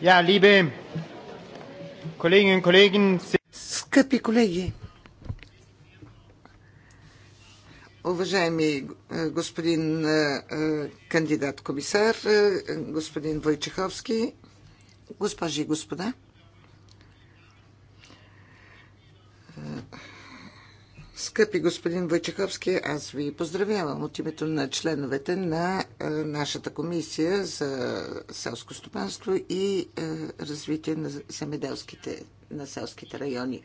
Ja, liebe Kolleginnen und Kollegen, Скъпи колеги, уважаеми е, господин е, е, кандидат комисар, господин Войчеховски, госпожи и господа, Скъпи господин Войчаховски, аз ви поздравявам от името на членовете на е, нашата комисия за селско стопанство и е, развитие на земеделските, на селските райони.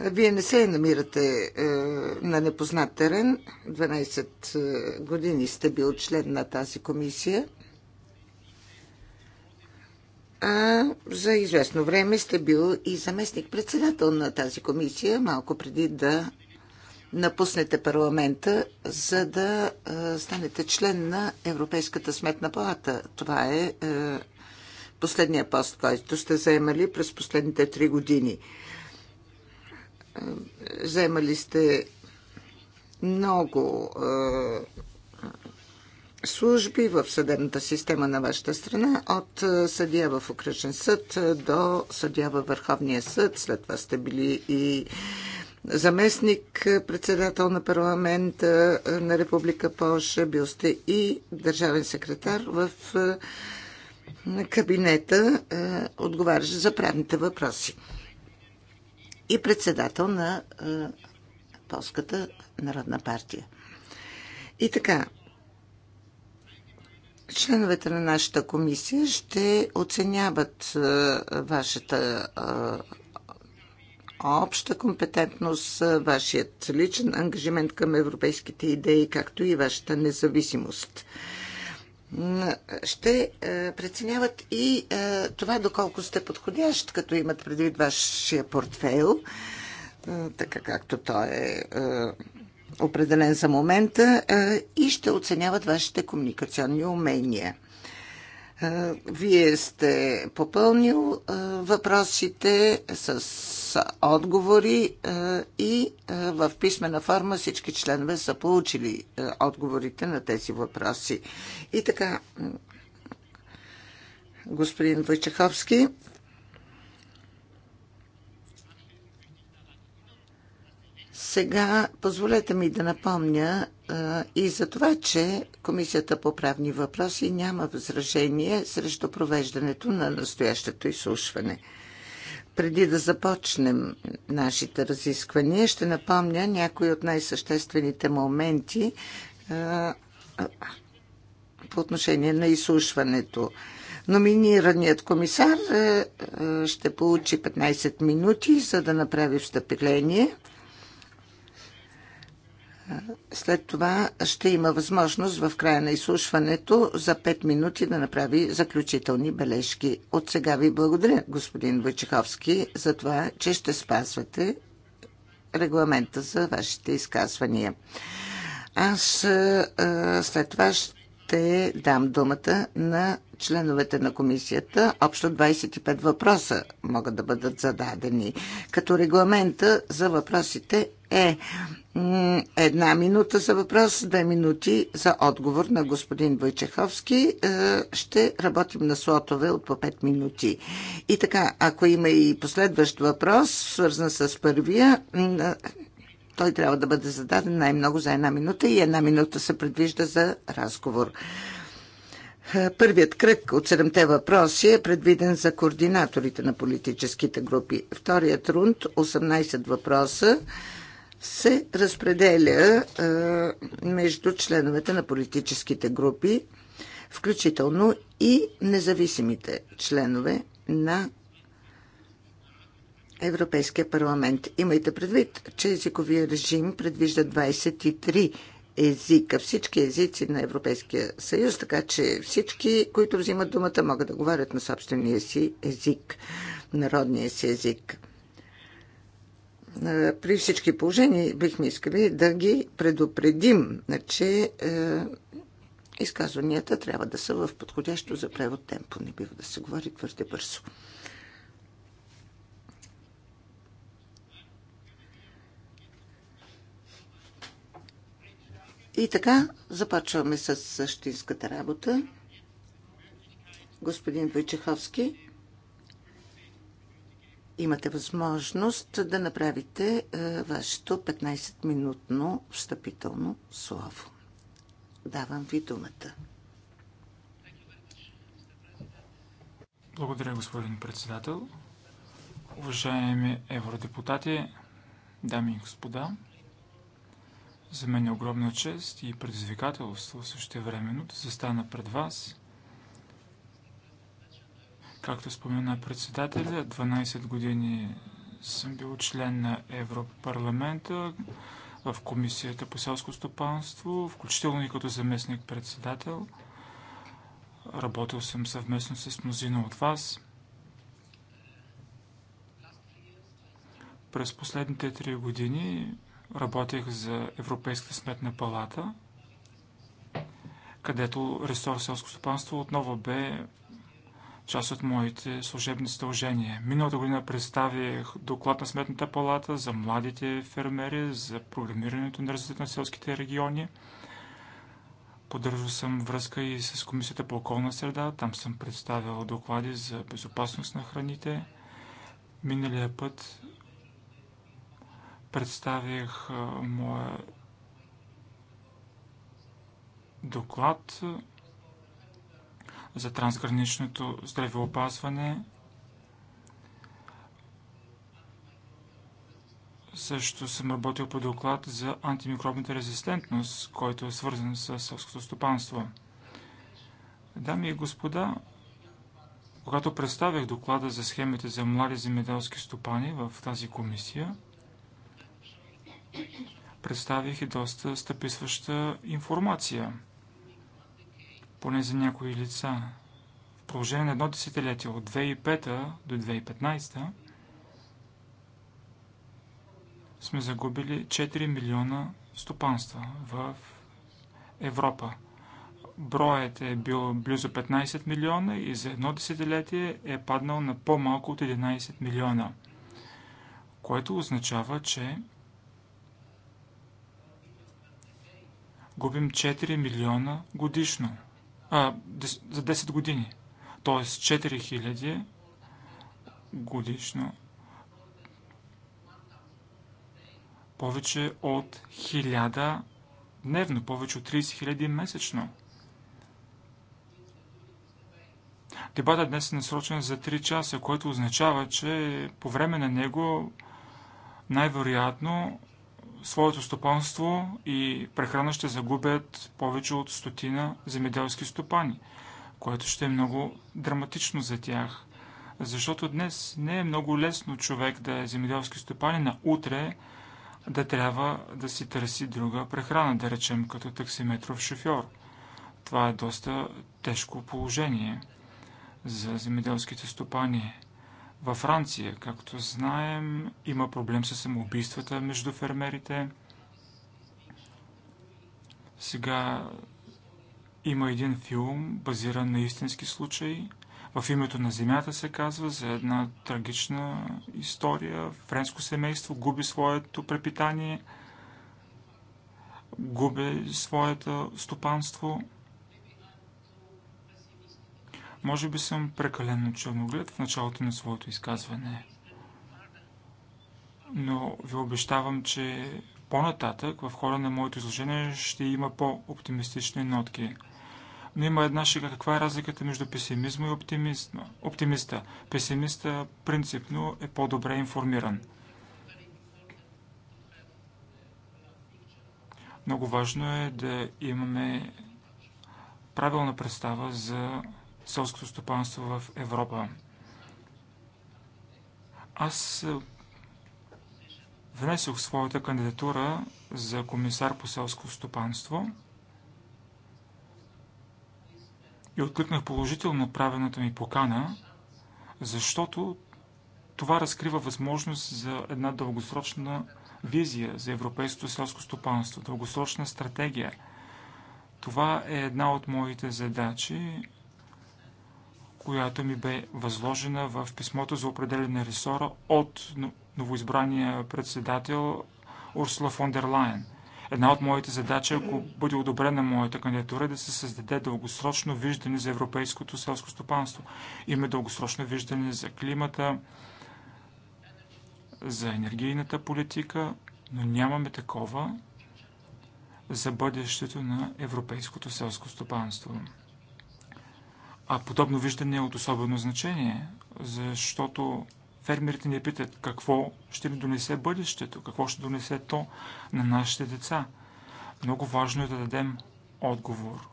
Вие не се намирате е, на непознат терен. 12 е, години сте бил член на тази комисия а за известно време сте бил и заместник-председател на тази комисия, малко преди да напуснете парламента, за да а, станете член на Европейската сметна палата. Това е а, е, последния пост, който сте заемали през последните три години. Е, заемали сте много а, е, служби в съдебната система на вашата страна, от е, съдия в окръжен съд е, до съдия във Върховния съд. След това сте били и заместник е, председател на парламента на Република Польша, бил сте и държавен секретар в кабинета, отговарящ за правните въпроси и председател на Полската народна партия. И така, Членовете на нашата комисия ще оценяват е, вашата е, обща компетентност, е, вашият личен ангажимент към европейските идеи, както и вашата независимост. Ще преценяват и това доколко сте подходящ, като имат предвид вашия портфейл, така както той е определен за момента и ще оценяват вашите комуникационни умения. Вие сте попълнил въпросите с отговори и в писмена форма всички членове са получили отговорите на тези въпроси. И така, господин Войчеховски, Сега позволете ми да напомня а, и за това, че Комисията по правни въпроси няма възражение срещу провеждането на настоящето изслушване. Преди да започнем нашите разисквания, ще напомня някои от най-съществените моменти а, по отношение на изслушването. Номинираният комисар ще получи 15 минути, за да направи встъпление – след това ще има възможност в края на изслушването за 5 минути да направи заключителни бележки. От сега ви благодаря, господин Войчеховски, за това, че ще спазвате регламента за вашите изказвания. Аз след това ще ще дам думата на членовете на комисията. Общо 25 въпроса могат да бъдат зададени. Като регламента за въпросите е една минута за въпрос, две минути за отговор на господин Войчеховски. Е, ще работим на слотове от по 5 минути. И така, ако има и последващ въпрос, свързан с първия, той трябва да бъде зададен най-много за една минута и една минута се предвижда за разговор. Е, първият кръг от седемте въпроси е предвиден за координаторите на политическите групи. Вторият рунд, 18 въпроса, се разпределя е, между членовете на политическите групи, включително и независимите членове на Европейския парламент. Имайте предвид, че езиковия режим предвижда 23 езика, всички езици на Европейския съюз, така че всички, които взимат думата, могат да говорят на собствения си език, народния си език. При всички положения бихме искали да ги предупредим, че е, изказванията трябва да са в подходящо за превод темпо. Не бива да се говори твърде бързо. И така, започваме с същинската работа. Господин Войчеховски, имате възможност да направите е, вашето 15-минутно встъпително слово. Давам ви думата. Благодаря, господин председател. Уважаеми евродепутати, дами и господа, за мен е огромна чест и предизвикателство също времено да застана пред вас. Както спомена председателя, 12 години съм бил член на Европарламента в Комисията по селско стопанство, включително и като заместник-председател. Работил съм съвместно с мнозина от вас. През последните три години работех за Европейската сметна палата, където ресор селско стопанство отново бе част от моите служебни задължения. Миналата година представих доклад на Сметната палата за младите фермери, за програмирането на развитието на селските региони. Поддържал съм връзка и с Комисията по околна среда. Там съм представил доклади за безопасност на храните. Миналия път Представих моя доклад за трансграничното здравеопазване. Също съм работил по доклад за антимикробната резистентност, който е свързан с селското стопанство. Дами и господа, когато представях доклада за схемите за млади земеделски стопани в тази комисия, Представих и доста стъписваща информация, поне за някои лица. В продължение на едно десетилетие, от 2005 до 2015, сме загубили 4 милиона стопанства в Европа. Броят е бил близо 15 милиона и за едно десетилетие е паднал на по-малко от 11 милиона, което означава, че губим 4 милиона годишно. А, за 10 години. Тоест 4 хиляди годишно. Повече от 1000 дневно, повече от 30 хиляди месечно. Дебатът днес е насрочен за 3 часа, което означава, че по време на него най-вероятно своето стопанство и прехрана ще загубят повече от стотина земеделски стопани, което ще е много драматично за тях. Защото днес не е много лесно човек да е земеделски стопани на утре да трябва да си търси друга прехрана, да речем като таксиметров шофьор. Това е доста тежко положение за земеделските стопани. Във Франция, както знаем, има проблем с самоубийствата между фермерите. Сега има един филм, базиран на истински случай. В името на земята се казва за една трагична история. Френско семейство губи своето препитание, губи своето стопанство – може би съм прекалено черноглед в началото на своето изказване. Но ви обещавам, че по-нататък в хода на моето изложение ще има по-оптимистични нотки. Но има една шега. Каква е разликата между песимизма и оптимизма? оптимиста? Песимиста принципно е по-добре информиран. Много важно е да имаме правилна представа за селското стопанство в Европа. Аз е, внесох своята кандидатура за комисар по селско стопанство и откликнах положително правената ми покана, защото това разкрива възможност за една дългосрочна визия за европейското селско стопанство, дългосрочна стратегия. Това е една от моите задачи която ми бе възложена в писмото за определене ресора от новоизбрания председател Урсула фон дер Лайен. Една от моите задачи, ако бъде одобрена моята кандидатура, е да се създаде дългосрочно виждане за европейското селско стопанство. Има дългосрочно виждане за климата, за енергийната политика, но нямаме такова за бъдещето на европейското селско стопанство. А подобно виждане е от особено значение, защото фермерите ни питат какво ще ни донесе бъдещето, какво ще донесе то на нашите деца. Много важно е да дадем отговор.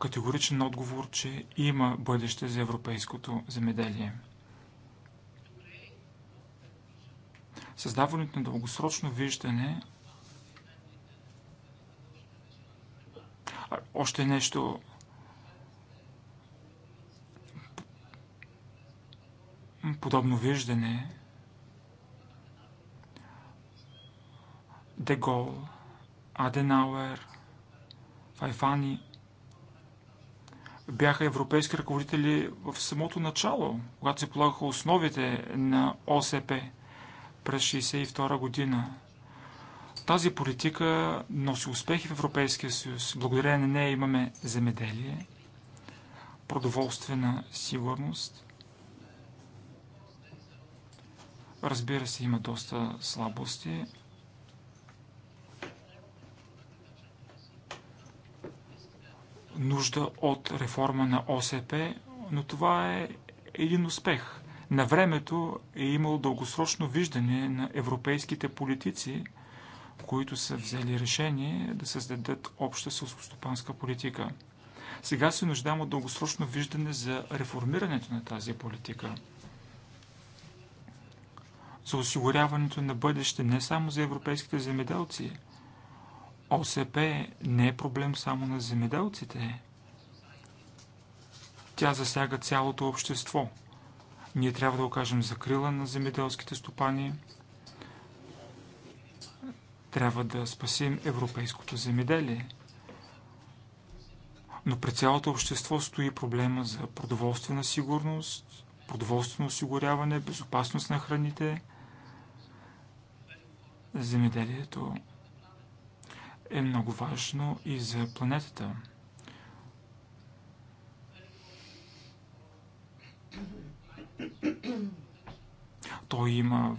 Категоричен отговор, че има бъдеще за европейското земеделие. Създаването на дългосрочно виждане Още нещо. Подобно виждане. Дегол, Аденауер, Файфани бяха европейски ръководители в самото начало, когато се полагаха основите на ОСП през 1962 година. Тази политика носи успехи в Европейския съюз. Благодарение на нея имаме земеделие, продоволствена сигурност. Разбира се, има доста слабости. Нужда от реформа на ОСП, но това е един успех. На времето е имал дългосрочно виждане на европейските политици – които са взели решение да създадат обща сълскостопанска политика. Сега се нуждаем от дългосрочно виждане за реформирането на тази политика, за осигуряването на бъдеще не само за европейските земеделци. ОСП не е проблем само на земеделците. Тя засяга цялото общество. Ние трябва да окажем закрила на земеделските стопани – трябва да спасим европейското земеделие. Но пред цялото общество стои проблема за продоволствена сигурност, продоволствено осигуряване, безопасност на храните. Земеделието е много важно и за планетата. Той има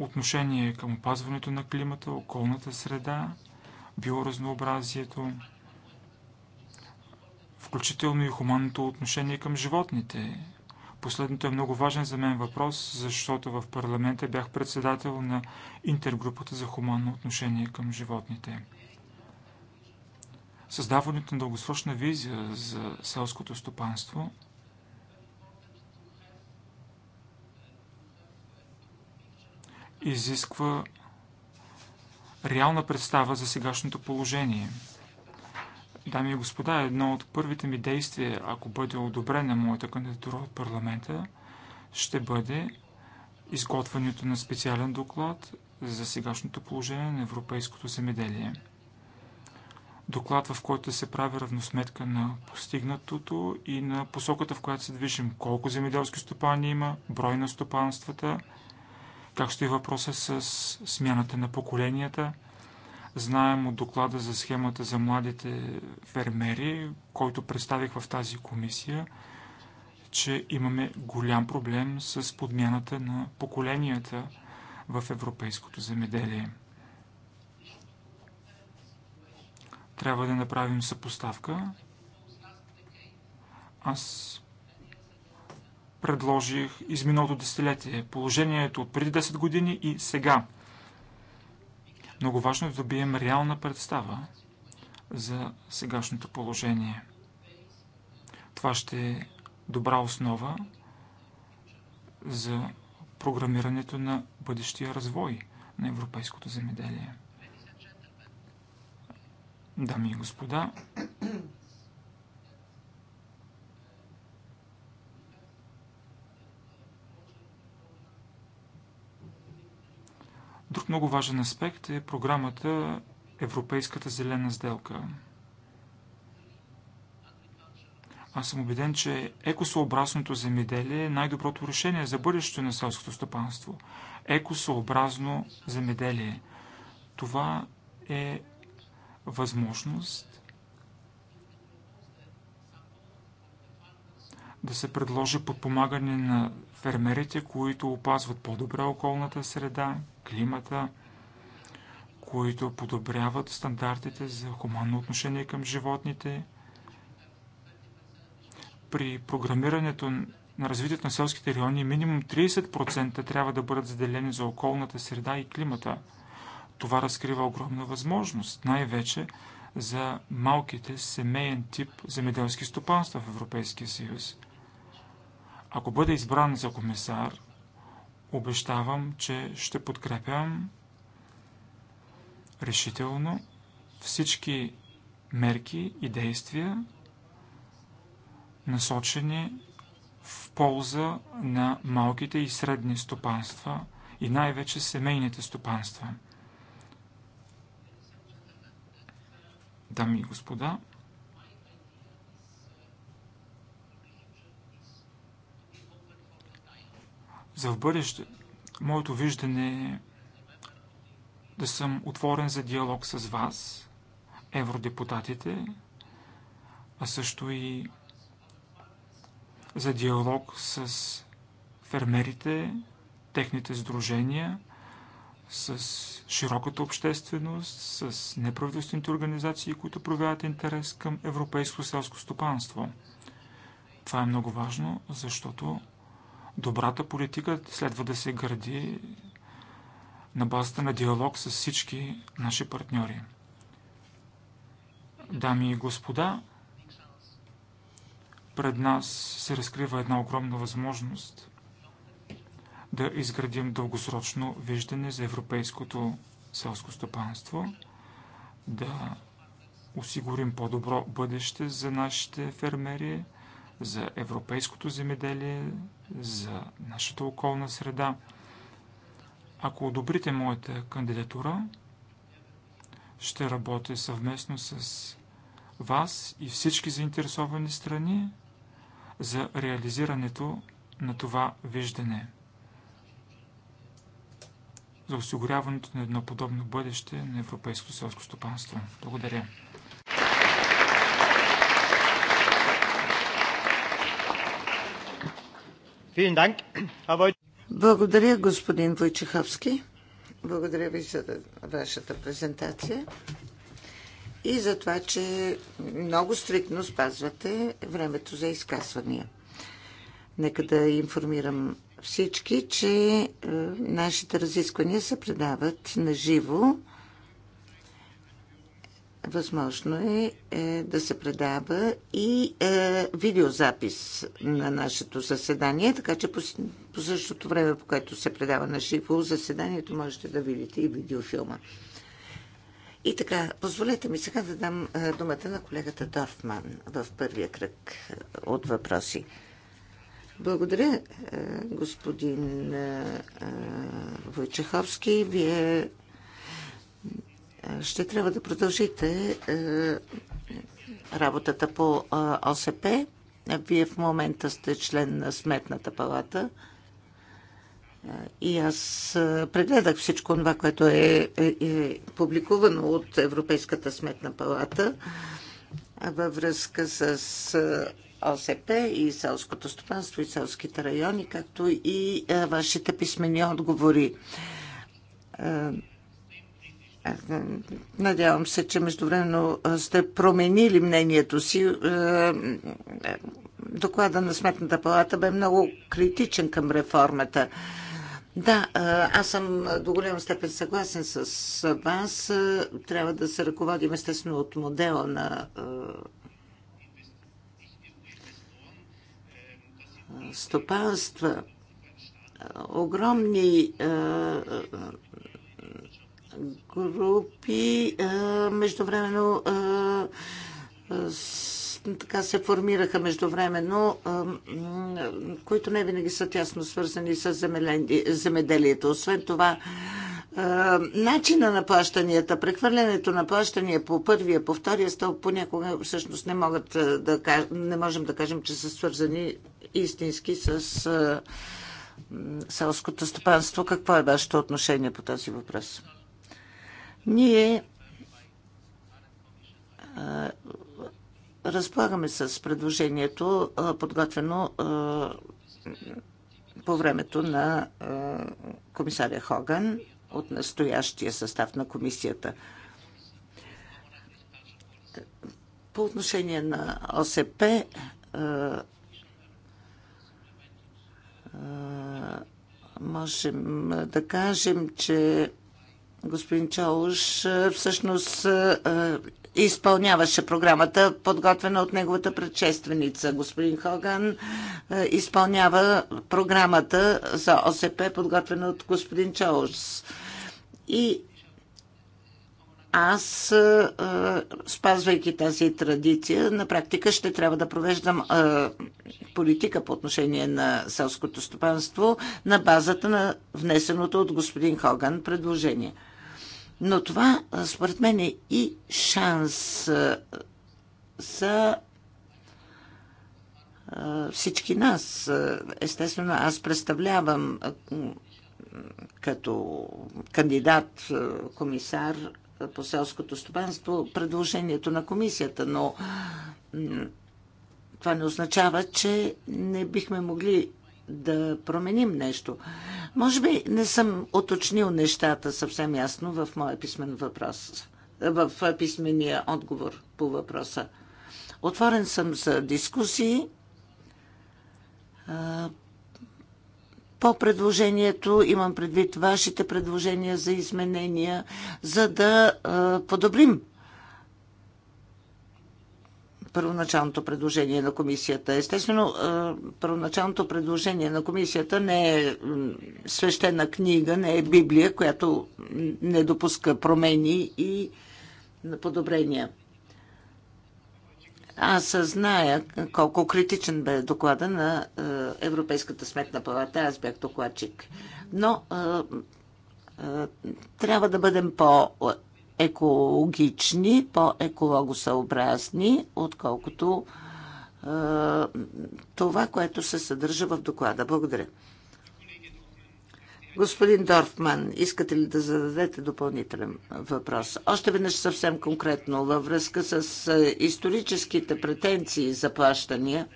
отношение към опазването на климата, околната среда, биоразнообразието, включително и хуманното отношение към животните. Последното е много важен за мен въпрос, защото в парламента бях председател на интергрупата за хуманно отношение към животните. Създаването на дългосрочна визия за селското стопанство – изисква реална представа за сегашното положение. Дами и господа, едно от първите ми действия, ако бъде одобрена моята кандидатура от парламента, ще бъде изготвянето на специален доклад за сегашното положение на европейското земеделие. Доклад, в който се прави равносметка на постигнатото и на посоката, в която се движим. Колко земеделски стопани има, брой на стопанствата – как стои въпроса с смяната на поколенията? Знаем от доклада за схемата за младите фермери, който представих в тази комисия, че имаме голям проблем с подмяната на поколенията в европейското земеделие. Трябва да направим съпоставка. Аз предложих изминалото десетилетие, положението от преди 10 години и сега. Много важно е да добием реална представа за сегашното положение. Това ще е добра основа за програмирането на бъдещия развой на европейското земеделие. Дами и господа, Друг много важен аспект е програмата Европейската зелена сделка. Аз съм убеден, че екосъобразното земеделие е най-доброто решение за бъдещето на селското стопанство. Екосъобразно земеделие. Това е възможност да се предложи подпомагане на фермерите, които опазват по-добре околната среда, климата, които подобряват стандартите за хуманно отношение към животните. При програмирането на развитието на селските райони минимум 30% трябва да бъдат заделени за околната среда и климата. Това разкрива огромна възможност, най-вече за малките семейен тип земеделски стопанства в Европейския съюз – ако бъда избран за комисар, обещавам, че ще подкрепям решително всички мерки и действия, насочени в полза на малките и средни стопанства и най-вече семейните стопанства. Дами и господа, За в бъдеще, моето виждане е да съм отворен за диалог с вас, евродепутатите, а също и за диалог с фермерите, техните сдружения, с широката общественост, с неправителствените организации, които проявяват интерес към европейско селско стопанство. Това е много важно, защото Добрата политика следва да се гради на базата на диалог с всички наши партньори. Дами и господа, пред нас се разкрива една огромна възможност да изградим дългосрочно виждане за европейското селско стопанство, да осигурим по-добро бъдеще за нашите фермери, за европейското земеделие, за нашата околна среда. Ако одобрите моята кандидатура, ще работя съвместно с вас и всички заинтересовани страни за реализирането на това виждане. За осигуряването на едно подобно бъдеще на европейско селско стопанство. Благодаря. Благодаря, господин Войчеховски. Благодаря ви за вашата презентация и за това, че много стриктно спазвате времето за изказвания. Нека да информирам всички, че е, нашите разисквания се предават на живо Възможно е, е да се предава и е, видеозапис на нашето заседание, така че по, по същото време, по което се предава на живо заседанието, можете да видите и видеофилма. И така, позволете ми сега да дам е, думата на колегата Дорфман в първия кръг е, от въпроси. Благодаря, е, господин Войчеховски. Вие ще трябва да продължите е, работата по е, ОСП. Вие в момента сте член на Сметната палата. Е, и аз прегледах всичко това, което е, е, е публикувано от Европейската сметна палата във връзка с ОСП и селското стопанство и селските райони, както и е, вашите писмени отговори. Надявам се, че междувременно сте променили мнението си. Доклада на Сметната палата бе много критичен към реформата. Да, аз съм до голяма степен съгласен с вас. Трябва да се ръководим естествено от модела на стопанства. Огромни групи. Междувременно така се формираха междувременно, които не винаги са тясно свързани с земеделието. Освен това, начина на плащанията, прехвърлянето на плащания по първия, по втория стълб, понякога всъщност не, могат да, не можем да кажем, че са свързани истински с селското стопанство. Какво е вашето отношение по този въпрос? Ние разполагаме с предложението, подготвено по времето на комисаря Хоган от настоящия състав на комисията. По отношение на ОСП, можем да кажем, че господин Чолуш всъщност изпълняваше програмата, подготвена от неговата предшественица. Господин Хоган изпълнява програмата за ОСП, подготвена от господин Чолуш. И аз, спазвайки тази традиция, на практика ще трябва да провеждам политика по отношение на селското стопанство на базата на внесеното от господин Хоган предложение. Но това, според мен, е и шанс за всички нас. Естествено, аз представлявам като кандидат комисар по селското стопанство предложението на комисията, но това не означава, че не бихме могли да променим нещо. Може би не съм уточнил нещата съвсем ясно в моя писмен въпрос, в писмения отговор по въпроса. Отворен съм за дискусии по предложението, имам предвид вашите предложения за изменения, за да подобрим първоначалното предложение на комисията. Естествено, е, първоначалното предложение на комисията не е свещена книга, не е Библия, която не допуска промени и подобрения. Аз зная колко критичен бе доклада на е, Европейската сметна палата. Аз бях докладчик. Но е, трябва да бъдем по екологични, по-екологосъобразни, отколкото е, това, което се съдържа в доклада. Благодаря. Господин Дорфман, искате ли да зададете допълнителен въпрос? Още веднъж съвсем конкретно във връзка с е, историческите претенции за плащания.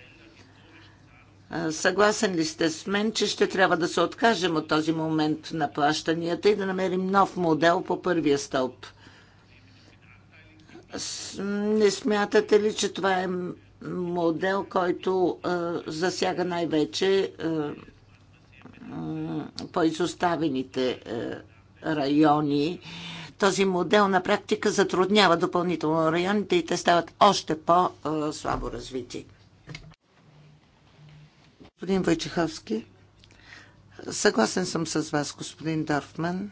Е, съгласен ли сте с мен, че ще трябва да се откажем от този момент на плащанията и да намерим нов модел по първия стълб – не смятате ли, че това е модел, който засяга най-вече по-изоставените райони? Този модел на практика затруднява допълнително районите и те стават още по-слабо развити. Господин Войчеховски, съгласен съм с вас, господин Дорфман.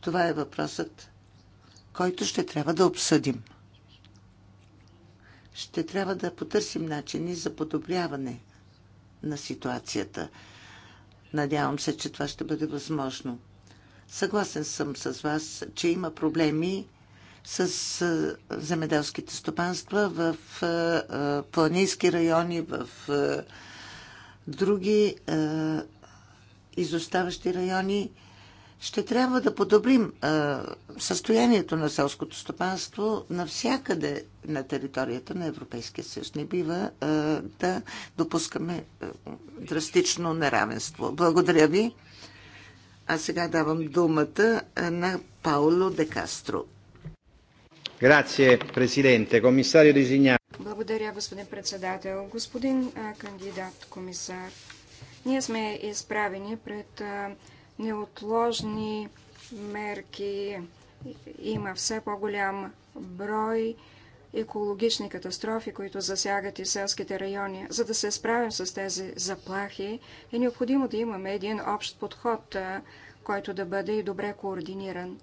Това е въпросът който ще трябва да обсъдим. Ще трябва да потърсим начини за подобряване на ситуацията. Надявам се, че това ще бъде възможно. Съгласен съм с вас, че има проблеми с земеделските стопанства в планински райони, в други изоставащи райони – ще трябва да подобрим а, състоянието на селското стопанство навсякъде на територията на Европейския съюз. Не бива а, да допускаме а, драстично неравенство. Благодаря ви. А сега давам думата на Пауло Де Кастро. Грация, президенте, комисарио Дизиня. Благодаря, господин председател. Господин а, кандидат комисар, ние сме изправени пред а, неотложни мерки. Има все по-голям брой екологични катастрофи, които засягат и селските райони. За да се справим с тези заплахи, е необходимо да имаме един общ подход, който да бъде и добре координиран.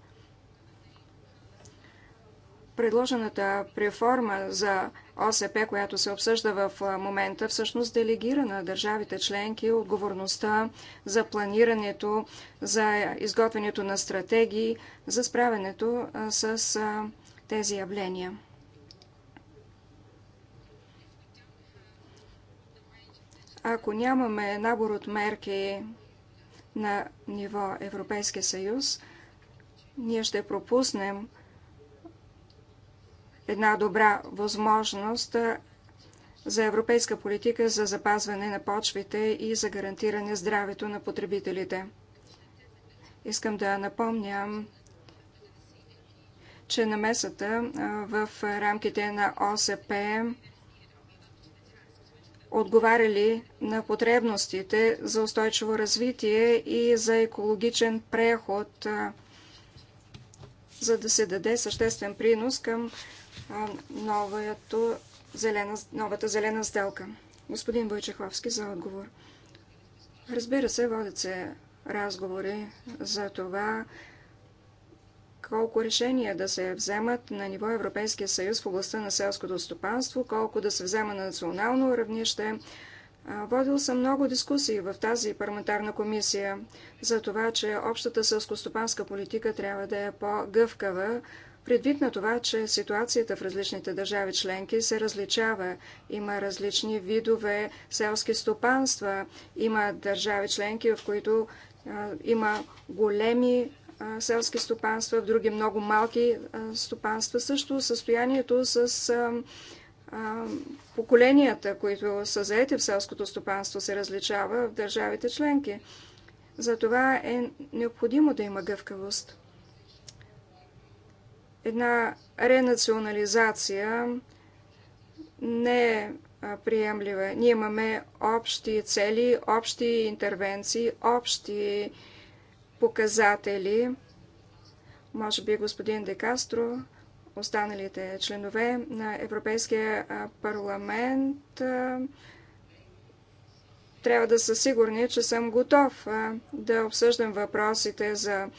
Предложената реформа за ОСП, която се обсъжда в момента, всъщност делегира на държавите членки отговорността за планирането, за изготвянето на стратегии, за справянето с тези явления. Ако нямаме набор от мерки на ниво Европейския съюз, ние ще пропуснем една добра възможност за европейска политика за запазване на почвите и за гарантиране здравето на потребителите. Искам да напомня, че намесата в рамките на ОСП отговаряли на потребностите за устойчиво развитие и за екологичен преход, за да се даде съществен принос към новата зелена, новата зелена сделка. Господин Войчеховски за отговор. Разбира се, водят се разговори за това колко решения да се вземат на ниво Европейския съюз в областта на селското стопанство, колко да се взема на национално равнище. Водил съм много дискусии в тази парламентарна комисия за това, че общата селскостопанска политика трябва да е по-гъвкава, Предвид на това, че ситуацията в различните държави членки се различава, има различни видове селски стопанства, има държави членки, в които а, има големи а, селски стопанства, в други много малки а, стопанства. Също състоянието с поколенията, които са заети в селското стопанство, се различава в държавите членки. Затова е необходимо да има гъвкавост една ренационализация не е приемлива. Ние имаме общи цели, общи интервенции, общи показатели. Може би господин Декастро, останалите членове на Европейския парламент трябва да са сигурни, че съм готов да обсъждам въпросите за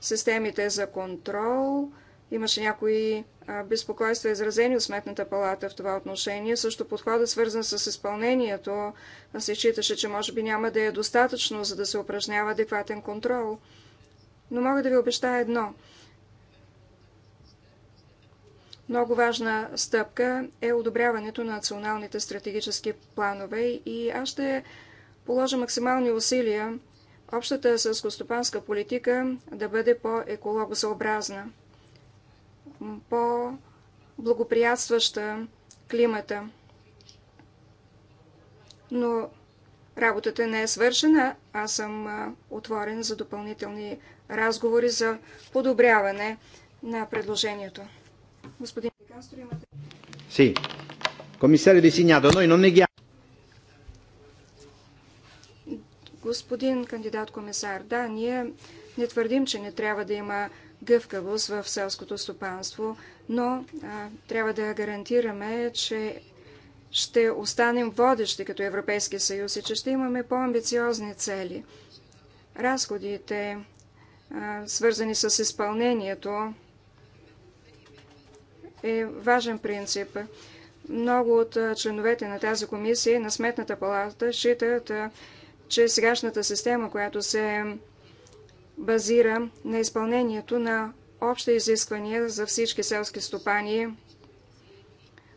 системите за контрол – Имаше някои безпокойства, изразени от Сметната палата в това отношение. Също подходът, свързан с изпълнението, се считаше, че може би няма да е достатъчно, за да се упражнява адекватен контрол. Но мога да ви обещая едно. Много важна стъпка е одобряването на националните стратегически планове и аз ще положа максимални усилия общата селскостопанска политика да бъде по-екологосъобразна по-благоприятстваща климата. Но работата не е свършена. Аз съм отворен за допълнителни разговори за подобряване на предложението. Господин Декастро, имате... Sì, commissario designato, и не ги... Господин кандидат комисар, да, ние не твърдим, че не трябва да има гъвкавост в селското стопанство, но а, трябва да гарантираме, че ще останем водещи като Европейски съюз и че ще имаме по-амбициозни цели. Разходите, а, свързани с изпълнението, е важен принцип. Много от членовете на тази комисия на Сметната палата считат, че сегашната система, която се базира на изпълнението на общи изисквания за всички селски стопани,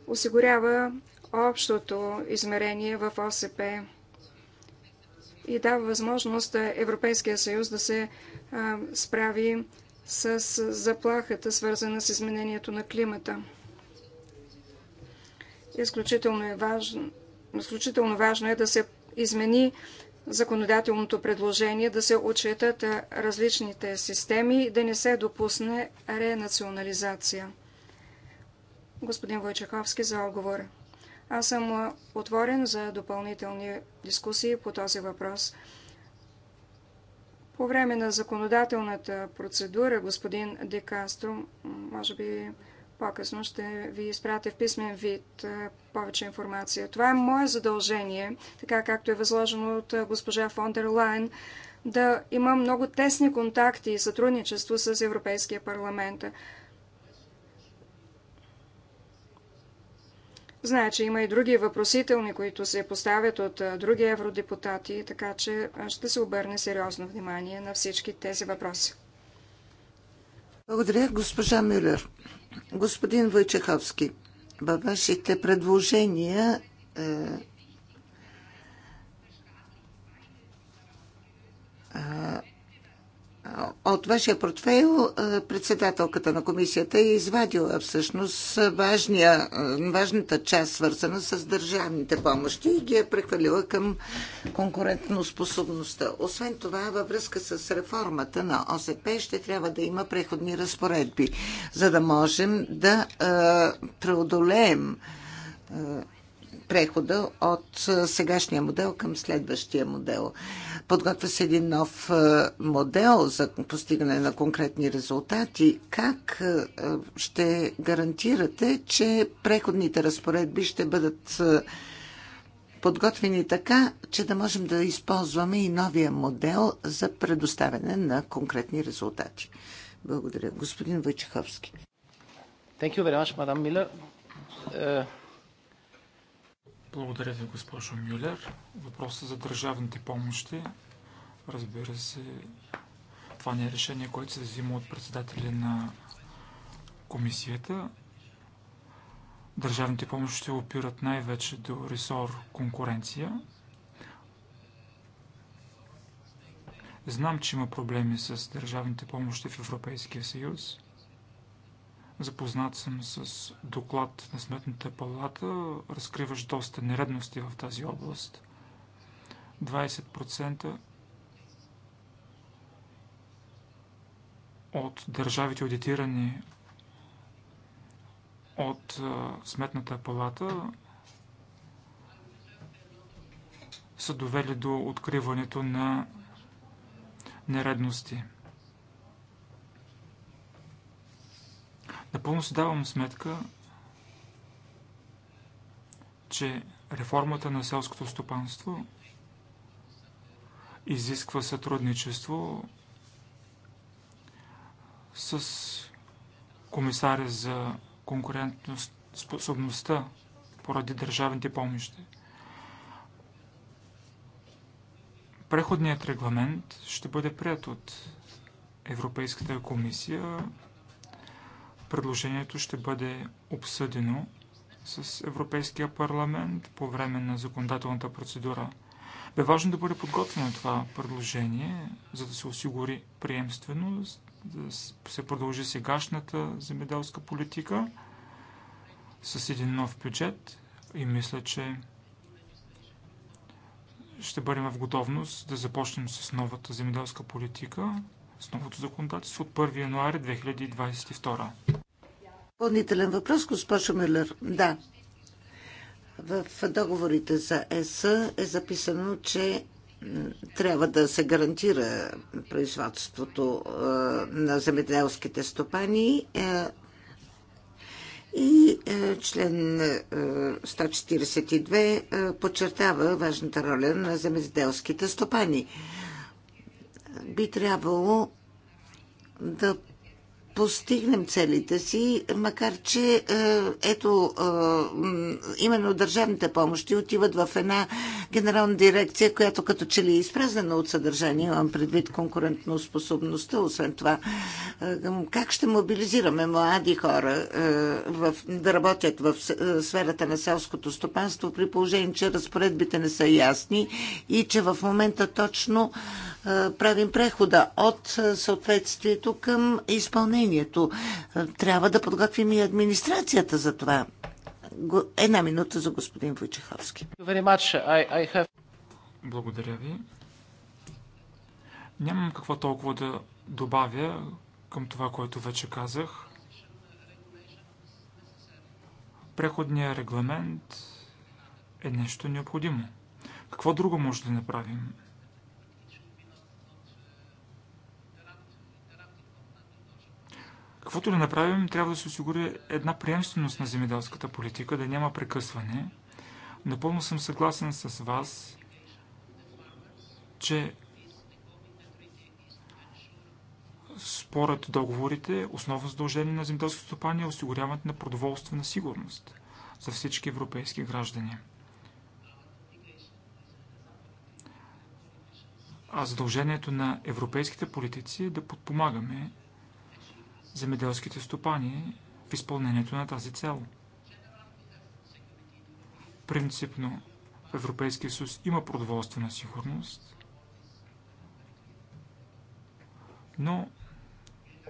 осигурява общото измерение в ОСП и дава възможност Европейския съюз да се справи с заплахата, свързана с изменението на климата. Изключително, е важно, изключително важно е да се измени законодателното предложение да се отчитат различните системи и да не се допусне ренационализация. Господин Войчаковски за отговор. Аз съм отворен за допълнителни дискусии по този въпрос. По време на законодателната процедура господин Декастро, може би по-късно ще ви изпратя в писмен вид повече информация. Това е мое задължение, така както е възложено от госпожа Фондер Лайн, да има много тесни контакти и сътрудничество с Европейския парламент. Знае, че има и други въпросителни, които се поставят от други евродепутати, така че ще се обърне сериозно внимание на всички тези въпроси. Благодаря, госпожа Мюллер. Господин Войчеховски, във вашите предложения е, от вашия портфейл е, председателката на комисията е извадила всъщност важния, е, важната част, свързана с държавните помощи и ги е прехвалила към конкурентноспособността. Освен това, във връзка с реформата на ОСП ще трябва да има преходни разпоредби, за да можем да е, преодолеем прехода от е, сегашния модел към следващия модел. Подготвя се един нов е, модел за постигане на конкретни резултати. Как е, ще гарантирате, че преходните разпоредби ще бъдат подготвени така, че да можем да използваме и новия модел за предоставяне на конкретни резултати? Благодаря. Господин Войчеховски. Thank you very much, Madam Miller. Uh... Благодаря ви, госпожо Мюлер. Въпросът за държавните помощи, разбира се, това не е решение, което се взима от председателя на комисията. Държавните помощи ще опират най-вече до ресор конкуренция. Знам, че има проблеми с държавните помощи в Европейския съюз. Запознат съм с доклад на Сметната палата, разкриваш доста нередности в тази област. 20% от държавите аудитирани от Сметната палата са довели до откриването на нередности. Напълно си давам сметка, че реформата на селското стопанство изисква сътрудничество с комисаря за конкурентност способността поради държавните помощи. Преходният регламент ще бъде прият от Европейската комисия Предложението ще бъде обсъдено с Европейския парламент по време на законодателната процедура. Бе важно да бъде подготвено това предложение, за да се осигури приемственост, да се продължи сегашната земеделска политика с един нов бюджет и мисля, че ще бъдем в готовност да започнем с новата земеделска политика с новото законодателство от 1 януаря 2022. Допълнителен въпрос, госпожо Мюллер. Да. В договорите за ЕС е записано, че трябва да се гарантира производството е, на земеделските стопани е, и е, член 142 подчертава важната роля на земеделските стопани би трябвало да постигнем целите си, макар че е, ето е, именно държавните помощи отиват в една генерална дирекция, която като че ли е изпразнена от съдържание, имам предвид конкурентно способността, освен това е, как ще мобилизираме млади хора в, да работят в сферата на селското стопанство при положение, че разпоредбите не са ясни и че в момента точно правим прехода от съответствието към изпълнението. Трябва да подготвим и администрацията за това. Една минута за господин Войчеховски. Благодаря ви. Нямам какво толкова да добавя към това, което вече казах. Преходният регламент е нещо необходимо. Какво друго може да направим? Каквото да направим, трябва да се осигури една приемственост на земеделската политика, да няма прекъсване. Напълно съм съгласен с вас, че според договорите, основно задължение на земеделското стопани е осигуряването на продоволствена сигурност за всички европейски граждани. А задължението на европейските политици е да подпомагаме земеделските стопани в изпълнението на тази цел. Принципно в Европейския съюз има продоволствена сигурност, но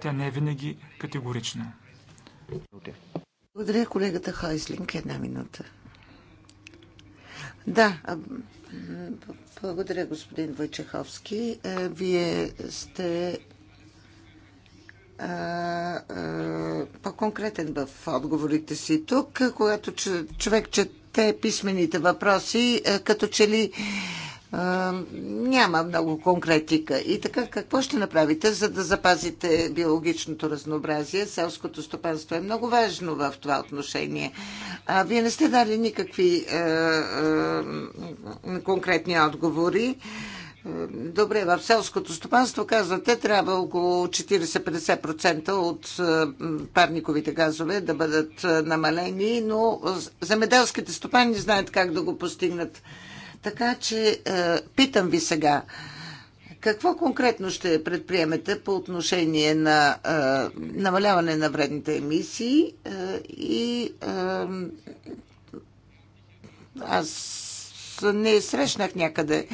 тя не е винаги категорична. Благодаря колегата Хайслинг. Една минута. Да, благодаря господин Войчеховски. Е, вие сте по-конкретен в отговорите си тук, когато човек чете писмените въпроси, като че ли няма много конкретика. И така, какво ще направите, за да запазите биологичното разнообразие? Селското стопанство е много важно в това отношение. А вие не сте дали никакви конкретни отговори. Добре, в селското стопанство, казвате, трябва около 40-50% от е, парниковите газове да бъдат е, намалени, но земеделските стопани знаят как да го постигнат. Така че е, питам ви сега, какво конкретно ще предприемете по отношение на намаляване на вредните емисии и аз не срещнах някъде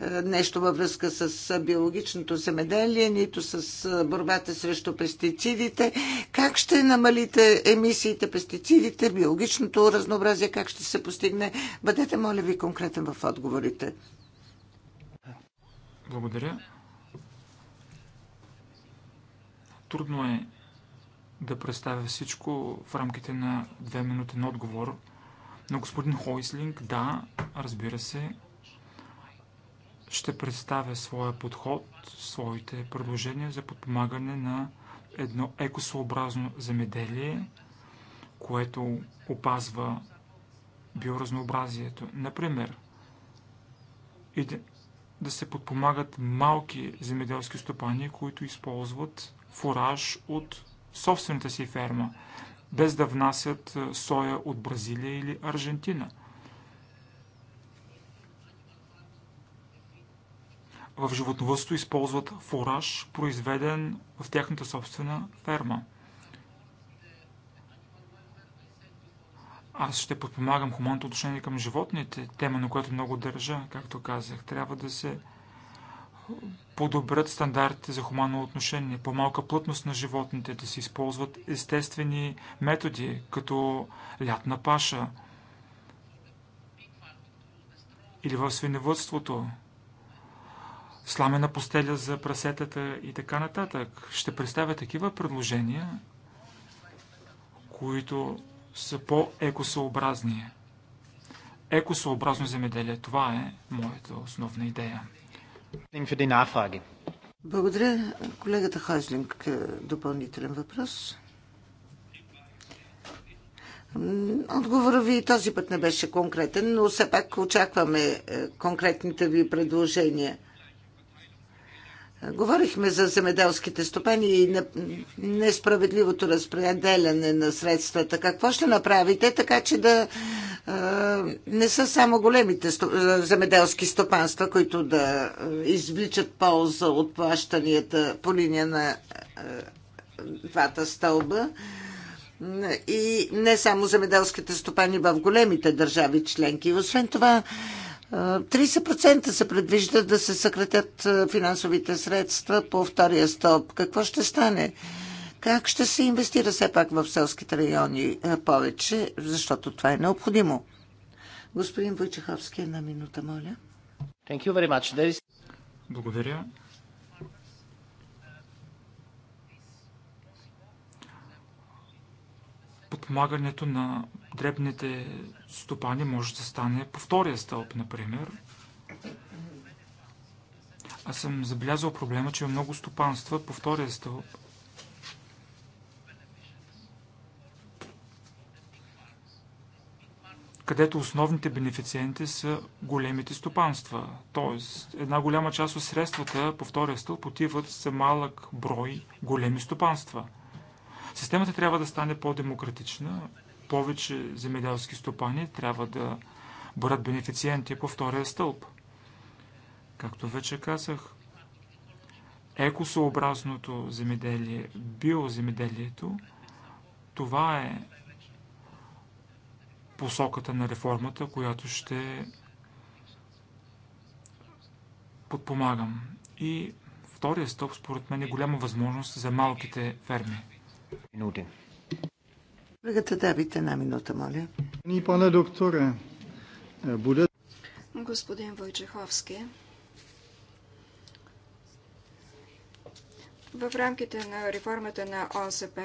е, нещо във връзка с е, биологичното земеделие, нито с е, борбата срещу пестицидите. Как ще намалите емисиите, пестицидите, биологичното разнообразие, как ще се постигне? Бъдете, моля ви, конкретен в отговорите. Благодаря. Трудно е да представя всичко в рамките на две минутен отговор. Но господин Хойслинг, да, разбира се, ще представя своя подход, своите предложения за подпомагане на едно екосъобразно земеделие, което опазва биоразнообразието. Например, и да, да се подпомагат малки земеделски стопани, които използват фураж от собствената си ферма, без да внасят соя от Бразилия или Аржентина – в животновъдството използват фураж, произведен в тяхната собствена ферма. Аз ще подпомагам хуманното отношение към животните, тема на която много държа, както казах. Трябва да се подобрят стандартите за хуманно отношение, по-малка плътност на животните, да се използват естествени методи, като лятна паша или в свиневътството, сламена постеля за прасетата и така нататък. Ще представя такива предложения, които са по-екосъобразни. Екосъобразно земеделие. Това е моята основна идея. Благодаря. Колегата Хайзлинг, е, допълнителен въпрос. Отговора ви този път не беше конкретен, но все пак очакваме е, конкретните ви предложения. Говорихме за земеделските стопени и несправедливото разпределяне на средствата. Какво ще направите, така че да не са само големите земеделски стопанства, които да извличат полза от плащанията по линия на двата стълба? И не само земеделските стопани в големите държави членки. Освен това, 30% се предвижда да се съкратят финансовите средства по втория стоп. Какво ще стане? Как ще се инвестира все пак в селските райони повече, защото това е необходимо? Господин Войчеховски, една минута, моля. Thank you very much. is... Благодаря. Подпомагането на дребните стопани може да стане по втория стълб, например. Аз съм забелязал проблема, че има много стопанства по втория стълб. където основните бенефициенти са големите стопанства. Тоест, една голяма част от средствата по втория стълб отиват за малък брой големи стопанства. Системата трябва да стане по-демократична повече земеделски стопани трябва да бъдат бенефициенти по втория стълб. Както вече казах, екосъобразното земеделие, биоземеделието, това е посоката на реформата, която ще подпомагам. И втория стълб, според мен, е голяма възможност за малките ферми. Колегата Давид, една минута, моля. Ни, пане докторе, буде... Господин Войчеховски, в рамките на реформата на ОСП,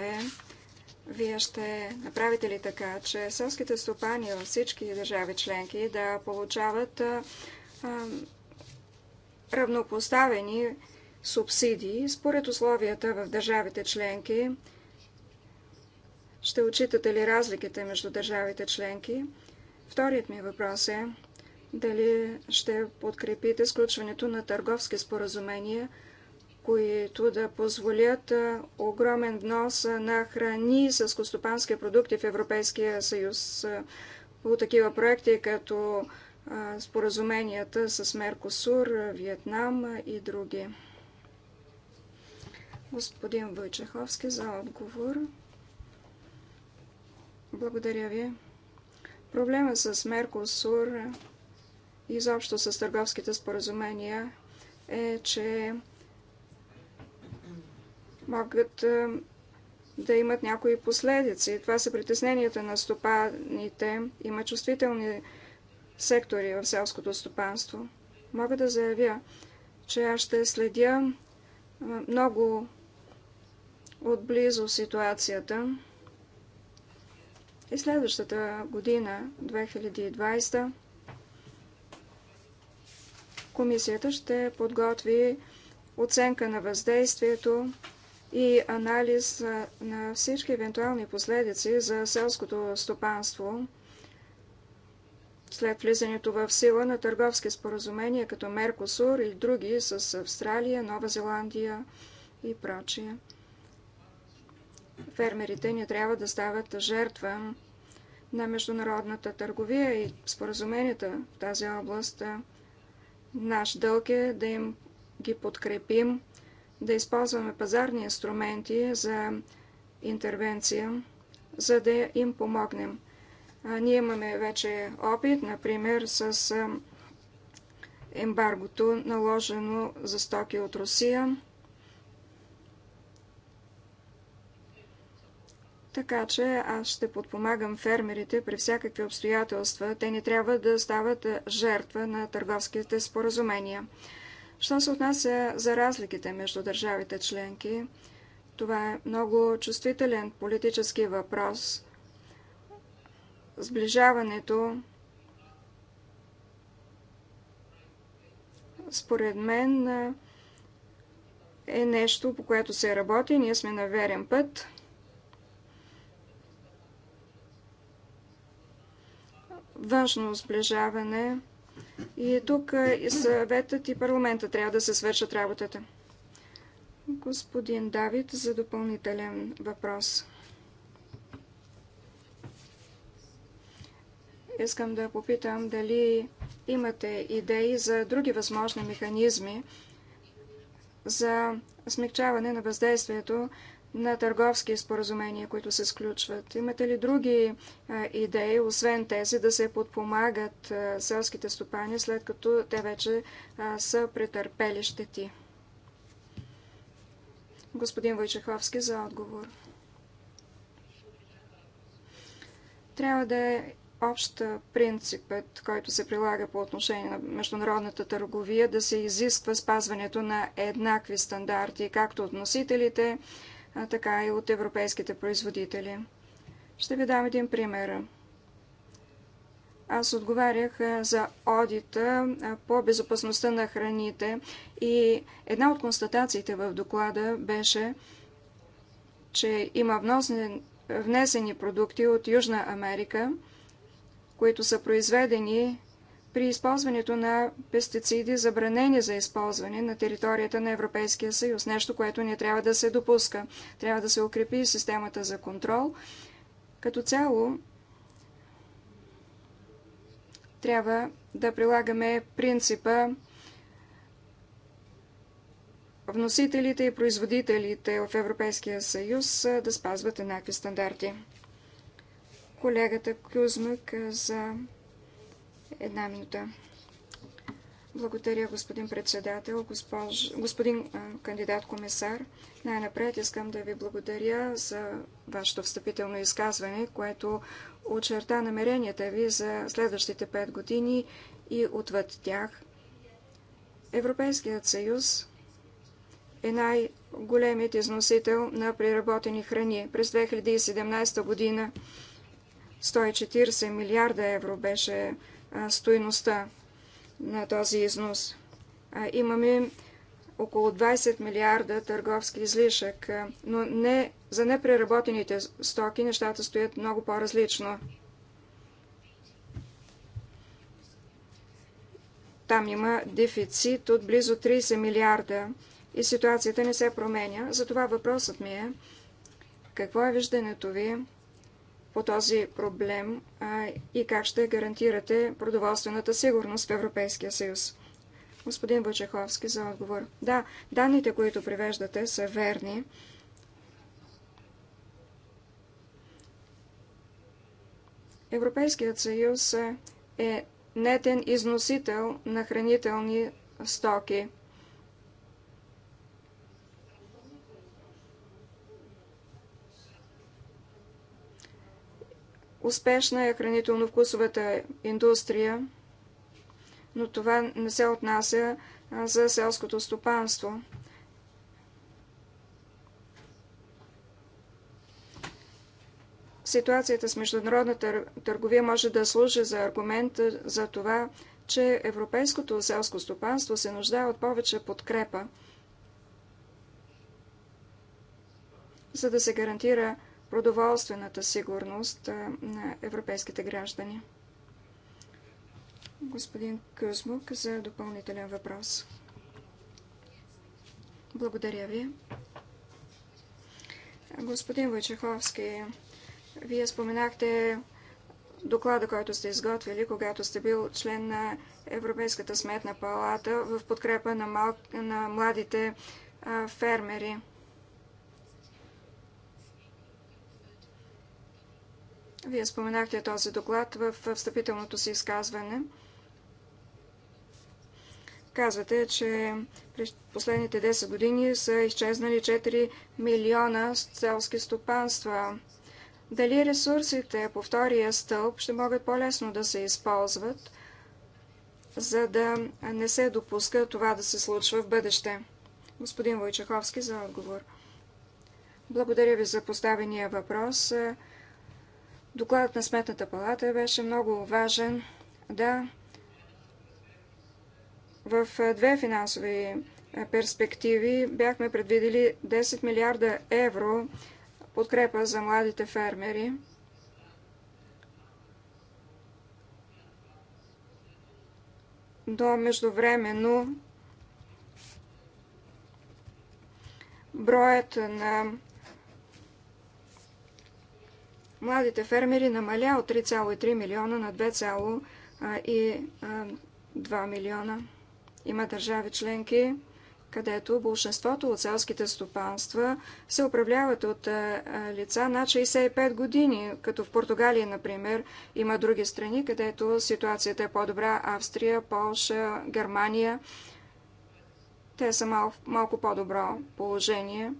вие ще направите ли така, че селските стопани във всички държави членки да получават а, а, равнопоставени субсидии според условията в държавите членки, ще отчитате ли разликите между държавите членки? Вторият ми въпрос е дали ще подкрепите сключването на търговски споразумения, които да позволят огромен внос на храни с костопански продукти в Европейския съюз по такива проекти, като споразуменията с Меркосур, Виетнам и други. Господин Войчеховски за отговор. Благодаря ви. Проблема с Меркосур и изобщо с търговските споразумения е, че могат е, да имат някои последици. Това са притесненията на стопаните. Има чувствителни сектори в селското стопанство. Мога да заявя, че аз ще следя е, много отблизо ситуацията. И следващата година, 2020, комисията ще подготви оценка на въздействието и анализ на всички евентуални последици за селското стопанство след влизането в сила на търговски споразумения като Меркосур и други с Австралия, Нова Зеландия и прочие фермерите не трябва да стават жертва на международната търговия и споразуменията в тази област. Наш дълг е да им ги подкрепим, да използваме пазарни инструменти за интервенция, за да им помогнем. А, ние имаме вече опит, например, с ембаргото, наложено за стоки от Русия. Така че аз ще подпомагам фермерите при всякакви обстоятелства. Те не трябва да стават жертва на търговските споразумения. Що се отнася за разликите между държавите членки, това е много чувствителен политически въпрос. Сближаването, според мен, е нещо, по което се работи. Ние сме на верен път. външно сближаване. И тук е и съветът и парламента трябва да се свършат работата. Господин Давид за допълнителен въпрос. Искам да попитам дали имате идеи за други възможни механизми за смягчаване на въздействието на търговски споразумения, които се сключват? Имате ли други е, идеи, освен тези да се подпомагат е, селските стопани, след като те вече е, са претърпели щети? Господин Войчеховски за отговор. Трябва да е общ принципът, който се прилага по отношение на международната търговия, да се изисква спазването на еднакви стандарти, както от носителите, така и от европейските производители. Ще ви дам един пример. Аз отговарях за одита по безопасността на храните и една от констатациите в доклада беше, че има внесени продукти от Южна Америка, които са произведени при използването на пестициди, забранени за използване на територията на Европейския съюз. Нещо, което не трябва да се допуска. Трябва да се укрепи системата за контрол. Като цяло, трябва да прилагаме принципа вносителите и производителите в Европейския съюз да спазват еднакви стандарти. Колегата Кюзмък за Една минута. Благодаря, господин председател, госпож... господин кандидат-комисар. Най-напред искам да ви благодаря за вашето встъпително изказване, което очерта намеренията ви за следващите пет години и отвъд тях. Европейският съюз е най-големият износител на преработени храни. През 2017 година 140 милиарда евро беше стоиността на този износ. Имаме около 20 милиарда търговски излишък, но не, за непреработените стоки нещата стоят много по-различно. Там има дефицит от близо 30 милиарда и ситуацията не се променя. Затова въпросът ми е какво е виждането ви по този проблем и как ще гарантирате продоволствената сигурност в Европейския съюз? Господин Бачаховски за отговор. Да, данните, които привеждате, са верни. Европейският съюз е нетен износител на хранителни стоки – Успешна е хранително-вкусовата индустрия, но това не се отнася за селското стопанство. Ситуацията с международната търговия може да служи за аргумент за това, че европейското селско стопанство се нуждае от повече подкрепа, за да се гарантира продоволствената сигурност на европейските граждани. Господин Кюзмук за допълнителен въпрос. Благодаря ви. Господин Войчеховски, вие споменахте доклада, който сте изготвили, когато сте бил член на Европейската сметна палата в подкрепа на, мал... на младите а, фермери. Вие споменахте този доклад в встъпителното си изказване. Казвате, че през последните 10 години са изчезнали 4 милиона селски стопанства. Дали ресурсите по втория стълб ще могат по-лесно да се използват, за да не се допуска това да се случва в бъдеще? Господин Войчаховски за отговор. Благодаря ви за поставения въпрос. Докладът на Сметната палата беше много важен да в две финансови перспективи бяхме предвидели 10 милиарда евро подкрепа за младите фермери. До междувременно броят на младите фермери намаля от 3,3 милиона на 2,2 милиона. Има държави членки, където большинството от селските стопанства се управляват от лица над 65 години, като в Португалия, например, има други страни, където ситуацията е по-добра Австрия, Полша, Германия. Те са мал, малко по-добро положение.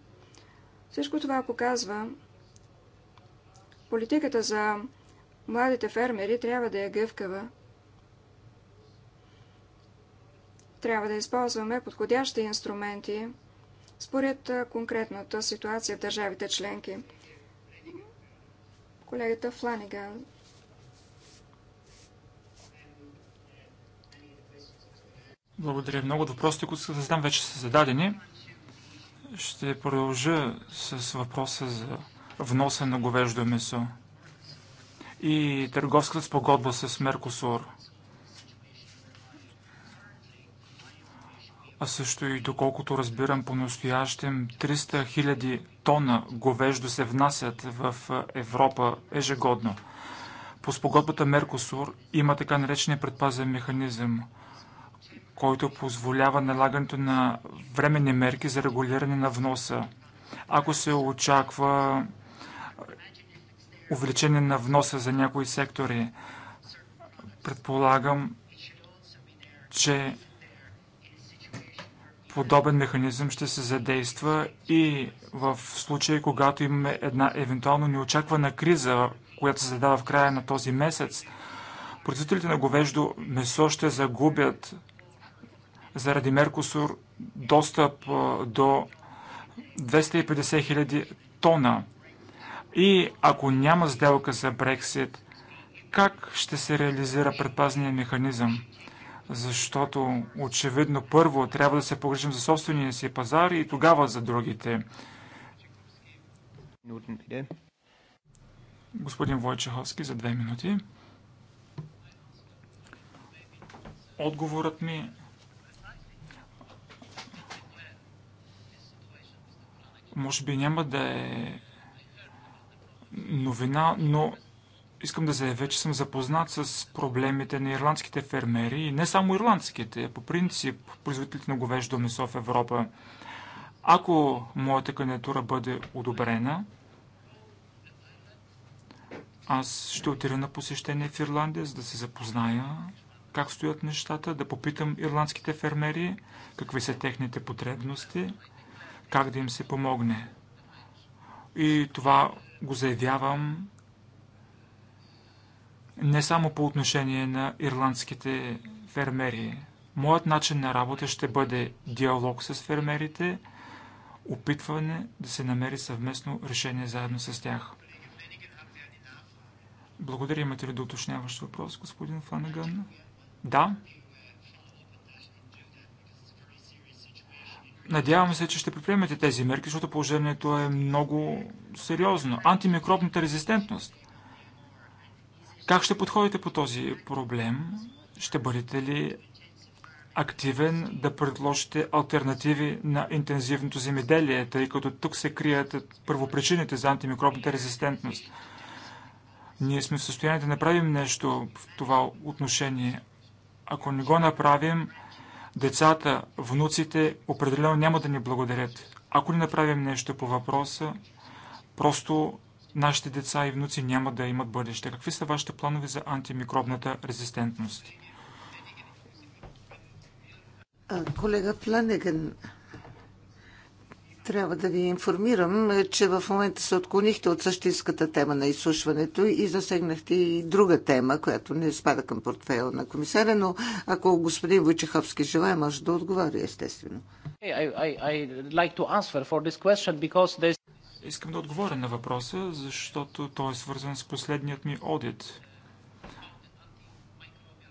Всичко това показва, Политиката за младите фермери трябва да е гъвкава. Трябва да използваме подходящи инструменти според конкретната ситуация в държавите членки. Колегата Фланиган Благодаря. Много от въпросите, които се да задам, вече са зададени. Ще продължа с въпроса за вноса на говеждо месо и търговската спогодба с Меркосур. А също и доколкото разбирам по-настоящем 300 000 тона говеждо се внасят в Европа ежегодно. По спогодбата Меркосур има така наречения предпазен механизъм, който позволява налагането на временни мерки за регулиране на вноса. Ако се очаква увеличение на вноса за някои сектори. Предполагам, че подобен механизъм ще се задейства и в случай, когато имаме една евентуално неочаквана криза, която се задава в края на този месец, производителите на говеждо месо ще загубят заради Меркосур достъп до 250 000 тона. И ако няма сделка за Брексит, как ще се реализира предпазния механизъм? Защото очевидно първо трябва да се погрижим за собствения си пазар и тогава за другите. Господин Войчеховски за две минути. Отговорът ми може би няма да е новина, но искам да заявя, че съм запознат с проблемите на ирландските фермери и не само ирландските, по принцип производителите на говеждо месо в Европа. Ако моята кандидатура бъде одобрена, аз ще отида на посещение в Ирландия, за да се запозная как стоят нещата, да попитам ирландските фермери какви са техните потребности, как да им се помогне. И това го заявявам не само по отношение на ирландските фермери. Моят начин на работа ще бъде диалог с фермерите, опитване да се намери съвместно решение заедно с тях. Благодаря. Имате ли да уточняващ въпрос, господин Фанаган? Да. Надявам се, че ще приприемете тези мерки, защото положението е много сериозно. Антимикробната резистентност. Как ще подходите по този проблем? Ще бъдете ли активен да предложите альтернативи на интензивното земеделие, тъй като тук се крият първопричините за антимикробната резистентност? Ние сме в състояние да направим нещо в това отношение. Ако не го направим, Децата, внуците определено няма да ни благодарят. Ако не направим нещо по въпроса, просто нашите деца и внуци няма да имат бъдеще. Какви са вашите планове за антимикробната резистентност? Колега Планеген, трябва да ви информирам, че в момента се отклонихте от същинската тема на изслушването и засегнахте и друга тема, която не спада към портфейла на комисаря, но ако господин Войчеховски желая, може да отговори, естествено. Искам да отговоря на въпроса, защото той е свързан с последният ми одит,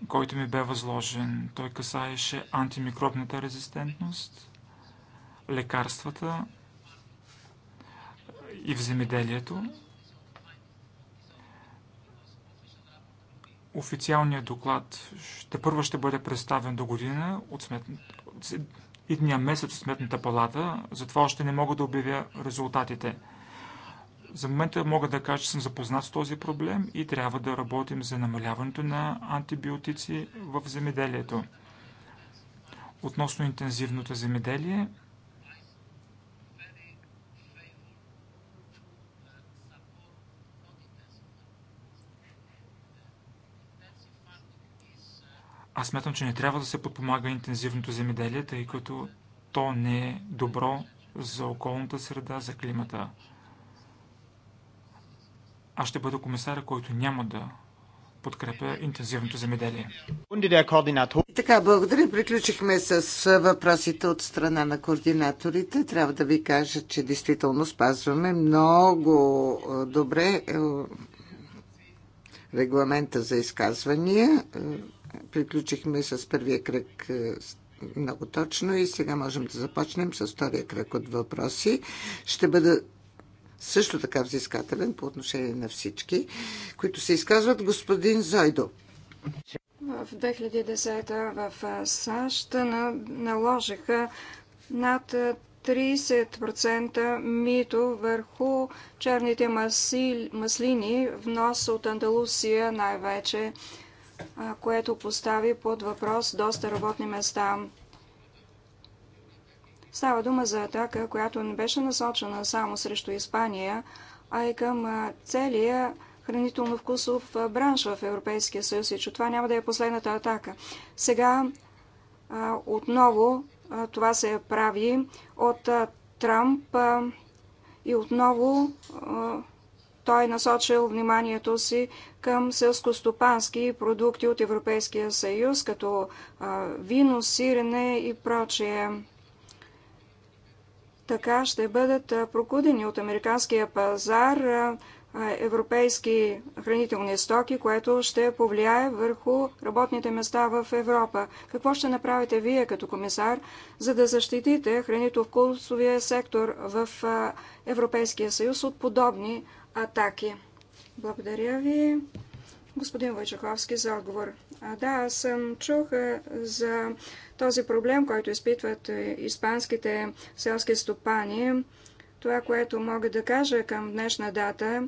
който ми бе възложен. Той касаеше антимикробната резистентност – лекарствата и в земеделието. Официалният доклад ще първо ще бъде представен до година от сметната идния месец от Сметната палата, затова още не мога да обявя резултатите. За момента мога да кажа, че съм запознат с този проблем и трябва да работим за намаляването на антибиотици в земеделието. Относно интензивното земеделие, Аз смятам, че не трябва да се подпомага интензивното земеделие, тъй като то не е добро за околната среда, за климата. Аз ще бъда комисаря, който няма да подкрепя интензивното земеделие. Така, благодаря. Приключихме с въпросите от страна на координаторите. Трябва да ви кажа, че действително спазваме много е, добре е, регламента за изказвания. Е, Приключихме с първия кръг е, много точно и сега можем да започнем с втория кръг от въпроси. Ще бъда също така взискателен по отношение на всички, които се изказват. Господин Зойдо. В 2010 в САЩ наложиха над 30% мито върху черните масли, маслини, внос от Андалусия най-вече което постави под въпрос доста работни места. Става дума за атака, която не беше насочена само срещу Испания, а и към целия хранително-вкусов бранш в Европейския съюз и че това няма да е последната атака. Сега отново това се прави от Трамп и отново той е насочил вниманието си към селскостопански продукти от Европейския съюз, като вино, сирене и прочие. Така ще бъдат прокудени от американския пазар европейски хранителни стоки, което ще повлияе върху работните места в Европа. Какво ще направите вие като комисар, за да защитите хранително-вкусовия сектор в Европейския съюз от подобни атаки. Благодаря ви, господин Войчаковски, за отговор. А, да, аз съм чух за този проблем, който изпитват е, испанските селски стопани. Това, което мога да кажа към днешна дата,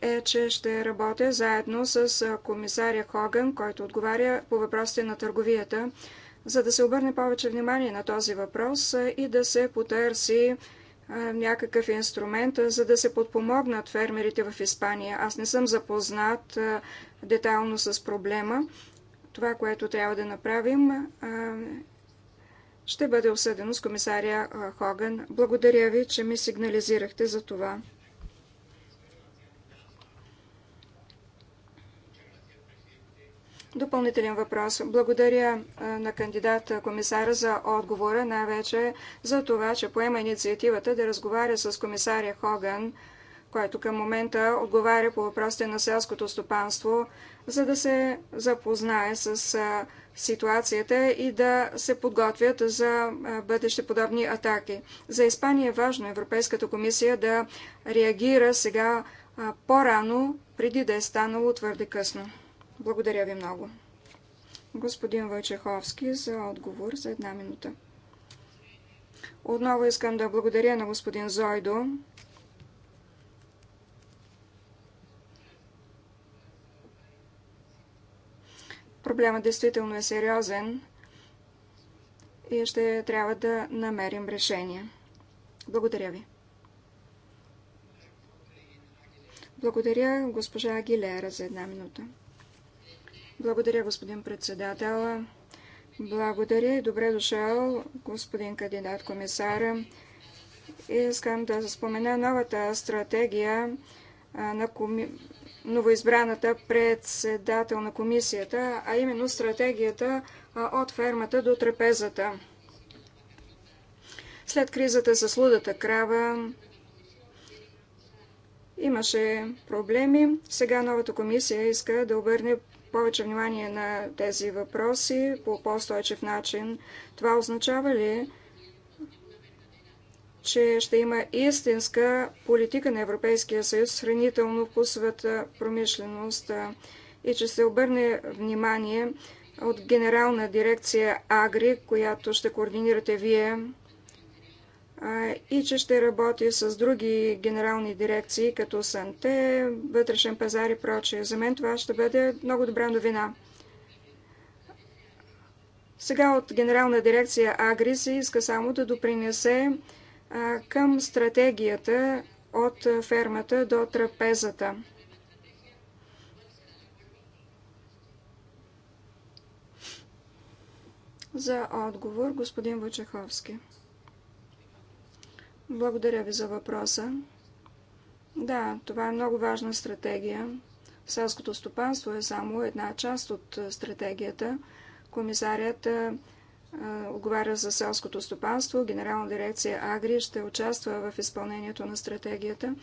е, че ще работя заедно с комисаря Хоган, който отговаря по въпросите на търговията, за да се обърне повече внимание на този въпрос и да се потърси някакъв инструмент, за да се подпомогнат фермерите в Испания. Аз не съм запознат детайлно с проблема. Това, което трябва да направим, ще бъде обсъдено с комисаря Хоган. Благодаря ви, че ми сигнализирахте за това. Допълнителен въпрос. Благодаря на кандидат комисара за отговора, най-вече за това, че поема инициативата да разговаря с комисаря Хоган, който към момента отговаря по въпросите на селското стопанство, за да се запознае с ситуацията и да се подготвят за бъдещи подобни атаки. За Испания е важно Европейската комисия да реагира сега по-рано, преди да е станало твърде късно. Благодаря ви много. Господин Войчеховски за отговор за една минута. Отново искам да благодаря на господин Зойдо. Проблемът действително е сериозен и ще трябва да намерим решение. Благодаря ви. Благодаря госпожа Агилера за една минута. Благодаря, господин председател. Благодаря и добре дошъл, господин кандидат комисара. Искам да спомена новата стратегия на коми... новоизбраната председател на комисията, а именно стратегията от фермата до трапезата. След кризата с лудата крава, Имаше проблеми. Сега новата комисия иска да обърне повече внимание на тези въпроси по по-стойчив начин. Това означава ли, че ще има истинска политика на Европейския съюз в хранително-вкусовата промишленост и че се обърне внимание от Генерална дирекция Агри, която ще координирате вие и че ще работи с други генерални дирекции, като Санте, вътрешен пазар и прочие. За мен това ще бъде много добра новина. Сега от генерална дирекция Агри се иска само да допринесе към стратегията от фермата до трапезата. За отговор господин Вачаховски. Благодаря ви за въпроса. Да, това е много важна стратегия. Селското стопанство е само една част от стратегията. Комисарият отговаря за селското стопанство. Генерална дирекция Агри ще участва в изпълнението на стратегията.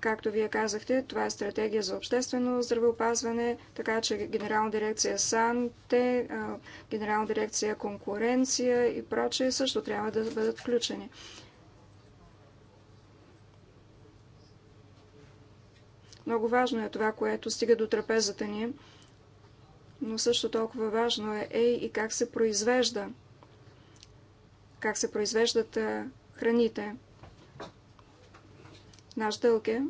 Както вие казахте, това е стратегия за обществено здравеопазване, така че Генерална дирекция Санте, Генерална дирекция Конкуренция и прочее също трябва да бъдат включени. Много важно е това, което стига до трапезата ни, но също толкова важно е, е и как се произвежда. Как се произвеждат храните. Наш дълг е,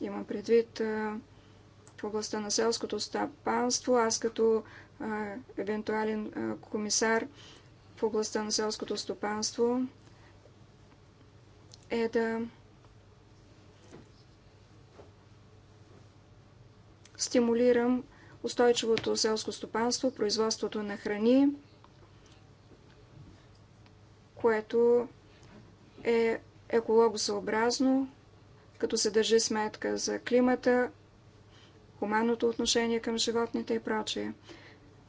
имам предвид в областта на селското стопанство, аз като евентуален комисар в областта на селското стопанство е да стимулирам устойчивото селско стопанство, производството на храни, което е екологосъобразно, като се държи сметка за климата, хуманното отношение към животните и прочие.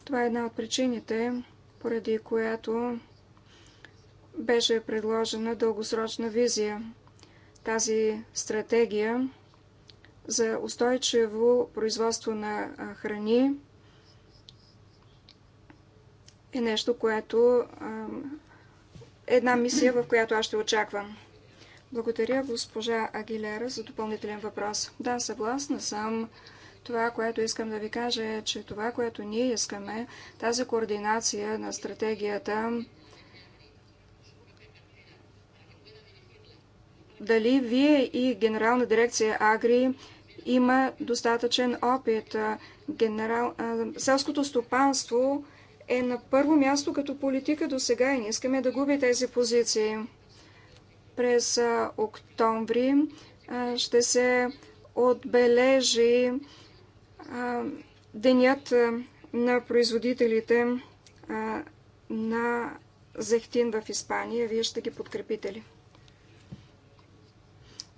Това е една от причините, поради която беше предложена дългосрочна визия. Тази стратегия за устойчиво производство на храни е нещо, което е една мисия, в която аз ще очаквам. Благодаря госпожа Агилера за допълнителен въпрос. Да, съгласна съм. Това, което искам да ви кажа е, че това, което ние искаме, тази координация на стратегията дали вие и Генерална дирекция Агри има достатъчен опит. Генерал... Селското стопанство е на първо място като политика до сега и не искаме да губи тези позиции. През октомври ще се отбележи денят на производителите на зехтин в Испания. Вие ще ги подкрепите ли?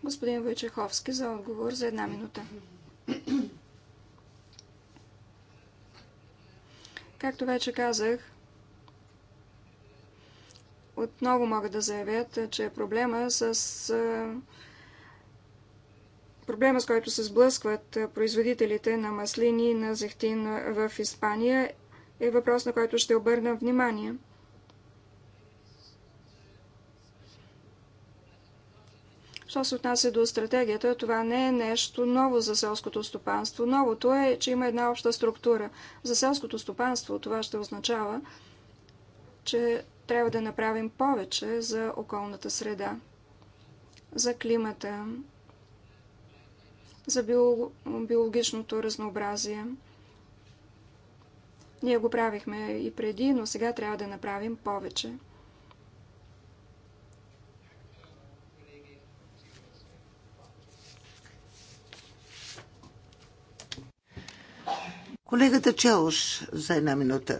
господин Войчеховски за отговор за една минута. Както вече казах, отново мога да заявят, че проблема с проблема с който се сблъскват производителите на маслини и на зехтин в Испания е въпрос, на който ще обърна внимание – Що се отнася до стратегията, това не е нещо ново за селското стопанство. Новото е, че има една обща структура. За селското стопанство това ще означава, че трябва да направим повече за околната среда, за климата, за биологичното разнообразие. Ние го правихме и преди, но сега трябва да направим повече. Колегата Челош за една минута.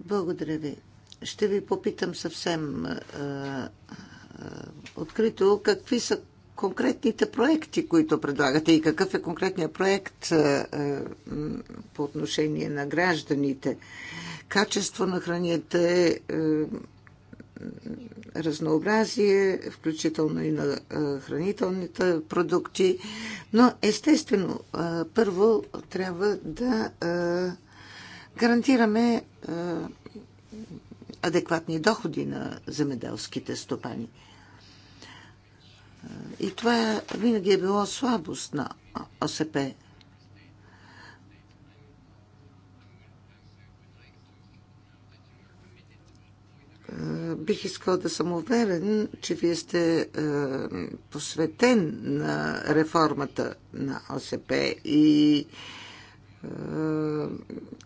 Благодаря ви. Ще ви попитам съвсем а, а, открито какви са конкретните проекти, които предлагате и какъв е конкретният проект а, а, по отношение на гражданите. Качество на храните. е разнообразие, включително и на хранителните продукти. Но естествено, първо трябва да гарантираме адекватни доходи на земеделските стопани. И това винаги е било слабост на ОСП. Е, бих искал да съм уверен, че вие сте е, посветен на реформата на ОСП и е,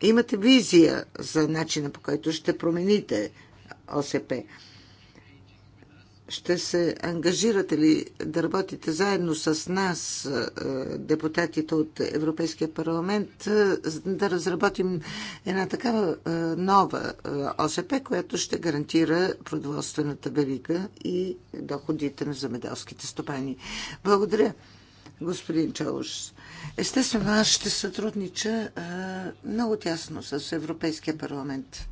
имате визия за начина по който ще промените ОСП ще се ангажирате ли да работите заедно с нас, е, депутатите от Европейския парламент, е, да разработим една такава е, нова ОСП, която ще гарантира продоволствената верига и доходите на земеделските стопани? Благодаря, господин Чолош. Естествено, аз ще сътруднича много тясно с Европейския парламент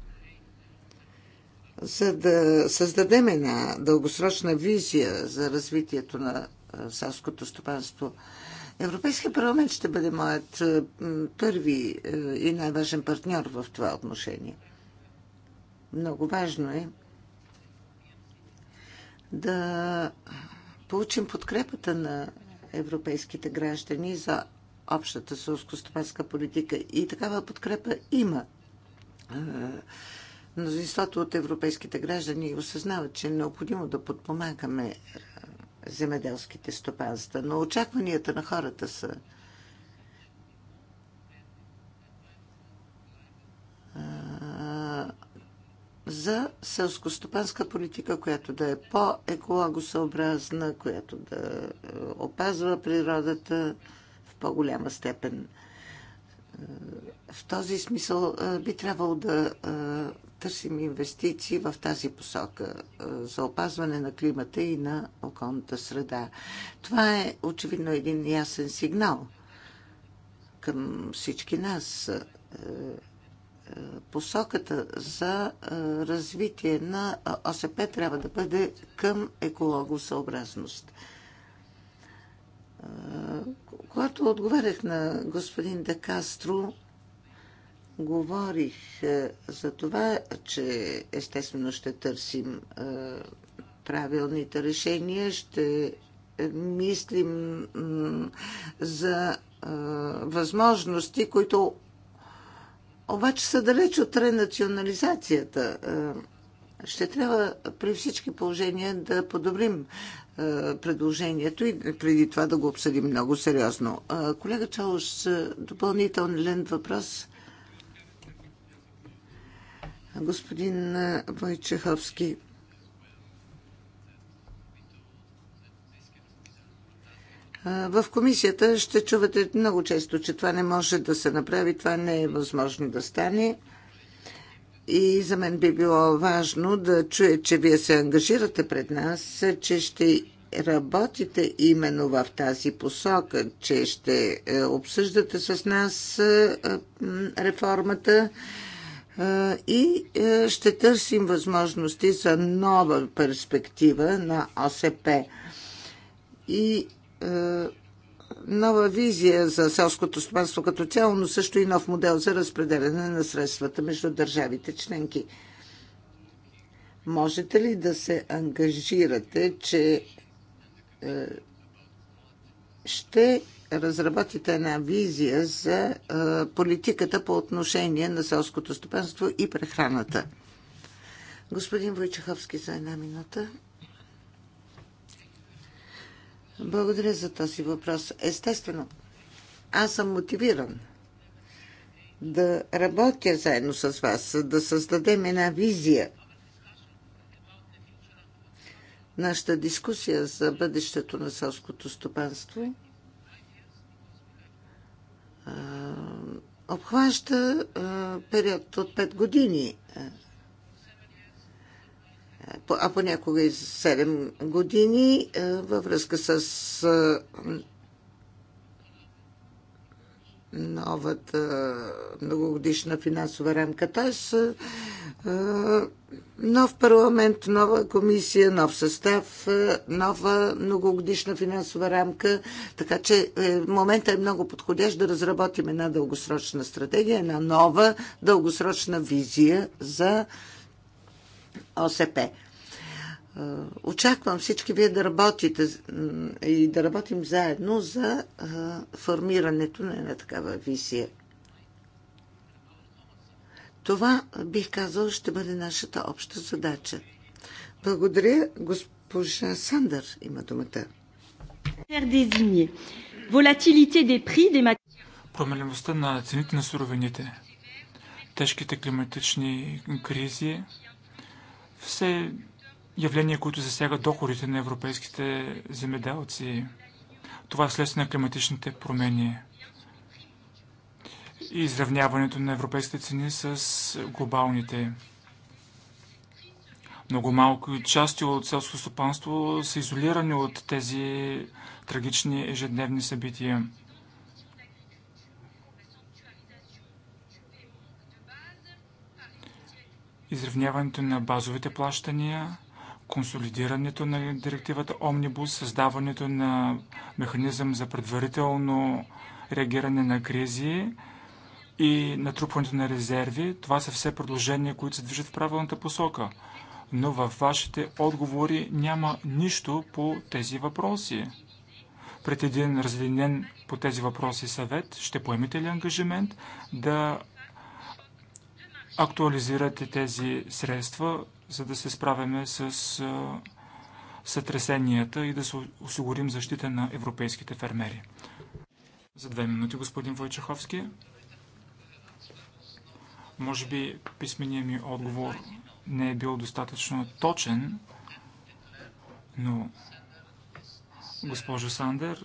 за да създадем една дългосрочна визия за развитието на селското стопанство. Европейския парламент ще бъде моят първи и най-важен партньор в това отношение. Много важно е да получим подкрепата на европейските граждани за общата селско-стопанска политика. И такава подкрепа има Мнозинството от европейските граждани осъзнават, че е необходимо да подпомагаме земеделските стопанства, но очакванията на хората са за селско-стопанска политика, която да е по-екологосъобразна, която да опазва природата в по-голяма степен. В този смисъл би трябвало да търсим инвестиции в тази посока е, за опазване на климата и на околната среда. Това е очевидно един ясен сигнал към всички нас. Е, е, посоката за развитие на ОСП трябва да бъде към екологосъобразност. Когато отговарях на господин Декастро, Говорих е, за това, че естествено ще търсим е, правилните решения, ще е, мислим за възможности, които обаче са далеч от ренационализацията. Ще трябва при всички положения да подобрим предложението и преди това да го обсъдим много сериозно. Колега Чалош, допълнителен въпрос господин Войчеховски. В комисията ще чувате много често, че това не може да се направи, това не е възможно да стане. И за мен би било важно да чуя, че вие се ангажирате пред нас, че ще работите именно в тази посока, че ще е, обсъждате с нас е, реформата и е, ще търсим възможности за нова перспектива на ОСП и е, нова визия за селското стопанство като цяло, но също и нов модел за разпределяне на средствата между държавите членки. Можете ли да се ангажирате, че е, ще разработите една визия за политиката по отношение на селското стопанство и прехраната. Господин Войчеховски за една минута. Благодаря за този въпрос. Естествено, аз съм мотивиран да работя заедно с вас, да създадем една визия. Нашата дискусия за бъдещето на селското стопанство – обхваща период от 5 години, а понякога и 7 години във връзка с новата многогодишна финансова рамка. Тоест, е, е, нов парламент, нова комисия, нов състав, е, нова многогодишна финансова рамка. Така че момента е много подходящ да разработим една дългосрочна стратегия, една нова дългосрочна визия за ОСП. Е, очаквам всички вие да работите и да работим заедно за е, формирането на една такава визия. Това, бих казал, ще бъде нашата обща задача. Благодаря. Госпожа Сандър има думата. Променливостта на цените на суровините, тежките климатични кризи, все явления, които засягат доходите на европейските земеделци. Това е следствие на климатичните промени и изравняването на европейските цени с глобалните. Много малко части от селското стопанство са изолирани от тези трагични ежедневни събития. Изравняването на базовите плащания – консолидирането на директивата Омнибус, създаването на механизъм за предварително реагиране на кризи и натрупването на резерви. Това са все предложения, които се движат в правилната посока. Но във вашите отговори няма нищо по тези въпроси. Пред един разлинен по тези въпроси съвет ще поемете ли ангажимент да актуализирате тези средства за да се справяме с сътресенията и да се осигурим защита на европейските фермери. За две минути, господин Войчаховски. Може би писменият ми отговор не е бил достатъчно точен, но госпожо Сандер,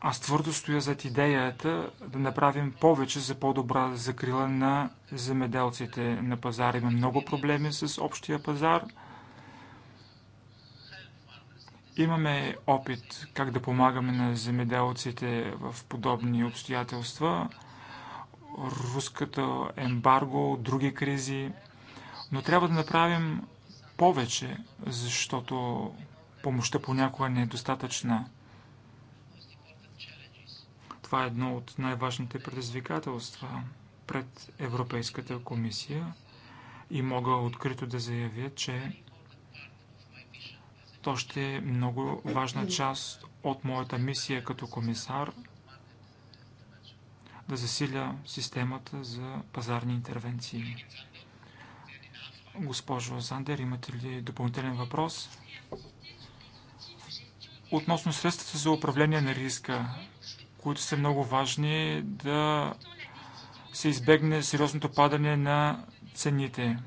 Аз твърдо стоя зад идеята да направим повече за по-добра закрила на земеделците на пазар. Има много проблеми с общия пазар. Имаме опит как да помагаме на земеделците в подобни обстоятелства. Руската ембарго, други кризи. Но трябва да направим повече, защото помощта понякога не е достатъчна. Това е едно от най-важните предизвикателства пред Европейската комисия и мога открито да заявя, че то ще е много важна част от моята мисия като комисар да засиля системата за пазарни интервенции. Госпожо Сандер, имате ли допълнителен въпрос? Относно средствата за управление на риска, които са много важни да се избегне сериозното падане на цените.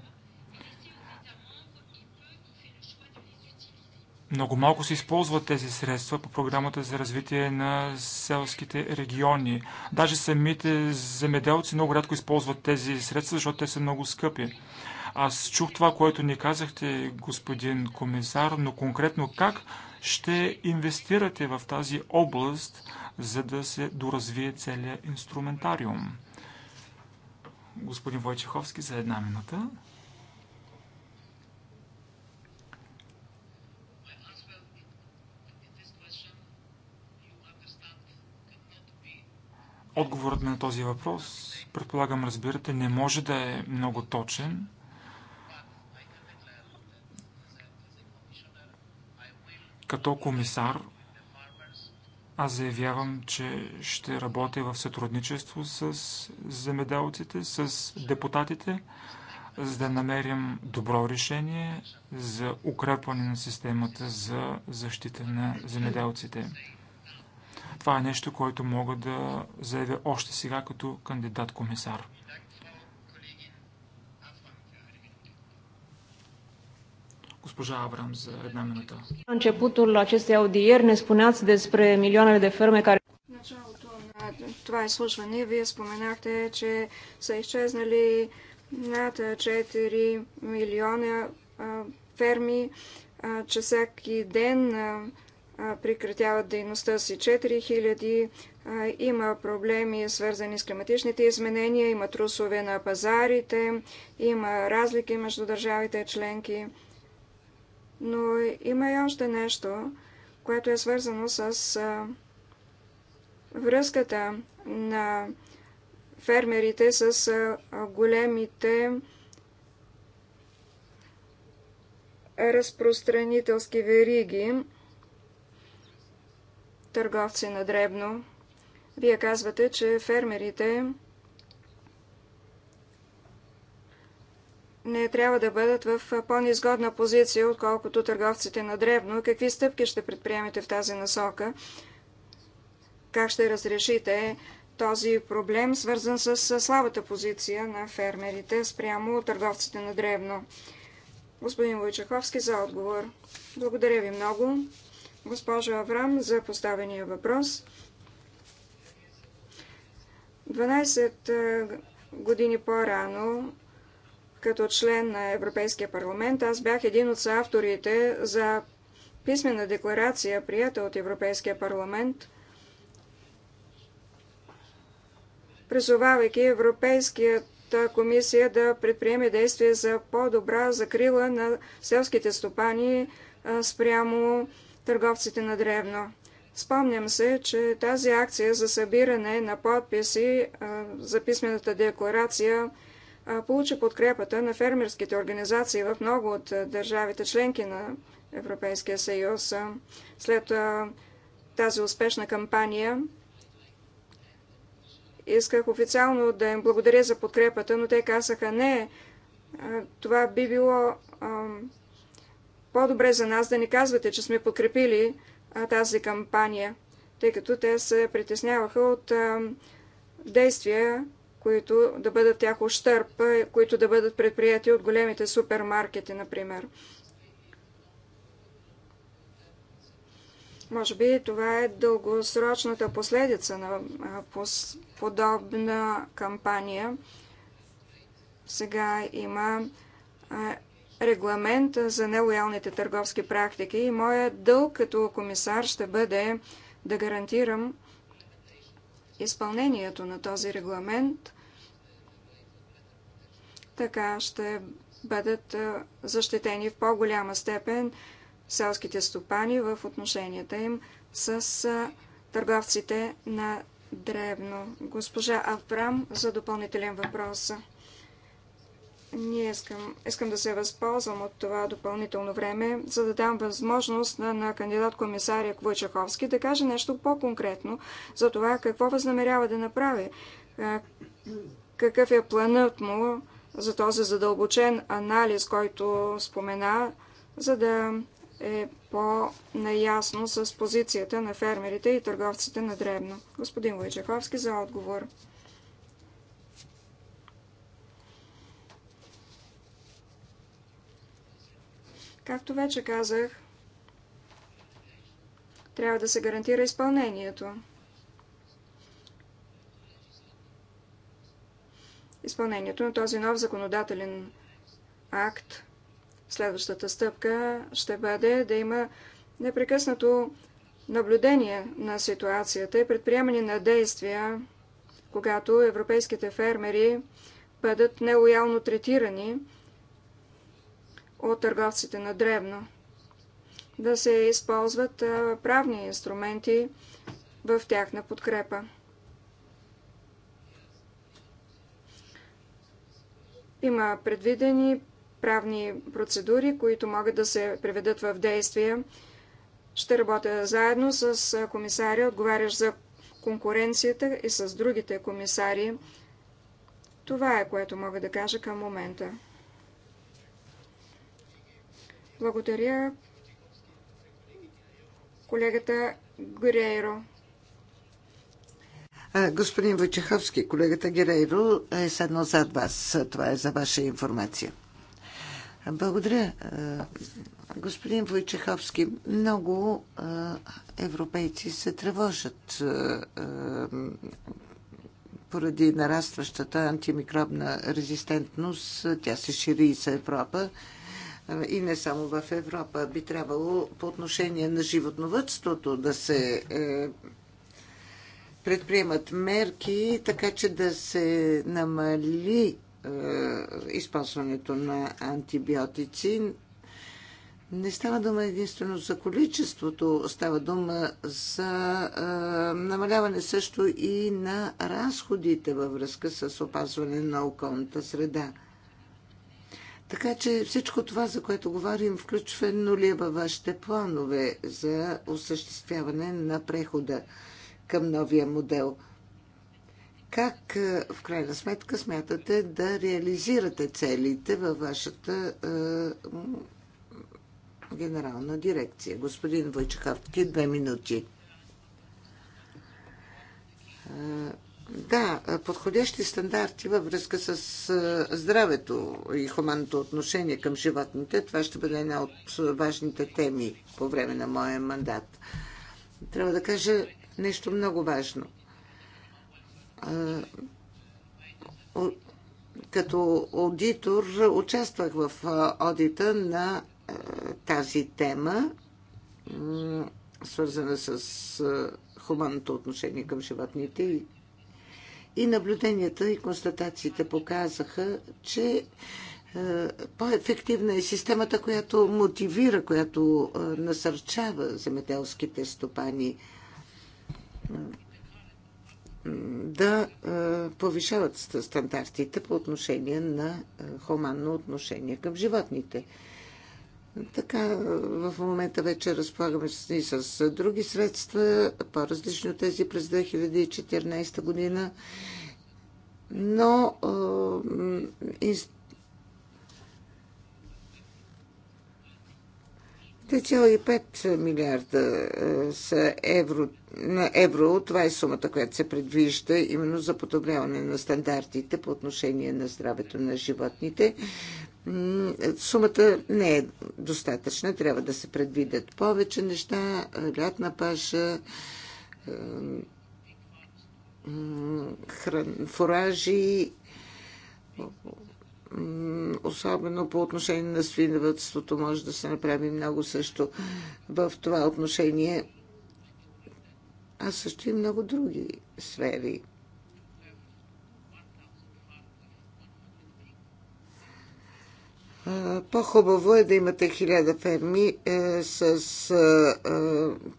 Много малко се използват тези средства по програмата за развитие на селските региони. Даже самите земеделци много рядко използват тези средства, защото те са много скъпи. Аз чух това, което ни казахте, господин комисар, но конкретно как ще инвестирате в тази област, за да се доразвие целият инструментариум. Господин Войчеховски за една минута. Отговорът на този въпрос, предполагам, разбирате, не може да е много точен. Като комисар аз заявявам, че ще работя в сътрудничество с земеделците, с депутатите, за да намерим добро решение за укрепване на системата за защита на земеделците. Това е нещо, което мога да заявя още сега като кандидат-комисар. Госпожа Абрам за една минута. La începutul acestei audieri ne spuneați despre milioanele de ferme care началото на това изслушване вие споменахте, че са изчезнали над 4 милиона ферми, че всеки ден прекратяват дейността си 4000. Има проблеми, свързани с климатичните изменения, има трусове на пазарите, има разлики между държавите членки. Но има и още нещо, което е свързано с връзката на фермерите с големите разпространителски вериги, търговци на дребно. Вие казвате, че фермерите не трябва да бъдат в по-низгодна позиция, отколкото търговците на Древно. Какви стъпки ще предприемете в тази насока? Как ще разрешите този проблем, свързан с слабата позиция на фермерите спрямо търговците на Древно? Господин Войчаховски за отговор. Благодаря ви много, госпожо Аврам, за поставения въпрос. 12 е, години по-рано като член на Европейския парламент аз бях един от авторите за писмена декларация, прията от Европейския парламент, призовавайки Европейската комисия да предприеме действия за по-добра закрила на селските стопани спрямо търговците на древно. Спомням се, че тази акция за събиране на подписи за писмената декларация получи подкрепата на фермерските организации в много от държавите членки на Европейския съюз. След тази успешна кампания исках официално да им благодаря за подкрепата, но те казаха не, това би било по-добре за нас да ни казвате, че сме подкрепили тази кампания, тъй като те се притесняваха от действия, които да бъдат тях ущърп, които да бъдат предприяти от големите супермаркети, например. Може би това е дългосрочната последица на подобна кампания. Сега има регламент за нелоялните търговски практики и моя дълг като комисар ще бъде да гарантирам, изпълнението на този регламент. Така ще бъдат защитени в по-голяма степен селските стопани в отношенията им с търговците на Дребно. Госпожа Аврам за допълнителен въпрос. Ние искам, искам да се възползвам от това допълнително време, за да дам възможност на, на кандидат комисаря Квачаковски да каже нещо по-конкретно за това какво възнамерява да направи, какъв е планът му за този задълбочен анализ, който спомена, за да е по-наясно с позицията на фермерите и търговците на Дребно. Господин Войчаховски за отговор. Както вече казах, трябва да се гарантира изпълнението. Изпълнението на този нов законодателен акт. Следващата стъпка ще бъде да има непрекъснато наблюдение на ситуацията и предприемане на действия, когато европейските фермери бъдат нелоялно третирани от търговците на древно. Да се използват правни инструменти в тяхна подкрепа. Има предвидени правни процедури, които могат да се приведат в действие. Ще работя заедно с комисаря, отговарящ за конкуренцията и с другите комисари. Това е, което мога да кажа към момента. Благодаря колегата Грейро. Господин Войчеховски, колегата Герейро е седнал зад вас. Това е за ваша информация. Благодаря. Господин Войчеховски, много европейци се тревожат поради нарастващата антимикробна резистентност. Тя се шири за Европа и не само в Европа. Би трябвало по отношение на животновътството да се е, предприемат мерки, така че да се намали е, използването на антибиотици. Не става дума единствено за количеството, става дума за е, намаляване също и на разходите във връзка с опазване на околната среда. Така че всичко това, за което говорим, включвано ли е във вашите планове за осъществяване на прехода към новия модел? Как е, в крайна сметка смятате да реализирате целите във вашата е, генерална дирекция? Господин Войчеховски, две минути. Е, да, подходящи стандарти във връзка с здравето и хуманното отношение към животните, това ще бъде една от важните теми по време на моя мандат. Трябва да кажа нещо много важно. Като аудитор участвах в одита на тази тема, свързана с хуманното отношение към животните и и наблюденията и констатациите показаха, че е, по-ефективна е системата, която мотивира, която е, насърчава земеделските стопани е, да повишават стандартите по отношение на хуманно отношение към животните. Така, в момента вече разполагаме и с други средства, по-различни от тези през 2014 година, но и 5 милиарда е, са евро, на евро. Това е сумата, която се предвижда именно за подобряване на стандартите по отношение на здравето на животните. Сумата не е достатъчна, трябва да се предвидят повече неща, лятна паша, фуражи, особено по отношение на свиневътството може да се направи много също в това отношение, а също и много други сфери – По-хубаво е да имате 1000 ферми е, с е, е,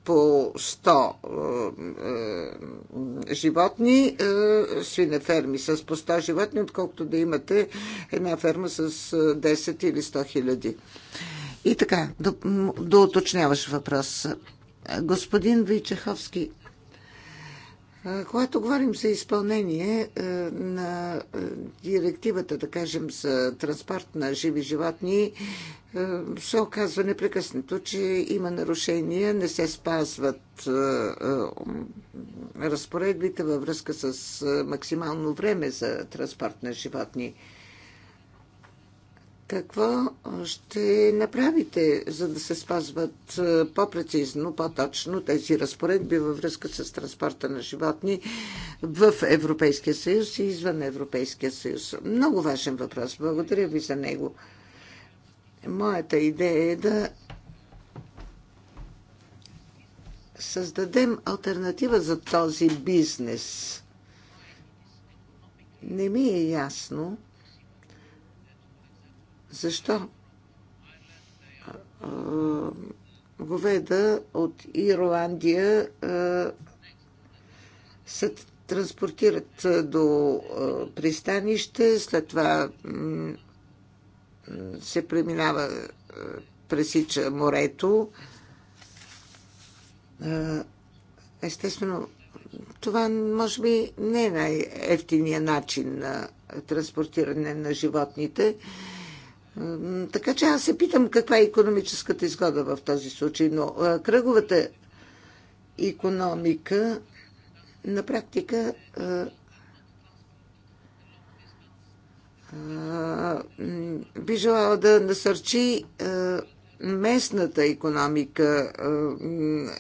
по 100 животни, е, свинеферми с по 100 животни, отколкото да имате една ферма с 10 или 100 хиляди. И така, до, до уточняваш въпрос. Господин Вичеховски, когато говорим за изпълнение е, на е, директивата, да кажем, за транспорт на живи животни, е, се оказва непрекъснато, че има нарушения, не се спазват разпоредбите във връзка с максимално време за транспорт на животни. Какво ще направите, за да се спазват е, по-прецизно, по-точно тези разпоредби във връзка с транспорта на животни в Европейския съюз и извън Европейския съюз? Много важен въпрос. Благодаря ви за него. Моята идея е да създадем альтернатива за този бизнес. Не ми е ясно защо? Говеда от Ирландия се транспортират до пристанище, след това се преминава, пресича морето. Естествено, това може би не е най ефтиният начин на транспортиране на животните. Така че аз се питам каква е економическата изгода в този случай, но кръговата економика на практика би желала да насърчи местната економика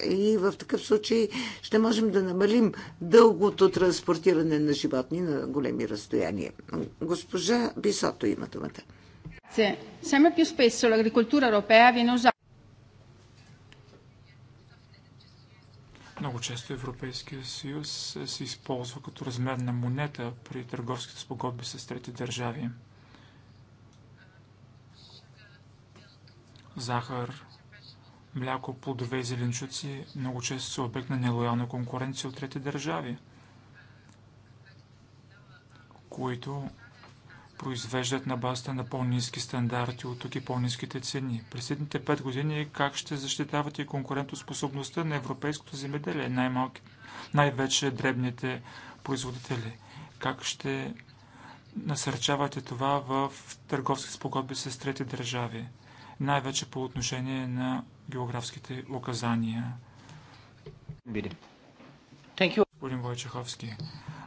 и в такъв случай ще можем да намалим дългото транспортиране на животни на големи разстояния. Госпожа Бисото има думата. Grazie. Sempre più spesso l'agricoltura europea viene usata. Много често Европейския съюз се използва като размерна монета при търговските спогодби с трети държави. Захар, мляко, плодове и зеленчуци много често са обект на нелоялна конкуренция от трети държави, които произвеждат на базата на по-низки стандарти, от тук и по-низките цени. През следните 5 години как ще защитавате конкурентоспособността на европейското земеделие, най-малки, най-вече дребните производители? Как ще насърчавате това в търговски спогодби с трети държави, най-вече по отношение на географските указания? Господин Войчеховски,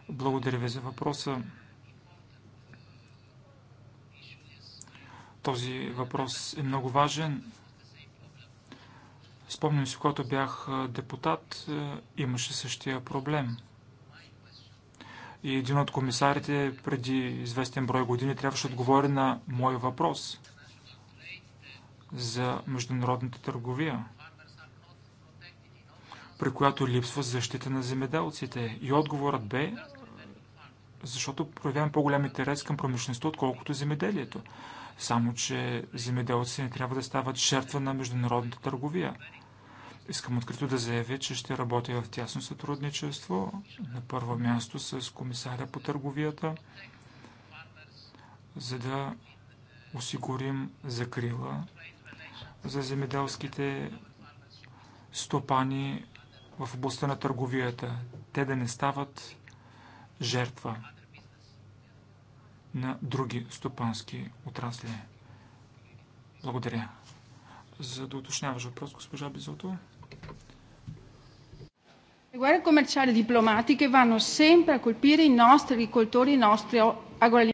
благодаря ви за въпроса. Този въпрос е много важен. Спомням си, когато бях депутат, имаше същия проблем. И един от комисарите преди известен брой години трябваше да отговори на мой въпрос за международната търговия, при която липсва защита на земеделците. И отговорът бе, защото проявявам по-голям интерес към промишлеността, отколкото земеделието. Само, че земеделците не трябва да стават жертва на международната търговия. Искам открито да заявя, че ще работя в тясно сътрудничество, на първо място с комисаря по търговията, за да осигурим закрила за земеделските стопани в областта на търговията. Те да не стават жертва на други стопански отрасли. Благодаря. За да уточняваш въпрос, госпожа Бизото. Le guerre commerciali diplomatiche vanno sempre a colpire i nostri agricoltori i nostri agroalimentari.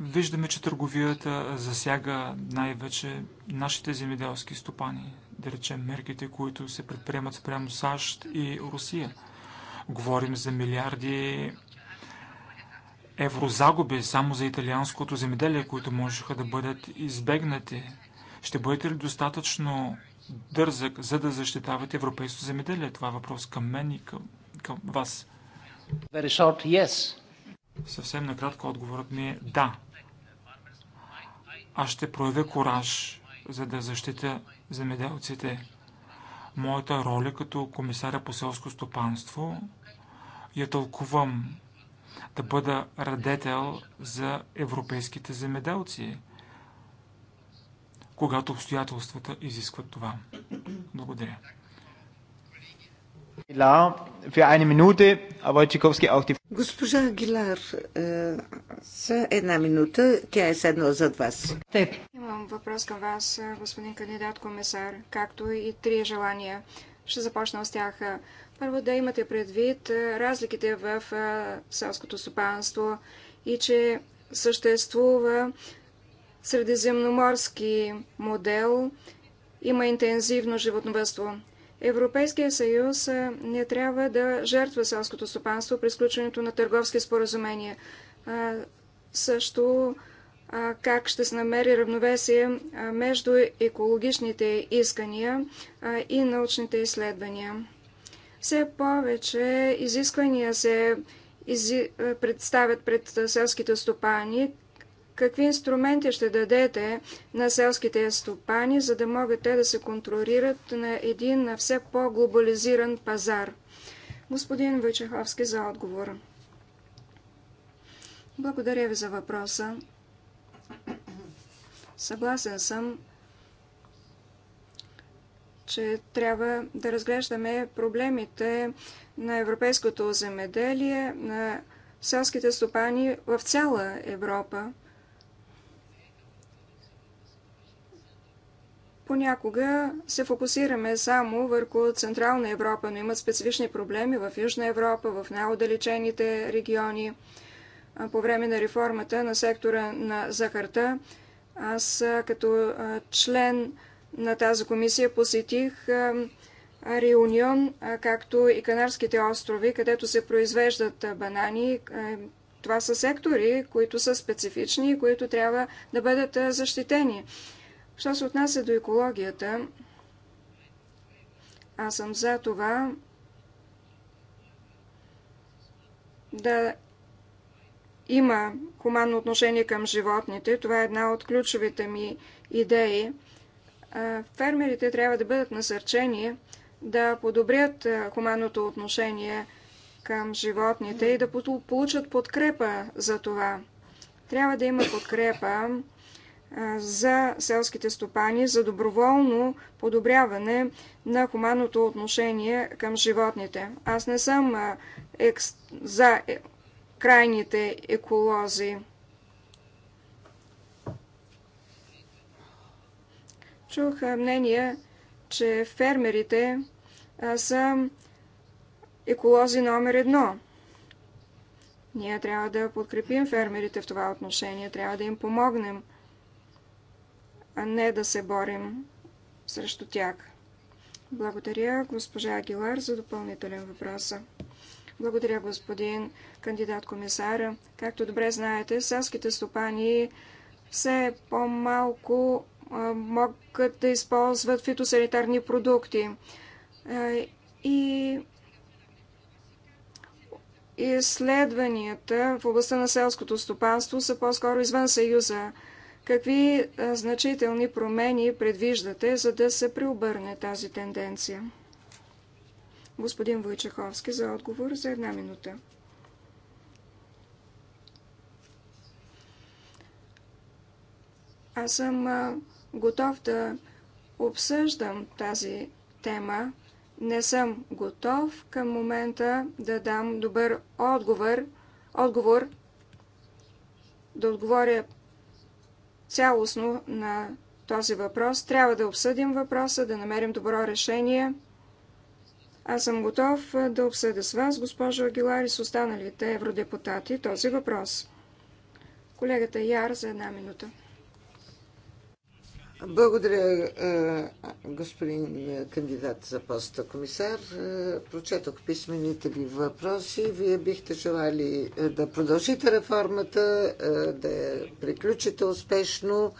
Виждаме, че търговията засяга най-вече нашите земеделски стопани да речем мерките, които се предприемат спрямо САЩ и Русия. Говорим за милиарди евро загуби само за италианското земеделие, които можеха да бъдат избегнати. Ще бъдете ли достатъчно дързък, за да защитавате европейското земеделие? Това е въпрос към мен и към, към вас. Short, yes. Съвсем накратко отговорът ми е да. Аз ще проявя кораж, за да защита земеделците. Моята роля като комисаря по селско стопанство я тълкувам да бъда радетел за европейските земеделци, когато обстоятелствата изискват това. Благодаря. Госпожа Агилар, е, за една минута тя е седнала зад вас. Имам въпрос към вас, е, господин кандидат комисар, както и три желания. Ще започна с тях. Първо да имате предвид е, разликите в селското стопанство и че съществува средиземноморски модел, има интензивно животновътство. Европейския съюз не трябва да жертва селското стопанство при сключването на търговски споразумения. Също как ще се намери равновесие между екологичните искания и научните изследвания. Все повече изисквания се представят пред селските стопани. Какви инструменти ще дадете на селските стопани, за да могат те да се контролират на един на все по-глобализиран пазар? Господин Войчеховски за отговор. Благодаря ви за въпроса. Съгласен съм, че трябва да разглеждаме проблемите на европейското земеделие, на селските стопани в цяла Европа. Понякога се фокусираме само върху Централна Европа, но имат специфични проблеми в Южна Европа, в най-отдалечените региони. По време на реформата на сектора на захарта, аз като член на тази комисия посетих Реунион, както и Канарските острови, където се произвеждат банани. Това са сектори, които са специфични и които трябва да бъдат защитени. Що се отнася до екологията, аз съм за това да има хуманно отношение към животните. Това е една от ключовите ми идеи. Фермерите трябва да бъдат насърчени да подобрят хуманното отношение към животните и да получат подкрепа за това. Трябва да има подкрепа за селските стопани за доброволно подобряване на хуманното отношение към животните. Аз не съм екс... за е, крайните еколози. Чух мнение, че фермерите са еколози номер едно. Ние трябва да подкрепим фермерите в това отношение, трябва да им помогнем а не да се борим срещу тях. Благодаря, госпожа Агилар, за допълнителен въпрос. Благодаря, господин кандидат комисара. Както добре знаете, селските стопани все по-малко могат да използват фитосанитарни продукти. И изследванията в областта на селското стопанство са по-скоро извън Съюза. Какви значителни промени предвиждате, за да се преобърне тази тенденция? Господин Войчаховски за отговор за една минута. Аз съм готов да обсъждам тази тема. Не съм готов към момента да дам добър отговор, отговор да отговоря цялостно на този въпрос. Трябва да обсъдим въпроса, да намерим добро решение. Аз съм готов да обсъда с вас, госпожо Агилари, с останалите евродепутати този въпрос. Колегата Яр за една минута. Благодаря, е, господин кандидат за поста комисар. Е, прочетох писмените ви въпроси. Вие бихте желали е, да продължите реформата, да я приключите успешно.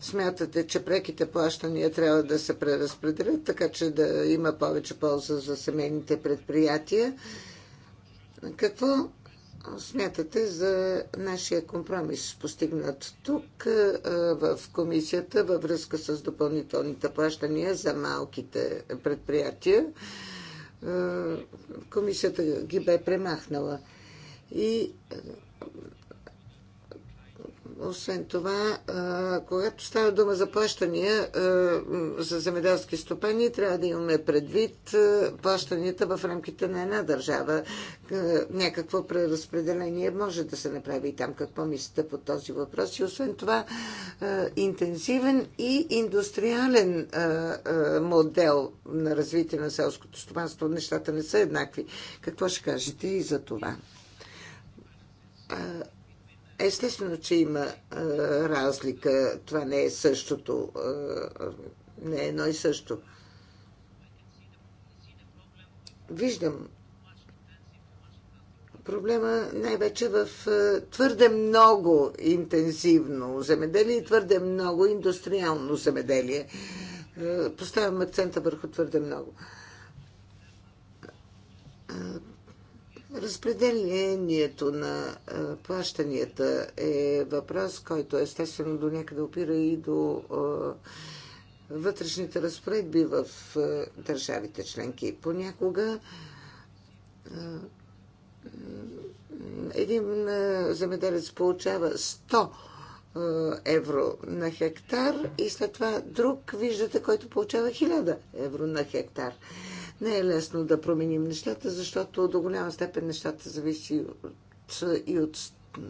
Смятате, че преките плащания трябва да се преразпределят, така че да има повече полза за семейните предприятия. Какво смятате за нашия компромис, постигнат тук в комисията във връзка с допълнителните плащания за малките предприятия? Комисията ги бе премахнала. И освен това, когато става дума за плащания за земеделски стопани, трябва да имаме предвид плащанията в рамките на една държава. Някакво преразпределение може да се направи и там. Какво мислите по този въпрос? И освен това, интензивен и индустриален модел на развитие на селското стопанство. Нещата не са еднакви. Какво ще кажете и за това? Естествено, че има а, е, разлика. Това не е същото. А, е, не е едно и също. Виждам проблема най-вече в е, твърде много интензивно земеделие и твърде много индустриално земеделие. Поставям акцента върху твърде много. Разпределението на плащанията е въпрос, който естествено до някъде опира и до вътрешните разпоредби в държавите членки. Понякога един земеделец получава 100 евро на хектар и след това друг виждате, който получава 1000 евро на хектар. Не е лесно да променим нещата, защото до голяма степен нещата зависи от, и от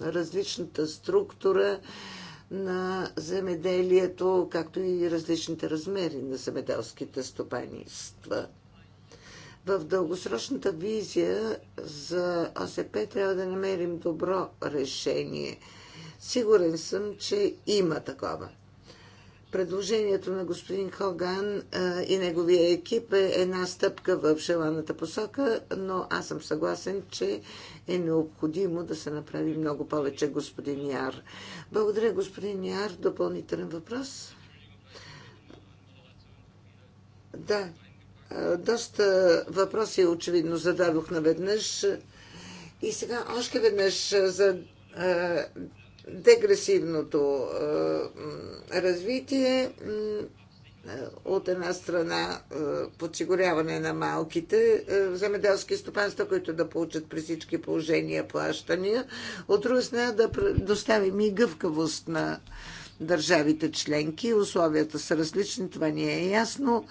различната структура на земеделието, както и различните размери на земеделските стопаниства. В дългосрочната визия за ОСП трябва да намерим добро решение. Сигурен съм, че има такова. Предложението на господин Хоган и неговия екип е една стъпка в желаната посока, но аз съм съгласен, че е необходимо да се направи много повече, господин Яр. Благодаря, господин Яр. Допълнителен въпрос? Да. Доста въпроси очевидно зададох наведнъж. И сега още веднъж за дегресивното развитие от една страна подсигуряване на малките земеделски стопанства, които да получат при всички положения плащания, от друга страна да доставим и гъвкавост на държавите членки. Условията са различни, това ни е ясно.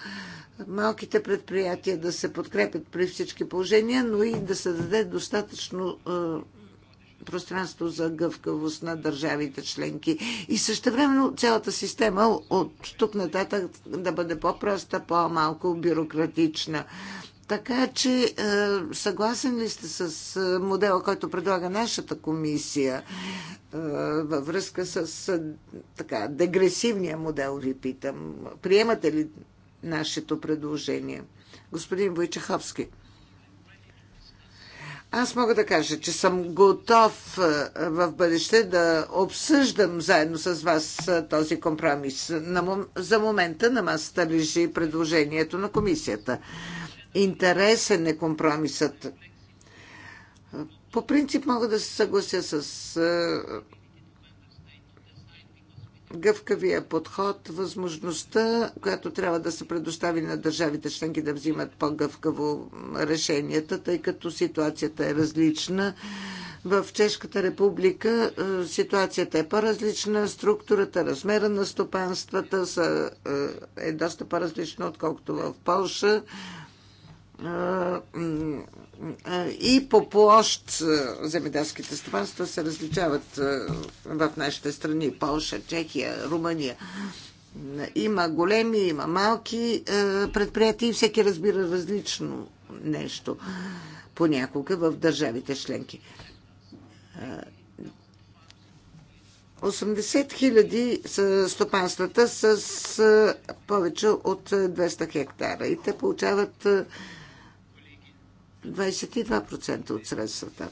Малките предприятия да се подкрепят при всички положения, но и да се даде достатъчно пространство за гъвкавост на държавите членки. И също времено цялата система от тук нататък да бъде по-проста, по-малко бюрократична. Така че е, съгласен ли сте с е, модела, който предлага нашата комисия е, във връзка с така, дегресивния модел, ви питам? Приемате ли нашето предложение? Господин Войчеховски. Аз мога да кажа, че съм готов е, в бъдеще да обсъждам заедно с вас е, този компромис. За момента на масата лежи предложението на комисията. Интересен е компромисът. По принцип мога да се съглася с е, гъвкавия подход, възможността, която трябва да се предостави на държавите членки да взимат по-гъвкаво решенията, тъй като ситуацията е различна. В Чешката република е, ситуацията е по-различна, структурата, размера на стопанствата са, е, е доста по-различна, отколкото в Польша. Е, и по площ е, земеделските стопанства се различават е, в нашите страни Полша, Чехия, Румъния. Има големи, има малки предприятия и всеки разбира различно нещо понякога в държавите членки. 80 хиляди са стопанствата с повече от 200 хектара и те получават 22% от средствата.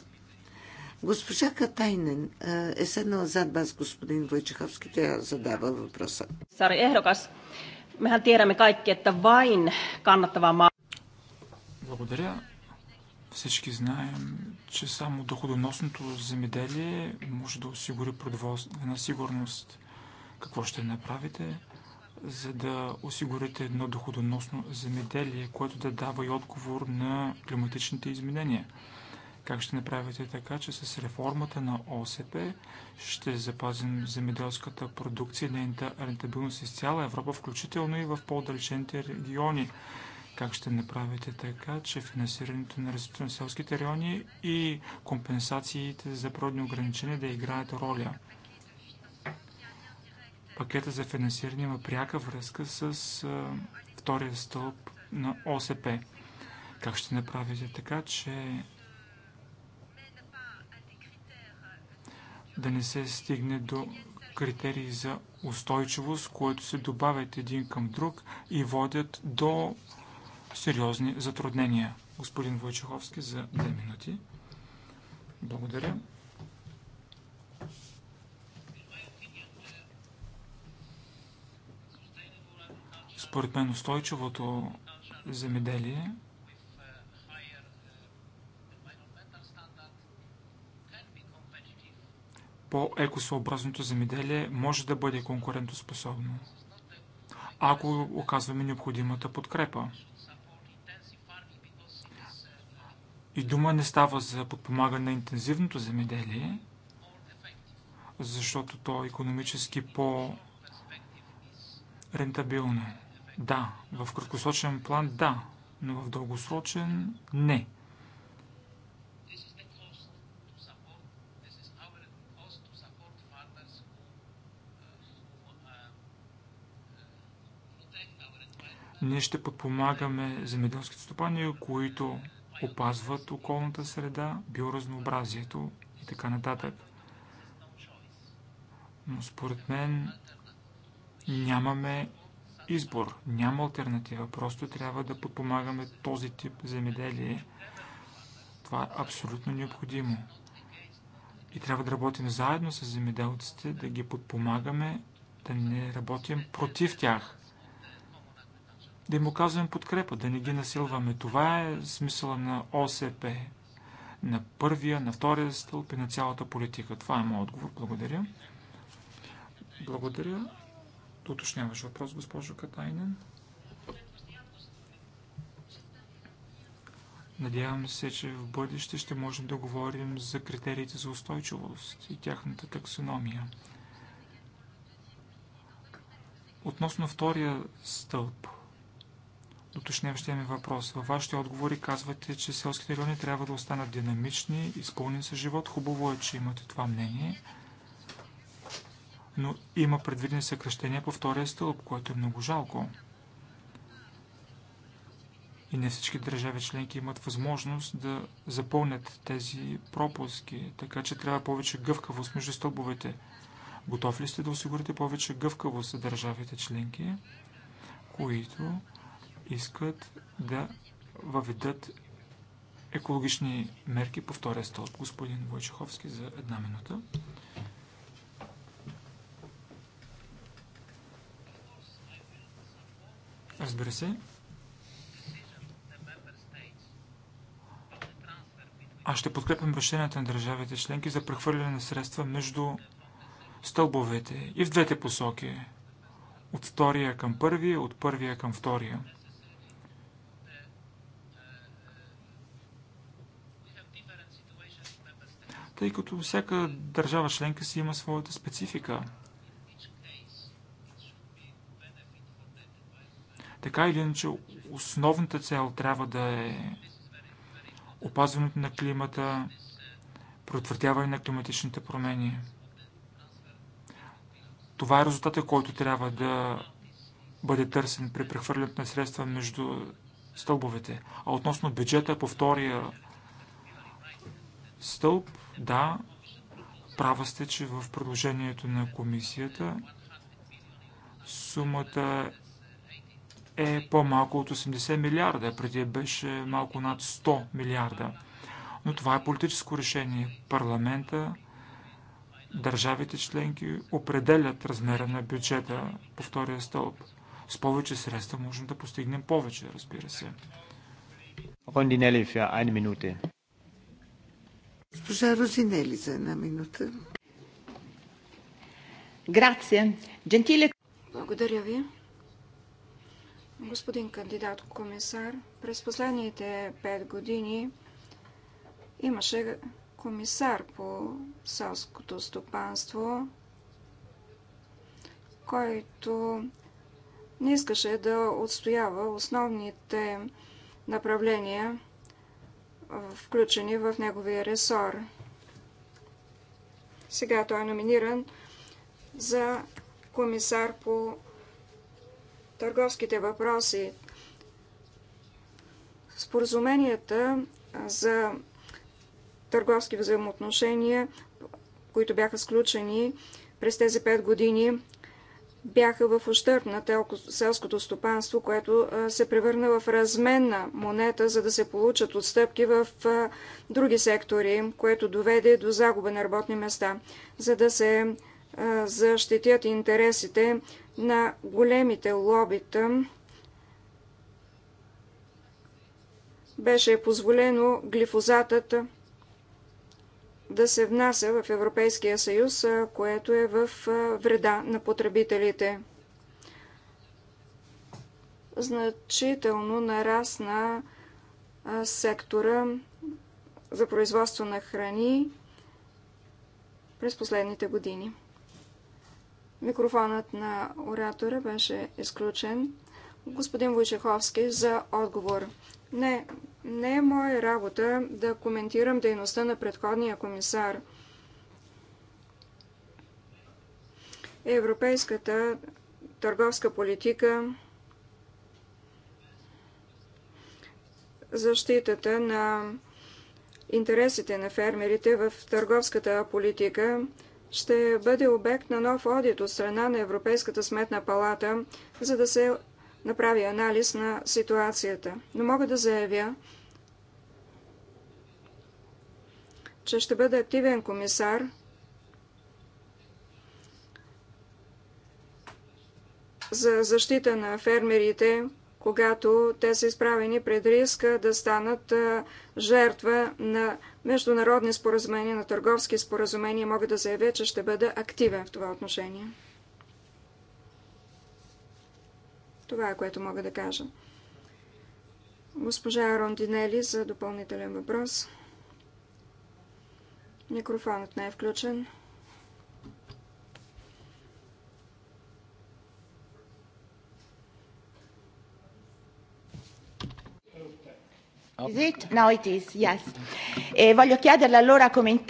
Госпожа Катайнен е седнала зад вас, господин Войчеховски. Тя задава въпроса. Сари Ехрокас, mehän tiedämme кайки, että вайн kannattava maa... Благодаря. Всички знаем, че само доходоносното земеделие може да осигури продоволствена сигурност. Какво ще направите, за да осигурите едно доходоносно земеделие, което да дава и отговор на климатичните изменения? Как ще направите така, че с реформата на ОСП ще запазим земеделската продукция нейната рентабилност из цяла Европа, включително и в по-далечените региони? Как ще направите така, че финансирането на развитието на селските райони и компенсациите за природни ограничения да играят роля? Пакета за финансиране има пряка връзка с втория стълб на ОСП. Как ще направите така, че да не се стигне до критерии за устойчивост, които се добавят един към друг и водят до сериозни затруднения. Господин Войчеховски за две минути. Благодаря. Според мен устойчивото земеделие по-екосъобразното земеделие може да бъде конкурентоспособно, ако оказваме необходимата подкрепа. И дума не става за подпомагане на интензивното земеделие, защото то е економически по-рентабилно. Да. В краткосрочен план да, но в дългосрочен не. Ние ще подпомагаме земеделските стопани, които опазват околната среда, биоразнообразието и така нататък. Но според мен нямаме избор. Няма альтернатива. Просто трябва да подпомагаме този тип земеделие. Това е абсолютно необходимо. И трябва да работим заедно с земеделците, да ги подпомагаме, да не работим против тях. Да им оказваме подкрепа, да не ги насилваме. Това е смисъла на ОСП. На първия, на втория стълб и на цялата политика. Това е моят отговор. Благодаря. Благодаря. Уточняваш въпрос, госпожо Катайнен. Надявам се, че в бъдеще ще можем да говорим за критериите за устойчивост и тяхната таксономия. Относно втория стълб, уточняващия ми въпрос. Във вашите отговори казвате, че селските райони трябва да останат динамични, изпълнени с живот. Хубаво е, че имате това мнение но има предвидени съкръщения по втория стълб, което е много жалко. И не всички държави членки имат възможност да запълнят тези пропуски, така че трябва повече гъвкавост между стълбовете. Готов ли сте да осигурите повече гъвкавост за държавите членки, които искат да въведат екологични мерки по втория стълб? Господин Войчеховски за една минута. Разбира се. Аз ще подкрепям решенията на държавите членки за прехвърляне на средства между стълбовете и в двете посоки. От втория към първия, от първия към втория. Тъй като всяка държава членка си има своята специфика – Така или иначе, основната цел трябва да е опазването на климата, предотвратяване на климатичните промени. Това е резултатът, който трябва да бъде търсен при прехвърлянето на средства между стълбовете. А относно бюджета по втория стълб, да, права сте, че в предложението на комисията сумата е по-малко от 80 милиарда. Преди е беше малко над 100 милиарда. Но това е политическо решение. Парламента, държавите членки определят размера на бюджета по втория стълб. С повече средства можем да постигнем повече, разбира се. Рондинели за една минута. Госпожа Розинели за една минута. Грация. Джентиле. Благодаря ви. Господин кандидат комисар, през последните пет години имаше комисар по селското стопанство, който не искаше да отстоява основните направления, включени в неговия ресор. Сега той е номиниран за комисар по търговските въпроси. Споразуменията за търговски взаимоотношения, които бяха сключени през тези пет години, бяха в ущърп на селското стопанство, което се превърна в разменна монета, за да се получат отстъпки в други сектори, което доведе до загуба на работни места. За да се защитят интересите на големите лобита. Беше позволено глифозатът да се внася в Европейския съюз, което е в вреда на потребителите. Значително нарасна сектора за производство на храни през последните години. Микрофонът на оратора беше изключен. Господин Войчеховски за отговор. Не, не е моя работа да коментирам дейността на предходния комисар. Европейската търговска политика, защитата на интересите на фермерите в търговската политика – ще бъде обект на нов одит от страна на Европейската сметна палата, за да се направи анализ на ситуацията. Но мога да заявя, че ще бъде активен комисар за защита на фермерите, когато те са изправени пред риска да станат жертва на международни споразумения, на търговски споразумения, мога да заявя, че ще бъда активен в това отношение. Това е което мога да кажа. Госпожа Рондинели за допълнителен въпрос. Микрофонът не е включен. Is it? No, it is, yes. E voglio chiederle allora come...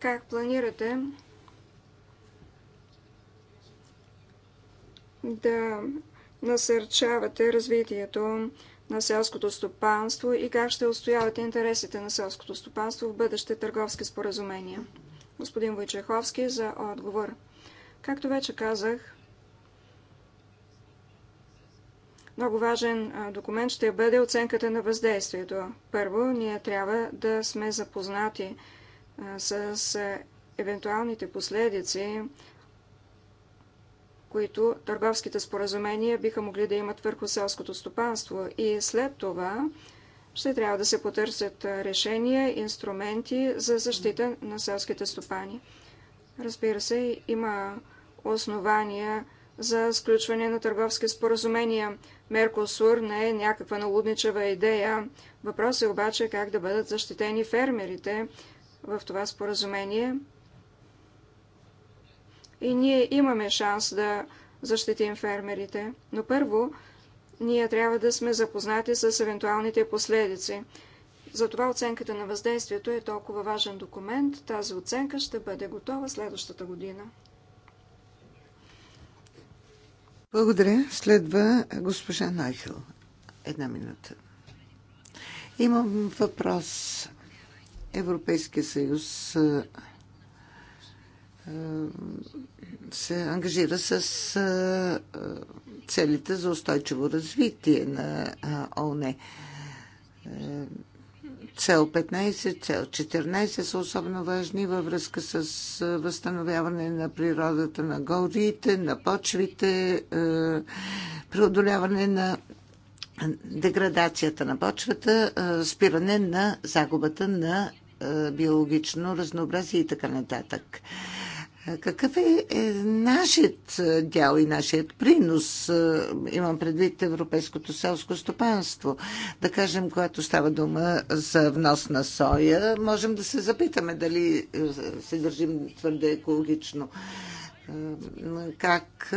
Как планирате да насърчавате развитието на селското стопанство и как ще устоявате интересите на селското стопанство в бъдеще търговски споразумения? Господин Войчеховски за отговор. Както вече казах, Много важен документ ще бъде оценката на въздействието. Първо, ние трябва да сме запознати с евентуалните последици, които търговските споразумения биха могли да имат върху селското стопанство. И след това ще трябва да се потърсят решения, инструменти за защита на селските стопани. Разбира се, има основания за сключване на търговски споразумения. Меркосур не е някаква налудничева идея. Въпрос е обаче как да бъдат защитени фермерите в това споразумение. И ние имаме шанс да защитим фермерите. Но първо, ние трябва да сме запознати с евентуалните последици. Затова оценката на въздействието е толкова важен документ. Тази оценка ще бъде готова следващата година. Благодаря. Следва госпожа Найхел. Една минута. Имам въпрос. Европейския съюз се ангажира с целите за устойчиво развитие на ОНЕ. Цел 15, цел 14 са особено важни във връзка с възстановяване на природата на горите, на почвите, преодоляване на деградацията на почвата, спиране на загубата на биологично разнообразие и така нататък. Какъв е, е нашият е, дял и нашият принос? Е, имам предвид европейското селско стопанство. Да кажем, когато става дума за внос на соя, можем да се запитаме дали е, се държим твърде екологично. Как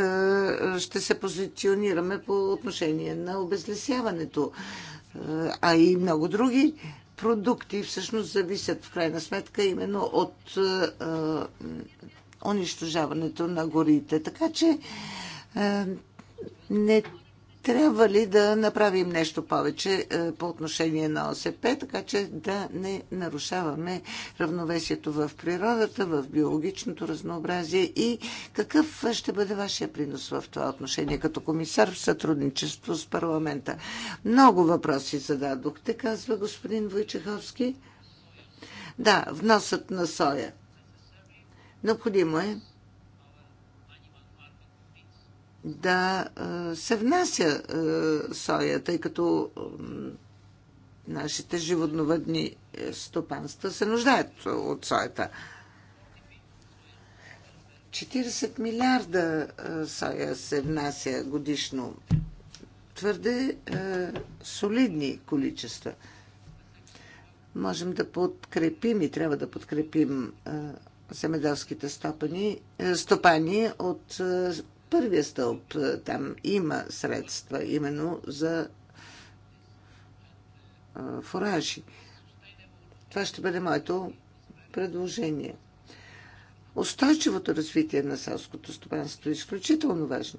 ще се позиционираме по отношение на обезлесяването, а и много други продукти всъщност зависят в крайна сметка именно от унищожаването на горите. Така че е, не трябва ли да направим нещо повече е, по отношение на ОСП, така че да не нарушаваме равновесието в природата, в биологичното разнообразие и какъв ще бъде вашия принос в това отношение като комисар в сътрудничество с парламента? Много въпроси зададохте, казва господин Войчеховски. Да, вносът на соя. Необходимо е да се внася соя, тъй като нашите животновъдни е, стопанства се нуждаят от соята. 40 милиарда соя се внася годишно. Твърде солидни количества. Можем да подкрепим и трябва да подкрепим земеделските стопани, е, стопани от е, първия стълб. Е, там има средства именно за фуражи. Това ще бъде моето предложение. Устойчивото развитие на селското стопанство е изключително важно.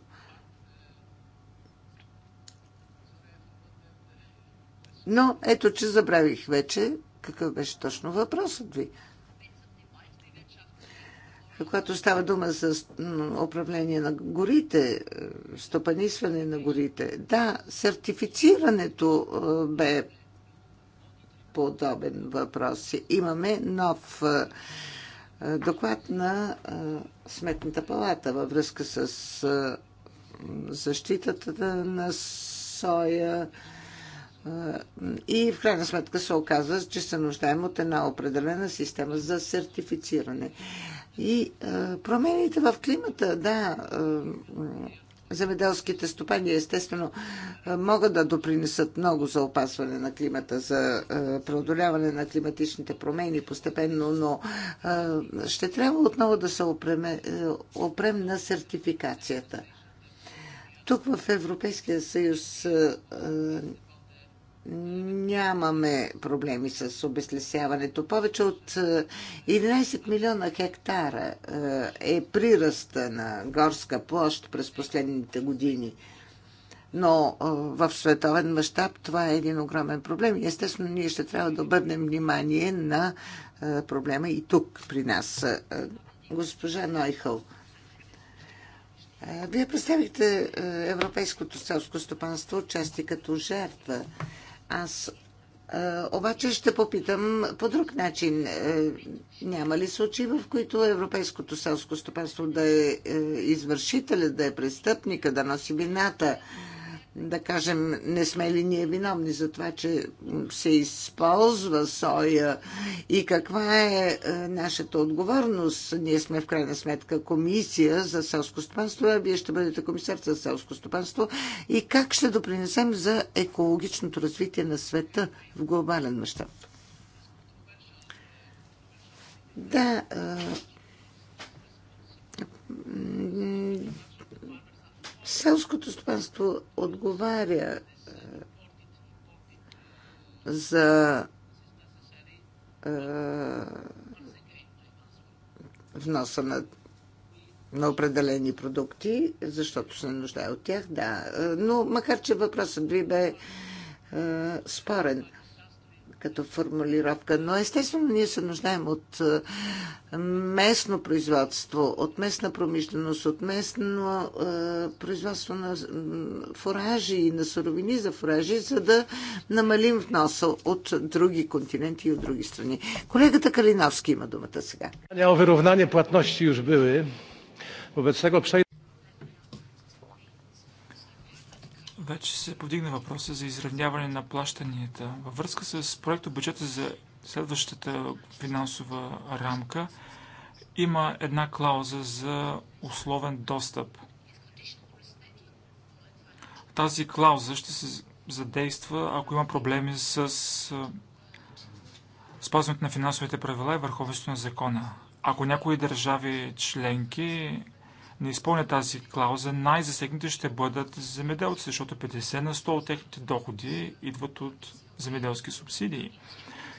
Но ето, че забравих вече какъв беше точно въпросът ви. Когато става дума за управление на горите, е, стопанисване на горите, да, сертифицирането е, бе подобен въпрос. Имаме нов е, доклад на Сметната палата във връзка с защитата на соя. И в крайна сметка се оказва, че се нуждаем от една определена система за сертифициране. И промените в климата, да, земеделските стопани естествено могат да допринесат много за опасване на климата, за преодоляване на климатичните промени постепенно, но ще трябва отново да се опрем, е, опрем на сертификацията. Тук в Европейския съюз нямаме проблеми с обезлесяването. Повече от 11 е, милиона хектара е, е приръста на горска площ през последните години. Но е, в световен мащаб това е един огромен проблем. Естествено, ние ще трябва да обърнем внимание на проблема и тук при нас. Госпожа Нойхъл. Вие представихте европейското селско стопанство части като жертва. Аз е, обаче ще попитам по друг начин. Е, няма ли случаи, в които европейското селско стопанство да е, е извършителя, да е престъпника, да носи вината? да кажем, не сме ли ние виновни за това, че се използва соя и каква е, е нашата отговорност? Ние сме в крайна сметка комисия за селско стопанство, а вие ще бъдете комисар за селско стопанство и как ще допринесем за екологичното развитие на света в глобален мащаб? Да, е, Селското стопанство отговаря е, за е, вноса на, на определени продукти, защото се нуждае от тях, да. Е, но макар, че въпросът ви бе е, спорен като формулировка, но естествено ние се нуждаем от е, местно производство, от местна промишленост, от местно е, производство на фуражи и на суровини за фуражи, за да намалим вноса от други континенти и от други страни. Колегата Калиновски има думата сега. Няма вероятно, платности już били, Вече се подигна въпроса за изравняване на плащанията. Във връзка с проекто бюджета за следващата финансова рамка има една клауза за условен достъп. Тази клауза ще се задейства, ако има проблеми с спазването на финансовите правила и върховенството на закона. Ако някои държави членки не изпълня тази клауза, най засегните ще бъдат земеделци, защото 50 на 100 от техните доходи идват от земеделски субсидии.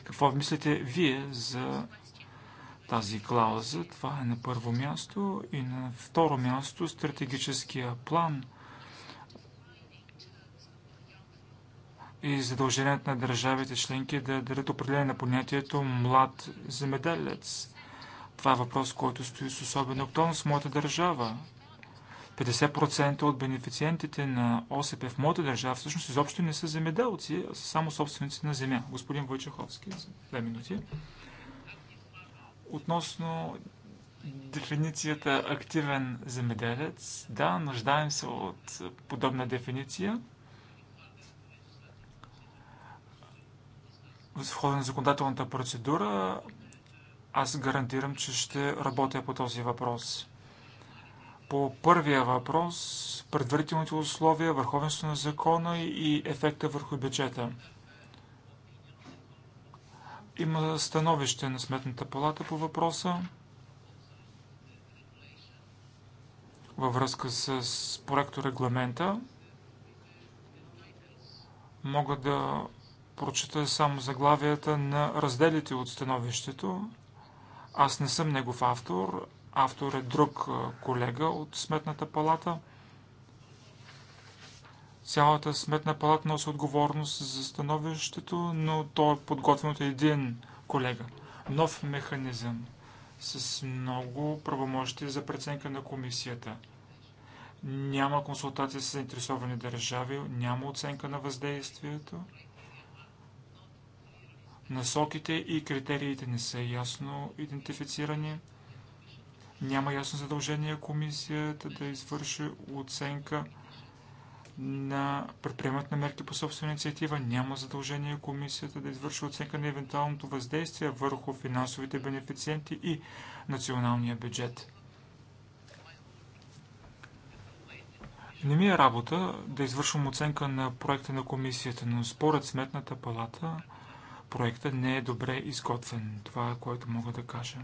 Какво мислите вие за тази клауза? Това е на първо място. И на второ място стратегическия план и задължението на държавите членки да дадат определение на понятието млад земеделец това е въпрос, който стои с особена актуалност в моята държава. 50% от бенефициентите на ОСП в моята държава всъщност изобщо не са земеделци, а са само собственици на земя. Господин Войчеховски, за две минути. Относно дефиницията активен земеделец, да, нуждаем се от подобна дефиниция. В хода на законодателната процедура аз гарантирам, че ще работя по този въпрос. По първия въпрос, предварителните условия, върховенство на закона и ефекта върху бюджета. Има становище на Сметната палата по въпроса във връзка с проекто регламента. Мога да прочета само заглавията на разделите от становището. Аз не съм негов автор. Автор е друг колега от Сметната палата. Цялата Сметна палата носи отговорност за становището, но то е подготвен от един колега. Нов механизъм с много правомощи за преценка на комисията. Няма консултация с заинтересовани държави, няма оценка на въздействието. Насоките и критериите не са ясно идентифицирани. Няма ясно задължение комисията да извърши оценка на предприемат на мерки по собствена инициатива. Няма задължение комисията да извърши оценка на евентуалното въздействие върху финансовите бенефициенти и националния бюджет. Не ми е работа да извършвам оценка на проекта на комисията, но според Сметната палата – Проекта не е добре изготвен. Това е което мога да кажа.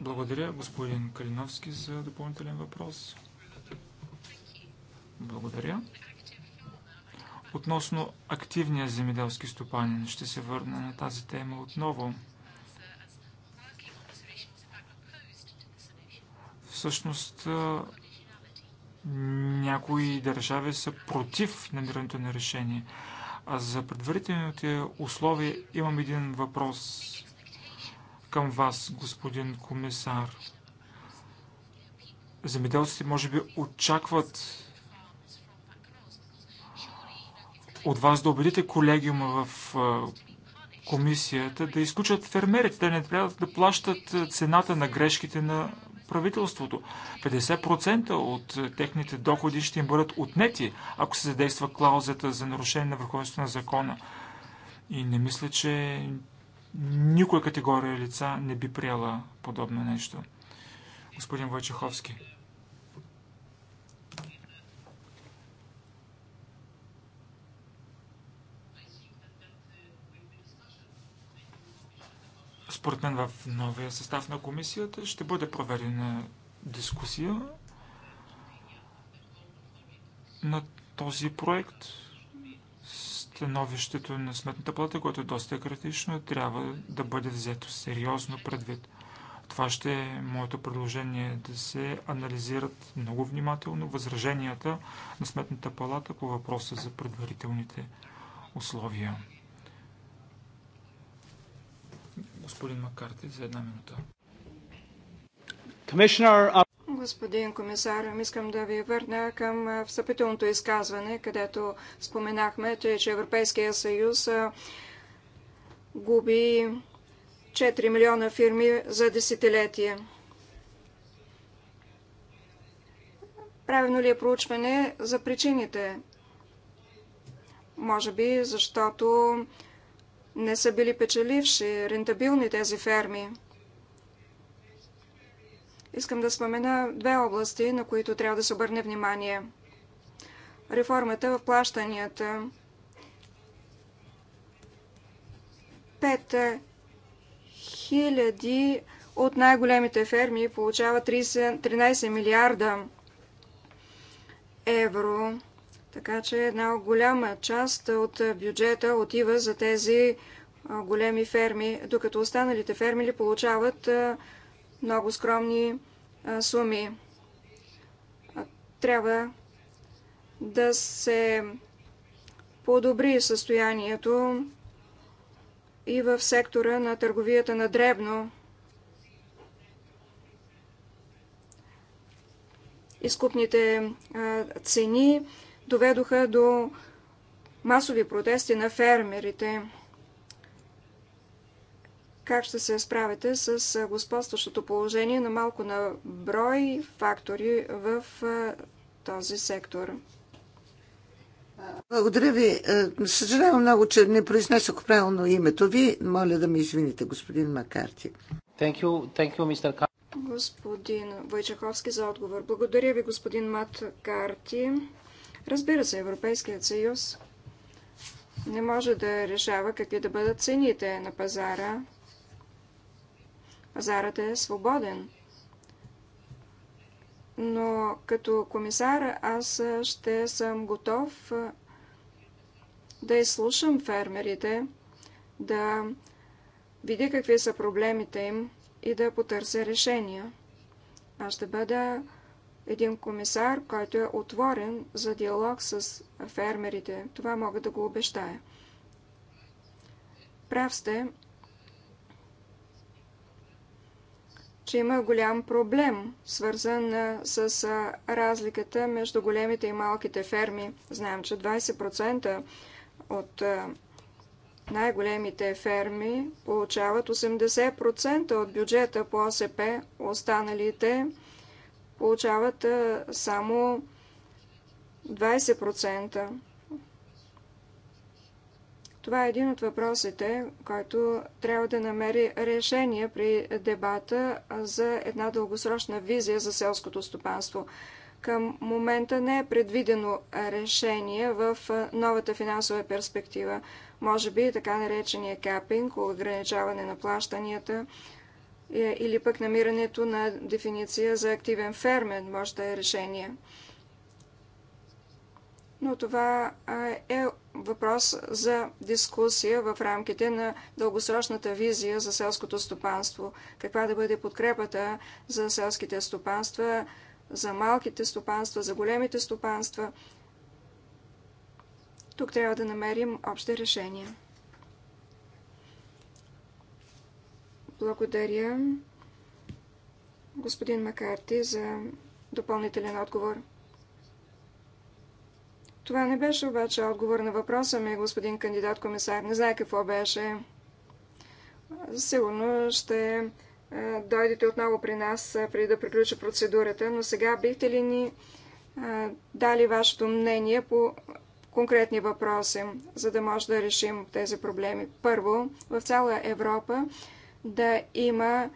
Благодаря, господин Калиновски, за допълнителен въпрос. Благодаря. Относно активния земеделски стопанин, ще се върна на тази тема отново. Всъщност, някои държави са против намирането на решение. А за предварителните условия имам един въпрос към вас, господин комисар. Земеделците може би очакват от вас да убедите колегиума в комисията да изключат фермерите, да не трябва да плащат цената на грешките на правителството. 50% от е, техните доходи ще им бъдат отнети, ако се задейства клаузата за нарушение на върховенството на закона. И не мисля, че никоя категория лица не би приела подобно нещо. Господин Войчеховски. Според мен в новия състав на комисията ще бъде проведена дискусия на този проект. Становището на Сметната плата, което е доста критично, трябва да бъде взето сериозно предвид. Това ще е моето предложение да се анализират много внимателно възраженията на Сметната палата по въпроса за предварителните условия. Господин Макарти, за една минута. Uh, Господин комисар, искам да ви върна към встъпителното изказване, където споменахме, че Европейския съюз губи 4 милиона фирми за десетилетие. Правено ли е проучване за причините? Може би, защото не са били печеливши, рентабилни тези ферми. Искам да спомена две области, на които трябва да се обърне внимание. Реформата в плащанията. Пет хиляди от най-големите ферми получават 13 милиарда евро. Така че една голяма част от бюджета отива за тези големи ферми, докато останалите ли получават много скромни суми. Трябва да се подобри състоянието и в сектора на търговията на дребно. Изкупните цени доведоха до масови протести на фермерите. Как ще се справите с господстващото положение на малко на брой фактори в този сектор? Благодаря ви. Е, съжалявам много, че не произнесох правилно името ви. Моля да ми извините, господин Макарти. Thank you, thank you, господин Войчаховски, за отговор. Благодаря ви, господин Карти. Разбира се, Европейският съюз не може да решава какви да бъдат цените на пазара. Пазарът е свободен. Но като комисар аз ще съм готов да изслушам фермерите, да видя какви са проблемите им и да потърся решения. Аз ще бъда един комисар, който е отворен за диалог с фермерите. Това мога да го обещая. Прав сте, че има голям проблем, свързан с разликата между големите и малките ферми. Знаем, че 20% от най-големите ферми получават 80% от бюджета по ОСП, останалите – получават само 20%. Това е един от въпросите, който трябва да намери решение при дебата за една дългосрочна визия за селското стопанство. Към момента не е предвидено решение в новата финансова перспектива. Може би така наречения капинг, ограничаване на плащанията, е, или пък намирането на дефиниция за активен фермен може да е решение. Но това е въпрос за дискусия в рамките на дългосрочната визия за селското стопанство. Каква да бъде подкрепата за селските стопанства, за малките стопанства, за големите стопанства. Тук трябва да намерим общи решения. Благодаря, господин Макарти, за допълнителен отговор. Това не беше обаче отговор на въпроса ми, господин кандидат комисар. Не знае какво беше. Сигурно ще е, дойдете отново при нас, е, преди да приключи процедурата, но сега бихте ли ни е, дали вашето мнение по конкретни въпроси, за да може да решим тези проблеми. Първо, в цяла Европа да има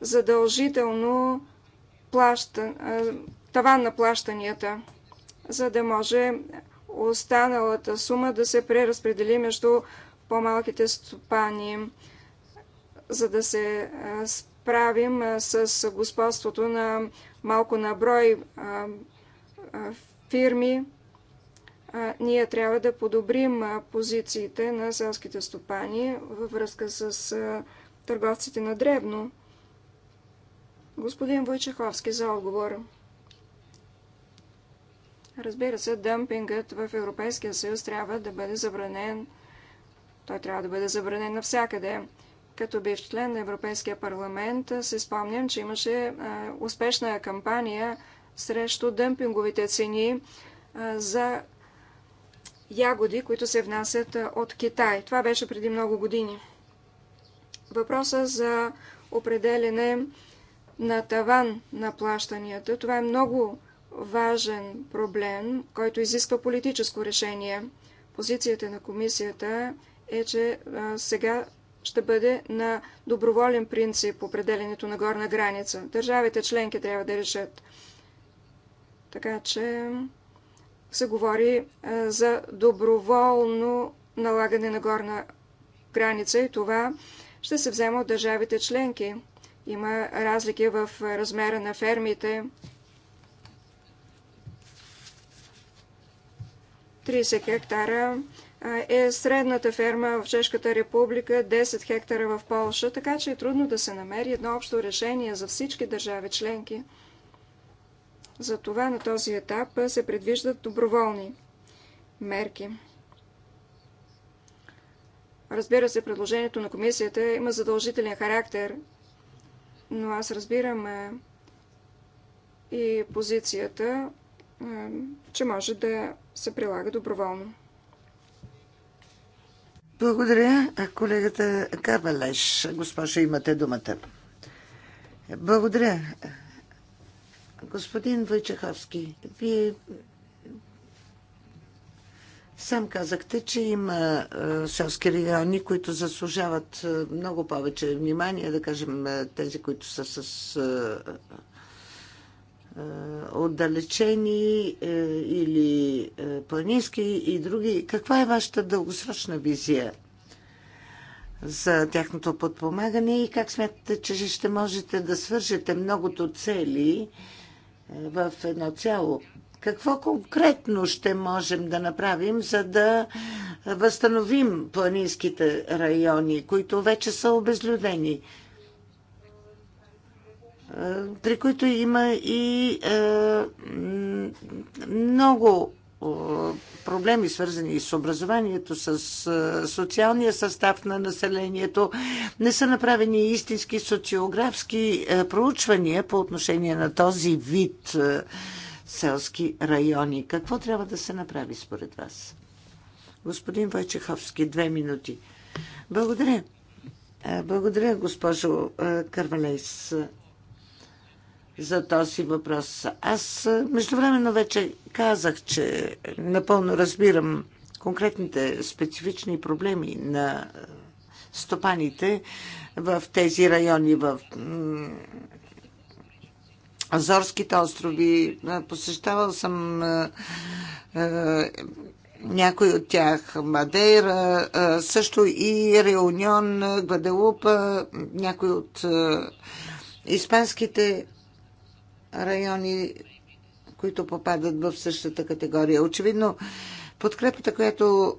задължително плаща, таван на плащанията, за да може останалата сума да се преразпредели между по-малките стопани, за да се справим с господството на малко наброй фирми. Ние трябва да подобрим позициите на селските стопани във връзка с търговците на дребно. Господин Войчаховски за отговор. Разбира се, дъмпингът в Европейския съюз трябва да бъде забранен. Той трябва да бъде забранен навсякъде. Като бив член на Европейския парламент, се спомням, че имаше а, успешна кампания срещу дъмпинговите цени а, за ягоди, които се внасят от Китай. Това беше преди много години въпроса за определене на таван на плащанията. Това е много важен проблем, който изисква политическо решение. Позицията на комисията е, че сега ще бъде на доброволен принцип определенето на горна граница. Държавите членки трябва да решат. Така че се говори за доброволно налагане на горна граница и това ще се взема от държавите членки. Има разлики в размера на фермите. 30 хектара е средната ферма в Чешката република, 10 хектара в Полша, така че е трудно да се намери едно общо решение за всички държави членки. Затова на този етап се предвиждат доброволни мерки. Разбира се, предложението на комисията има задължителен характер, но аз разбирам е, и позицията, е, че може да се прилага доброволно. Благодаря. Колегата Кабалеш, госпожа, имате думата. Благодаря. Господин Войчаховски, вие Сам казахте, че има е, селски региони, които заслужават е, много повече внимание, да кажем е, тези, които са с отдалечени или планински и други. Каква е вашата дългосрочна визия за тяхното подпомагане и как смятате, че ще можете да свържете многото цели в едно цяло? Какво конкретно ще можем да направим, за да възстановим планинските райони, които вече са обезлюдени? Е, при които има и е, много е, проблеми, свързани с образованието, с социалния състав на населението. Не са направени истински социографски проучвания по отношение на този вид селски райони. Какво трябва да се направи според вас? Господин Войчеховски, две минути. Благодаря. Е, благодаря, госпожо е, Карвалейс, за този въпрос. Аз е, междувременно вече казах, че напълно разбирам конкретните специфични проблеми на стопаните в тези райони в Азорските острови. Посещавал съм някой от тях. Мадейра, също и Реунион, Гваделупа, някой от испанските райони, които попадат в същата категория. Очевидно, подкрепата, която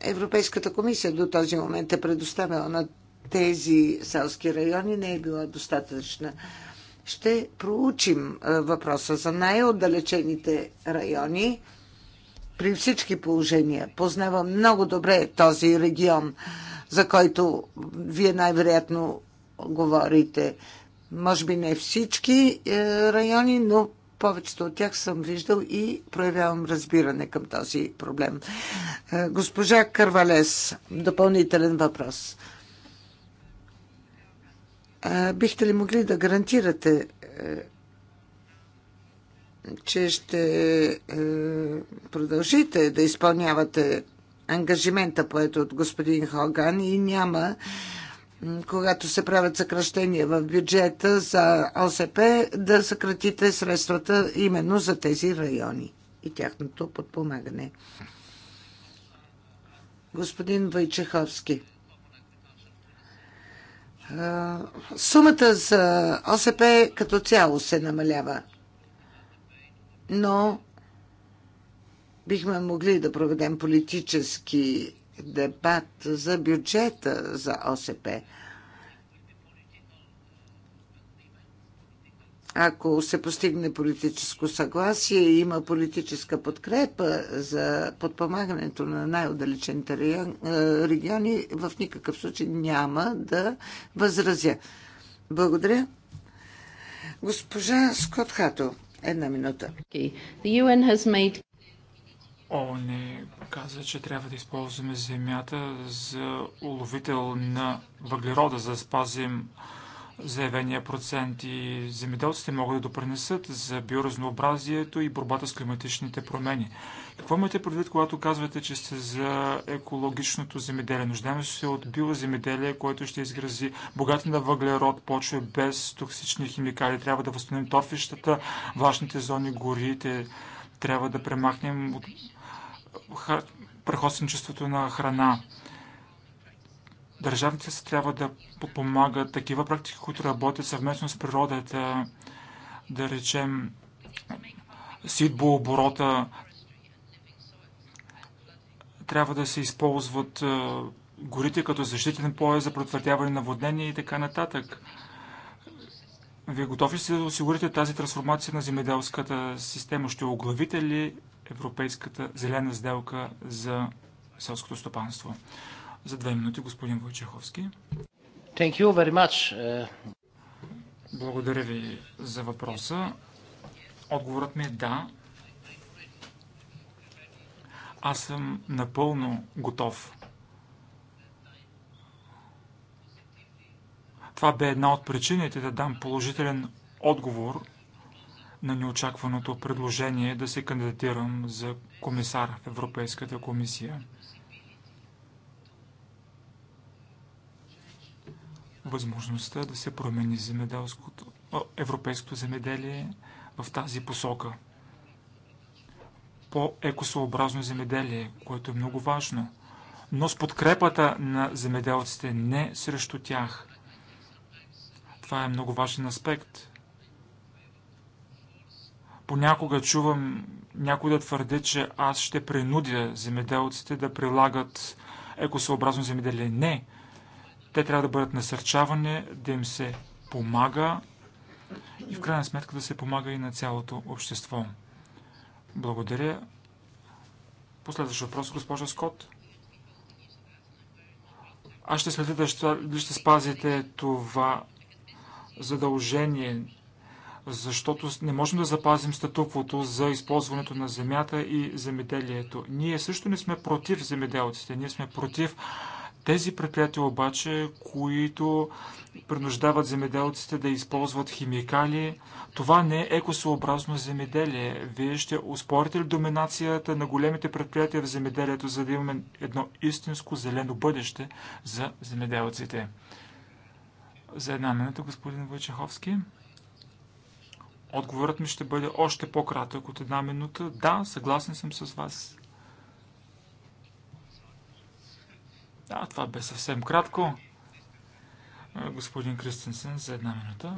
Европейската комисия до този момент е предоставила на тези селски райони, не е била достатъчна ще проучим въпроса за най-отдалечените райони. При всички положения познавам много добре този регион, за който вие най-вероятно говорите. Може би не всички е, райони, но повечето от тях съм виждал и проявявам разбиране към този проблем. Е, госпожа Карвалес, допълнителен въпрос бихте ли могли да гарантирате, е, че ще е, продължите да изпълнявате ангажимента, поето от господин Хоган и няма когато се правят съкръщения в бюджета за ОСП, да съкратите средствата именно за тези райони и тяхното подпомагане. Господин Вайчеховски. Сумата за ОСП като цяло се намалява, но бихме могли да проведем политически дебат за бюджета за ОСП. ако се постигне политическо съгласие и има политическа подкрепа за подпомагането на най-отдалечените е, региони, в никакъв случай няма да възразя. Благодаря. Госпожа Скот Хато, една минута. ООН каза, че трябва да използваме земята за уловител на въглерода, за да спазим заявения процент и земеделците могат да допринесат за биоразнообразието и борбата с климатичните промени. Какво имате предвид, когато казвате, че сте за екологичното земеделие? Нуждаем се от биоземеделие, което ще изгрази богата на въглерод почва без токсични химикали. Трябва да възстановим торфищата, влашните зони, горите. Трябва да премахнем от... прехосничеството на храна. Държавните се трябва да подпомагат такива практики, които работят съвместно с природата, да речем сидбо оборота, трябва да се използват горите като защитен пояс за предотвратяване на воднение и така нататък. Вие готови сте да осигурите тази трансформация на земеделската система? Ще оглавите ли Европейската зелена сделка за селското стопанство? За две минути господин Войчеховски. Thank you very much. Е. Благодаря ви за въпроса. Отговорът ми е да. Аз съм напълно готов. Това бе една от причините да дам положителен отговор на неочакваното предложение да се кандидатирам за комисар в Европейската комисия. възможността да се промени земеделското, европейското земеделие в тази посока. По-екосъобразно земеделие, което е много важно, но с подкрепата на земеделците, не срещу тях. Това е много важен аспект. Понякога чувам някой да твърде, че аз ще принудя земеделците да прилагат екосъобразно земеделие. Не! Те трябва да бъдат насърчавани, да им се помага и в крайна сметка да се помага и на цялото общество. Благодаря. Последващ въпрос, госпожа Скот. Аз ще следя дали ще спазите това задължение, защото не можем да запазим статуквото за използването на земята и земеделието. Ние също не сме против земеделците, ние сме против тези предприятия обаче, които принуждават земеделците да използват химикали, това не е екосъобразно земеделие. Вие ще успорите ли доминацията на големите предприятия в земеделието, за да имаме едно истинско зелено бъдеще за земеделците? За една минута, господин Войчеховски. Отговорът ми ще бъде още по-кратък от една минута. Да, съгласен съм с вас. Да, това бе съвсем кратко. Господин Кристенсен, за една минута.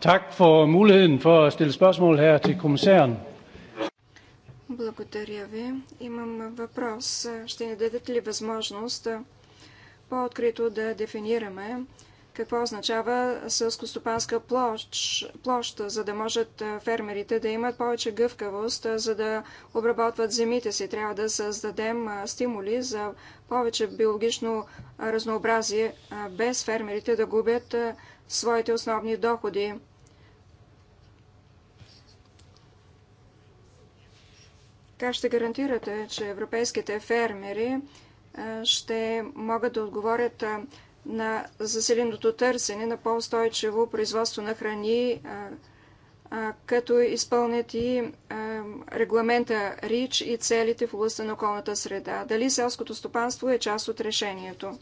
Так for muligheden for at stille spørgsmål her til kommissæren. Благодаря ви. Имам въпрос. Ще ни дадете ли възможност по-открито да дефинираме какво означава сълскостопанска площ, площ, за да можат фермерите да имат повече гъвкавост, за да обработват земите си. Трябва да създадем стимули за повече биологично разнообразие, без фермерите да губят своите основни доходи. Как ще гарантирате, че европейските фермери ще могат да отговорят на засиленото търсене на по-устойчиво производство на храни, като изпълнят и регламента РИЧ и целите в областта на околната среда. Дали селското стопанство е част от решението?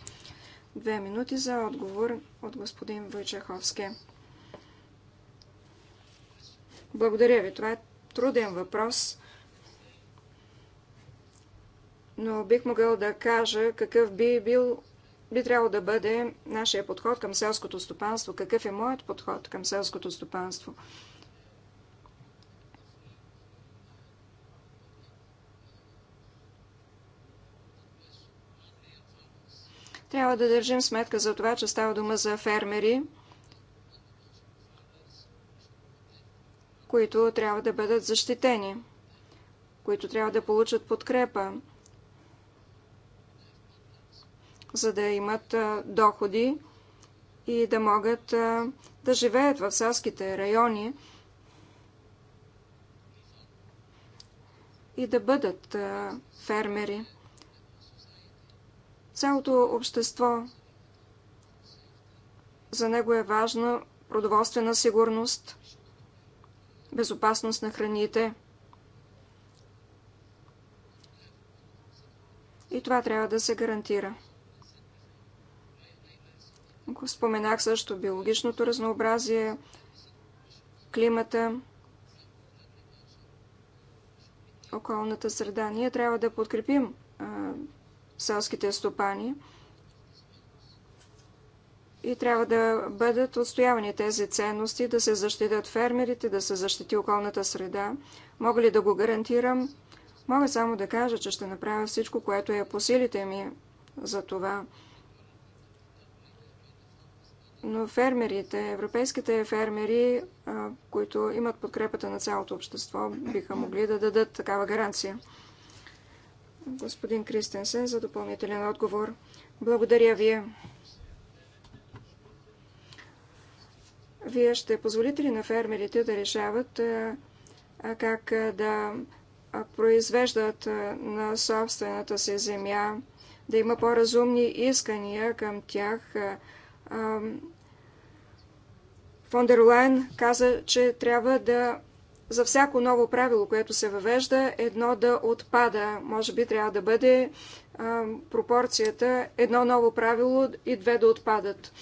Две минути за отговор от господин Войчаховски. Благодаря ви. Това е труден въпрос, но бих могъл да кажа какъв би бил би трябвало да бъде нашия подход към селското стопанство. Какъв е моят подход към селското стопанство? Трябва да държим сметка за това, че става дума за фермери, които трябва да бъдат защитени, които трябва да получат подкрепа за да имат доходи и да могат да живеят в селските райони и да бъдат фермери. Цялото общество за него е важна продоволствена сигурност, безопасност на храните. И това трябва да се гарантира. Го споменах също биологичното разнообразие, климата, околната среда. Ние трябва да подкрепим а, селските стопани и трябва да бъдат отстоявани тези ценности, да се защитят фермерите, да се защити околната среда. Мога ли да го гарантирам? Мога само да кажа, че ще направя всичко, което е по силите ми за това но фермерите, европейските фермери, които имат подкрепата на цялото общество, биха могли да дадат такава гаранция. Господин Кристенсен за допълнителен отговор. Благодаря ви. Вие ще позволите ли на фермерите да решават как да произвеждат на собствената си земя, да има по-разумни искания към тях, Фондер Лайн каза, че трябва да за всяко ново правило, което се въвежда, едно да отпада. Може би трябва да бъде а, пропорцията едно ново правило и две да отпадат.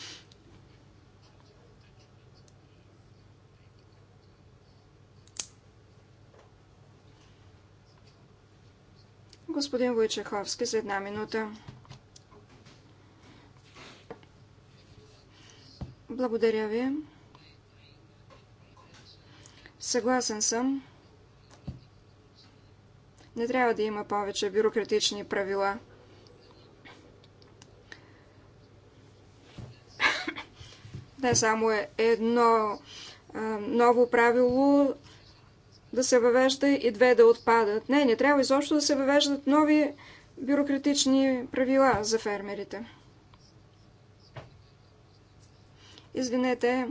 Господин Войчеховски за една минута. Благодаря ви. Съгласен съм. Не трябва да има повече бюрократични правила. Не само е едно ново правило да се въвежда и две да отпадат. Не, не трябва изобщо да се въвеждат нови бюрократични правила за фермерите. Извинете,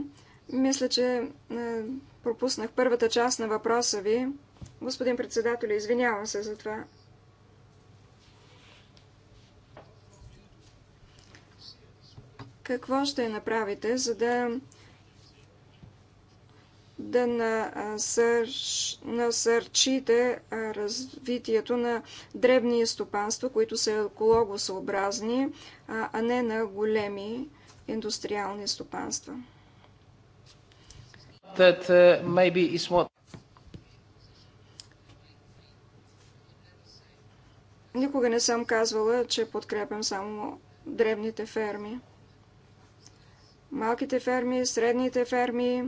мисля, че е, пропуснах първата част на въпроса ви. Господин председател, извинявам се за това. Какво ще направите, за да да насърчите развитието на дребни стопанства, които са екологосъобразни, а не на големи индустриални стопанства. That, uh, maybe is what... Никога не съм казвала, че подкрепям само дребните ферми. Малките ферми, средните ферми,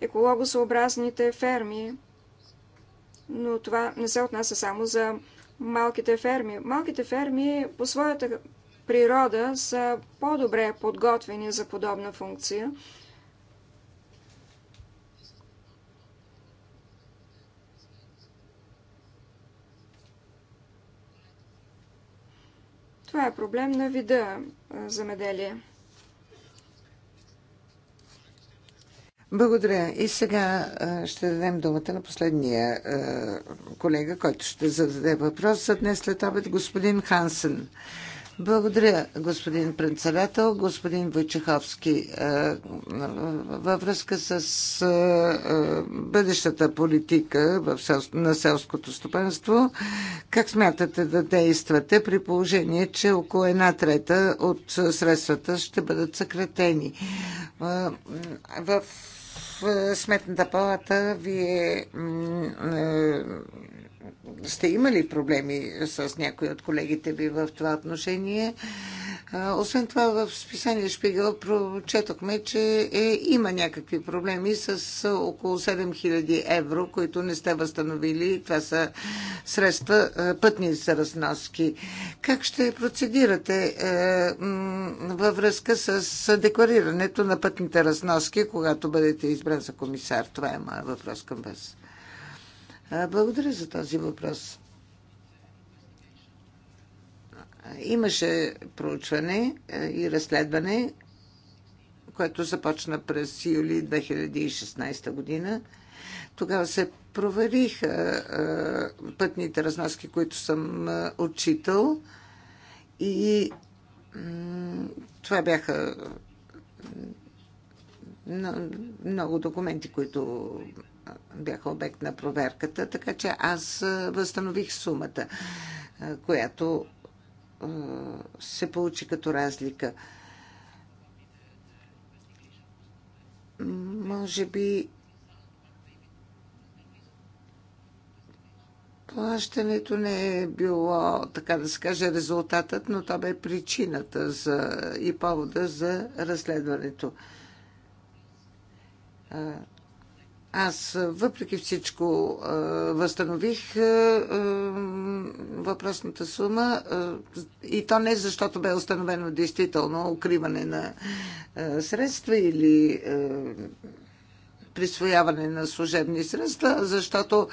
екологосъобразните ферми. Но това не се отнася само за малките ферми. Малките ферми по своята природа са по-добре подготвени за подобна функция. Това е проблем на вида замеделие. Благодаря. И сега ще дадем думата на последния колега, който ще зададе въпрос за днес след обед, господин Хансен. Благодаря, господин председател. Господин Войчеховски, е, във връзка с е, е, бъдещата политика на селското стопанство, как смятате да действате при положение, че около една трета от средствата ще бъдат съкратени? В Сметната палата вие сте имали проблеми с някои от колегите ви в това отношение. Освен това, в списание Шпигел прочетохме, че е, има някакви проблеми с около 7000 евро, които не сте възстановили. Това са средства, пътни за разноски. Как ще процедирате е, във връзка с декларирането на пътните разноски, когато бъдете избран за комисар? Това е моят въпрос към вас. Благодаря за този въпрос. Имаше проучване и разследване, което започна през юли 2016 година. Тогава се провериха пътните разноски, които съм отчитал и това бяха много документи, които бяха обект на проверката, така че аз възстанових сумата, която се получи като разлика. Може би плащането не е било, така да се каже, резултатът, но това бе причината за, и повода за разследването аз въпреки всичко възстанових въпросната сума и то не защото бе установено действително укриване на средства или присвояване на служебни средства, защото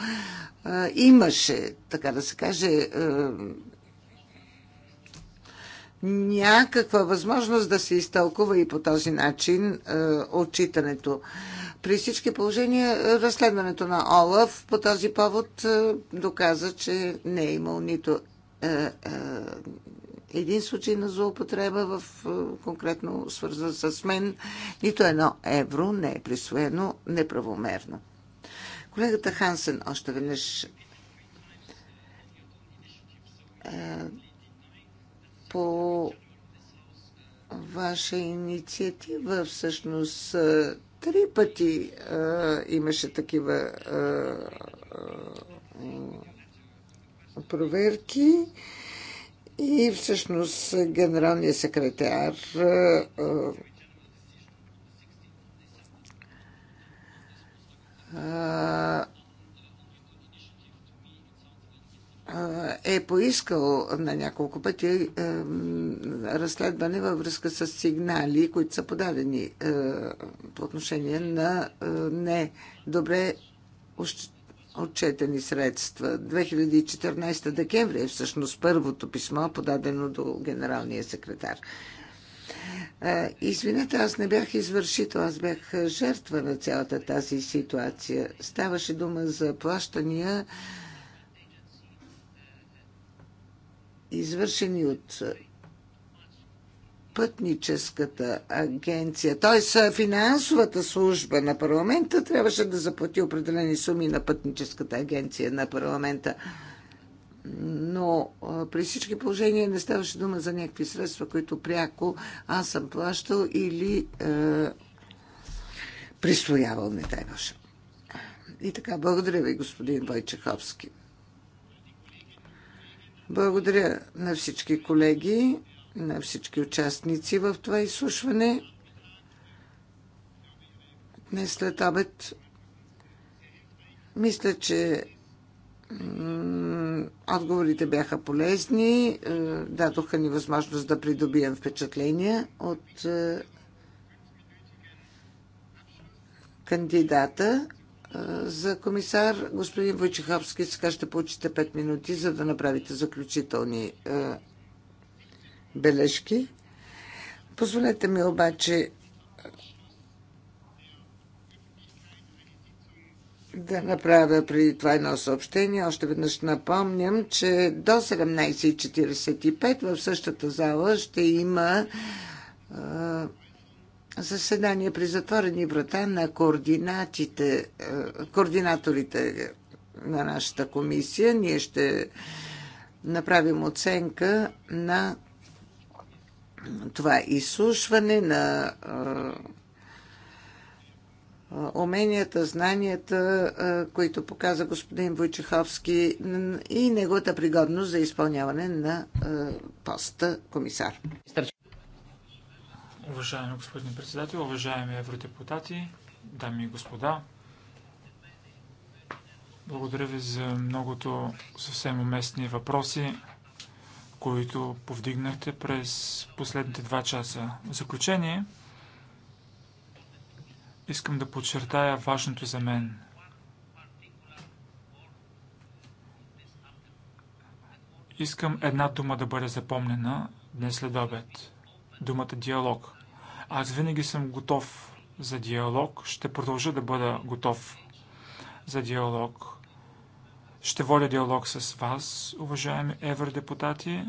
имаше, така да се каже, някаква възможност да се изтълкува и по този начин отчитането. При всички положения е, разследването на Олаф по този повод е, доказа, че не е имал нито е, един случай на злоупотреба в конкретно свързан с мен. Нито едно евро не е присвоено неправомерно. Колегата Хансен още веднъж по ваша инициатива всъщност Три пъти а, имаше такива а, а, проверки и всъщност генералният секретар а, а, е поискал на няколко пъти е, разследване във връзка с сигнали, които са подадени е, по отношение на е, не добре отчетени средства. 2014 декември е всъщност първото писмо, подадено до генералния секретар. Извинете, аз не бях извършител, аз бях жертва на цялата тази ситуация. Ставаше дума за плащания извършени от пътническата агенция, т.е. финансовата служба на парламента, трябваше да заплати определени суми на пътническата агенция на парламента. Но при всички положения не ставаше дума за някакви средства, които пряко аз съм плащал или е, присвоявал, не дай И така, благодаря ви, господин Войчеховски. Благодаря на всички колеги, на всички участници в това изслушване. Днес след обед мисля, че отговорите бяха полезни, е, дадоха ни възможност да придобием впечатления от е, кандидата за комисар. Господин Войчеховски, сега ще получите 5 минути, за да направите заключителни е, бележки. Позволете ми обаче да направя преди това едно съобщение. Още веднъж напомням, че до 17.45 в същата зала ще има е, заседание при затворени врата на координатите, е, координаторите на нашата комисия. Ние ще направим оценка на това изслушване на е, уменията, знанията, е, които показа господин Войчеховски и неговата пригодност за изпълняване на поста комисар. Уважаеми господин председател, уважаеми евродепутати, дами и господа, благодаря ви за многото съвсем уместни въпроси, които повдигнахте през последните два часа. В заключение, искам да подчертая важното за мен. Искам една дума да бъде запомнена днес след обед. Думата диалог. Аз винаги съм готов за диалог. Ще продължа да бъда готов за диалог. Ще водя диалог с вас, уважаеми евродепутати,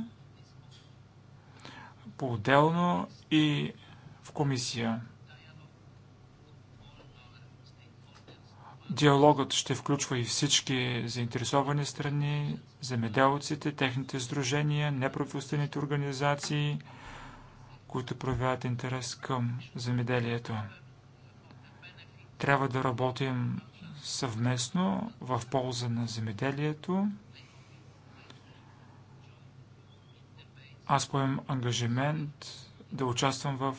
по-отделно и в комисия. Диалогът ще включва и всички заинтересовани страни, земеделците, техните сдружения, неправителствените организации – които проявяват интерес към земеделието. Трябва да работим съвместно в полза на земеделието. Аз поем ангажимент да участвам в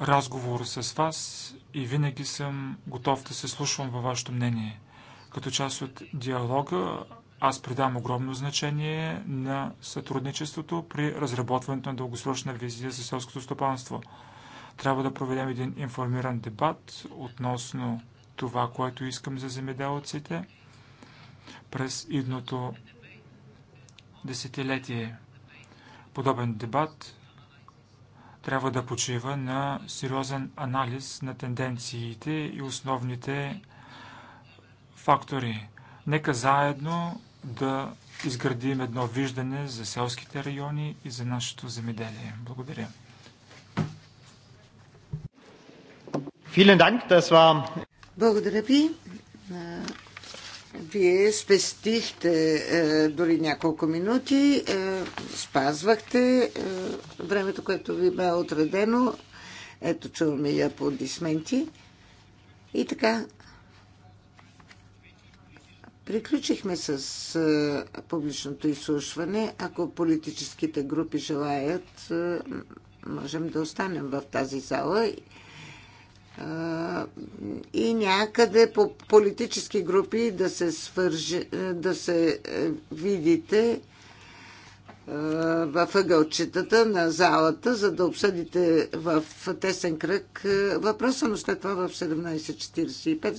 разговор с вас и винаги съм готов да се слушам във вашето мнение. Като част от диалога аз придам огромно значение на сътрудничеството при разработването на дългосрочна визия за селското стопанство. Трябва да проведем един информиран дебат относно това, което искам за земеделците през идното десетилетие. Подобен дебат трябва да почива на сериозен анализ на тенденциите и основните фактори. Нека заедно да изградим едно виждане за селските райони и за нашето земеделие. Благодаря. Благодаря ви. Вие спестихте е, дори няколко минути, е, спазвахте е, времето, което ви бе отредено. Ето чуваме и аплодисменти. И така, Приключихме с публичното изслушване. Ако политическите групи желаят, можем да останем в тази зала и някъде по политически групи да се свържи, да се видите в ъгълчетата на залата, за да обсъдите в тесен кръг въпроса, но след това в 17.45 за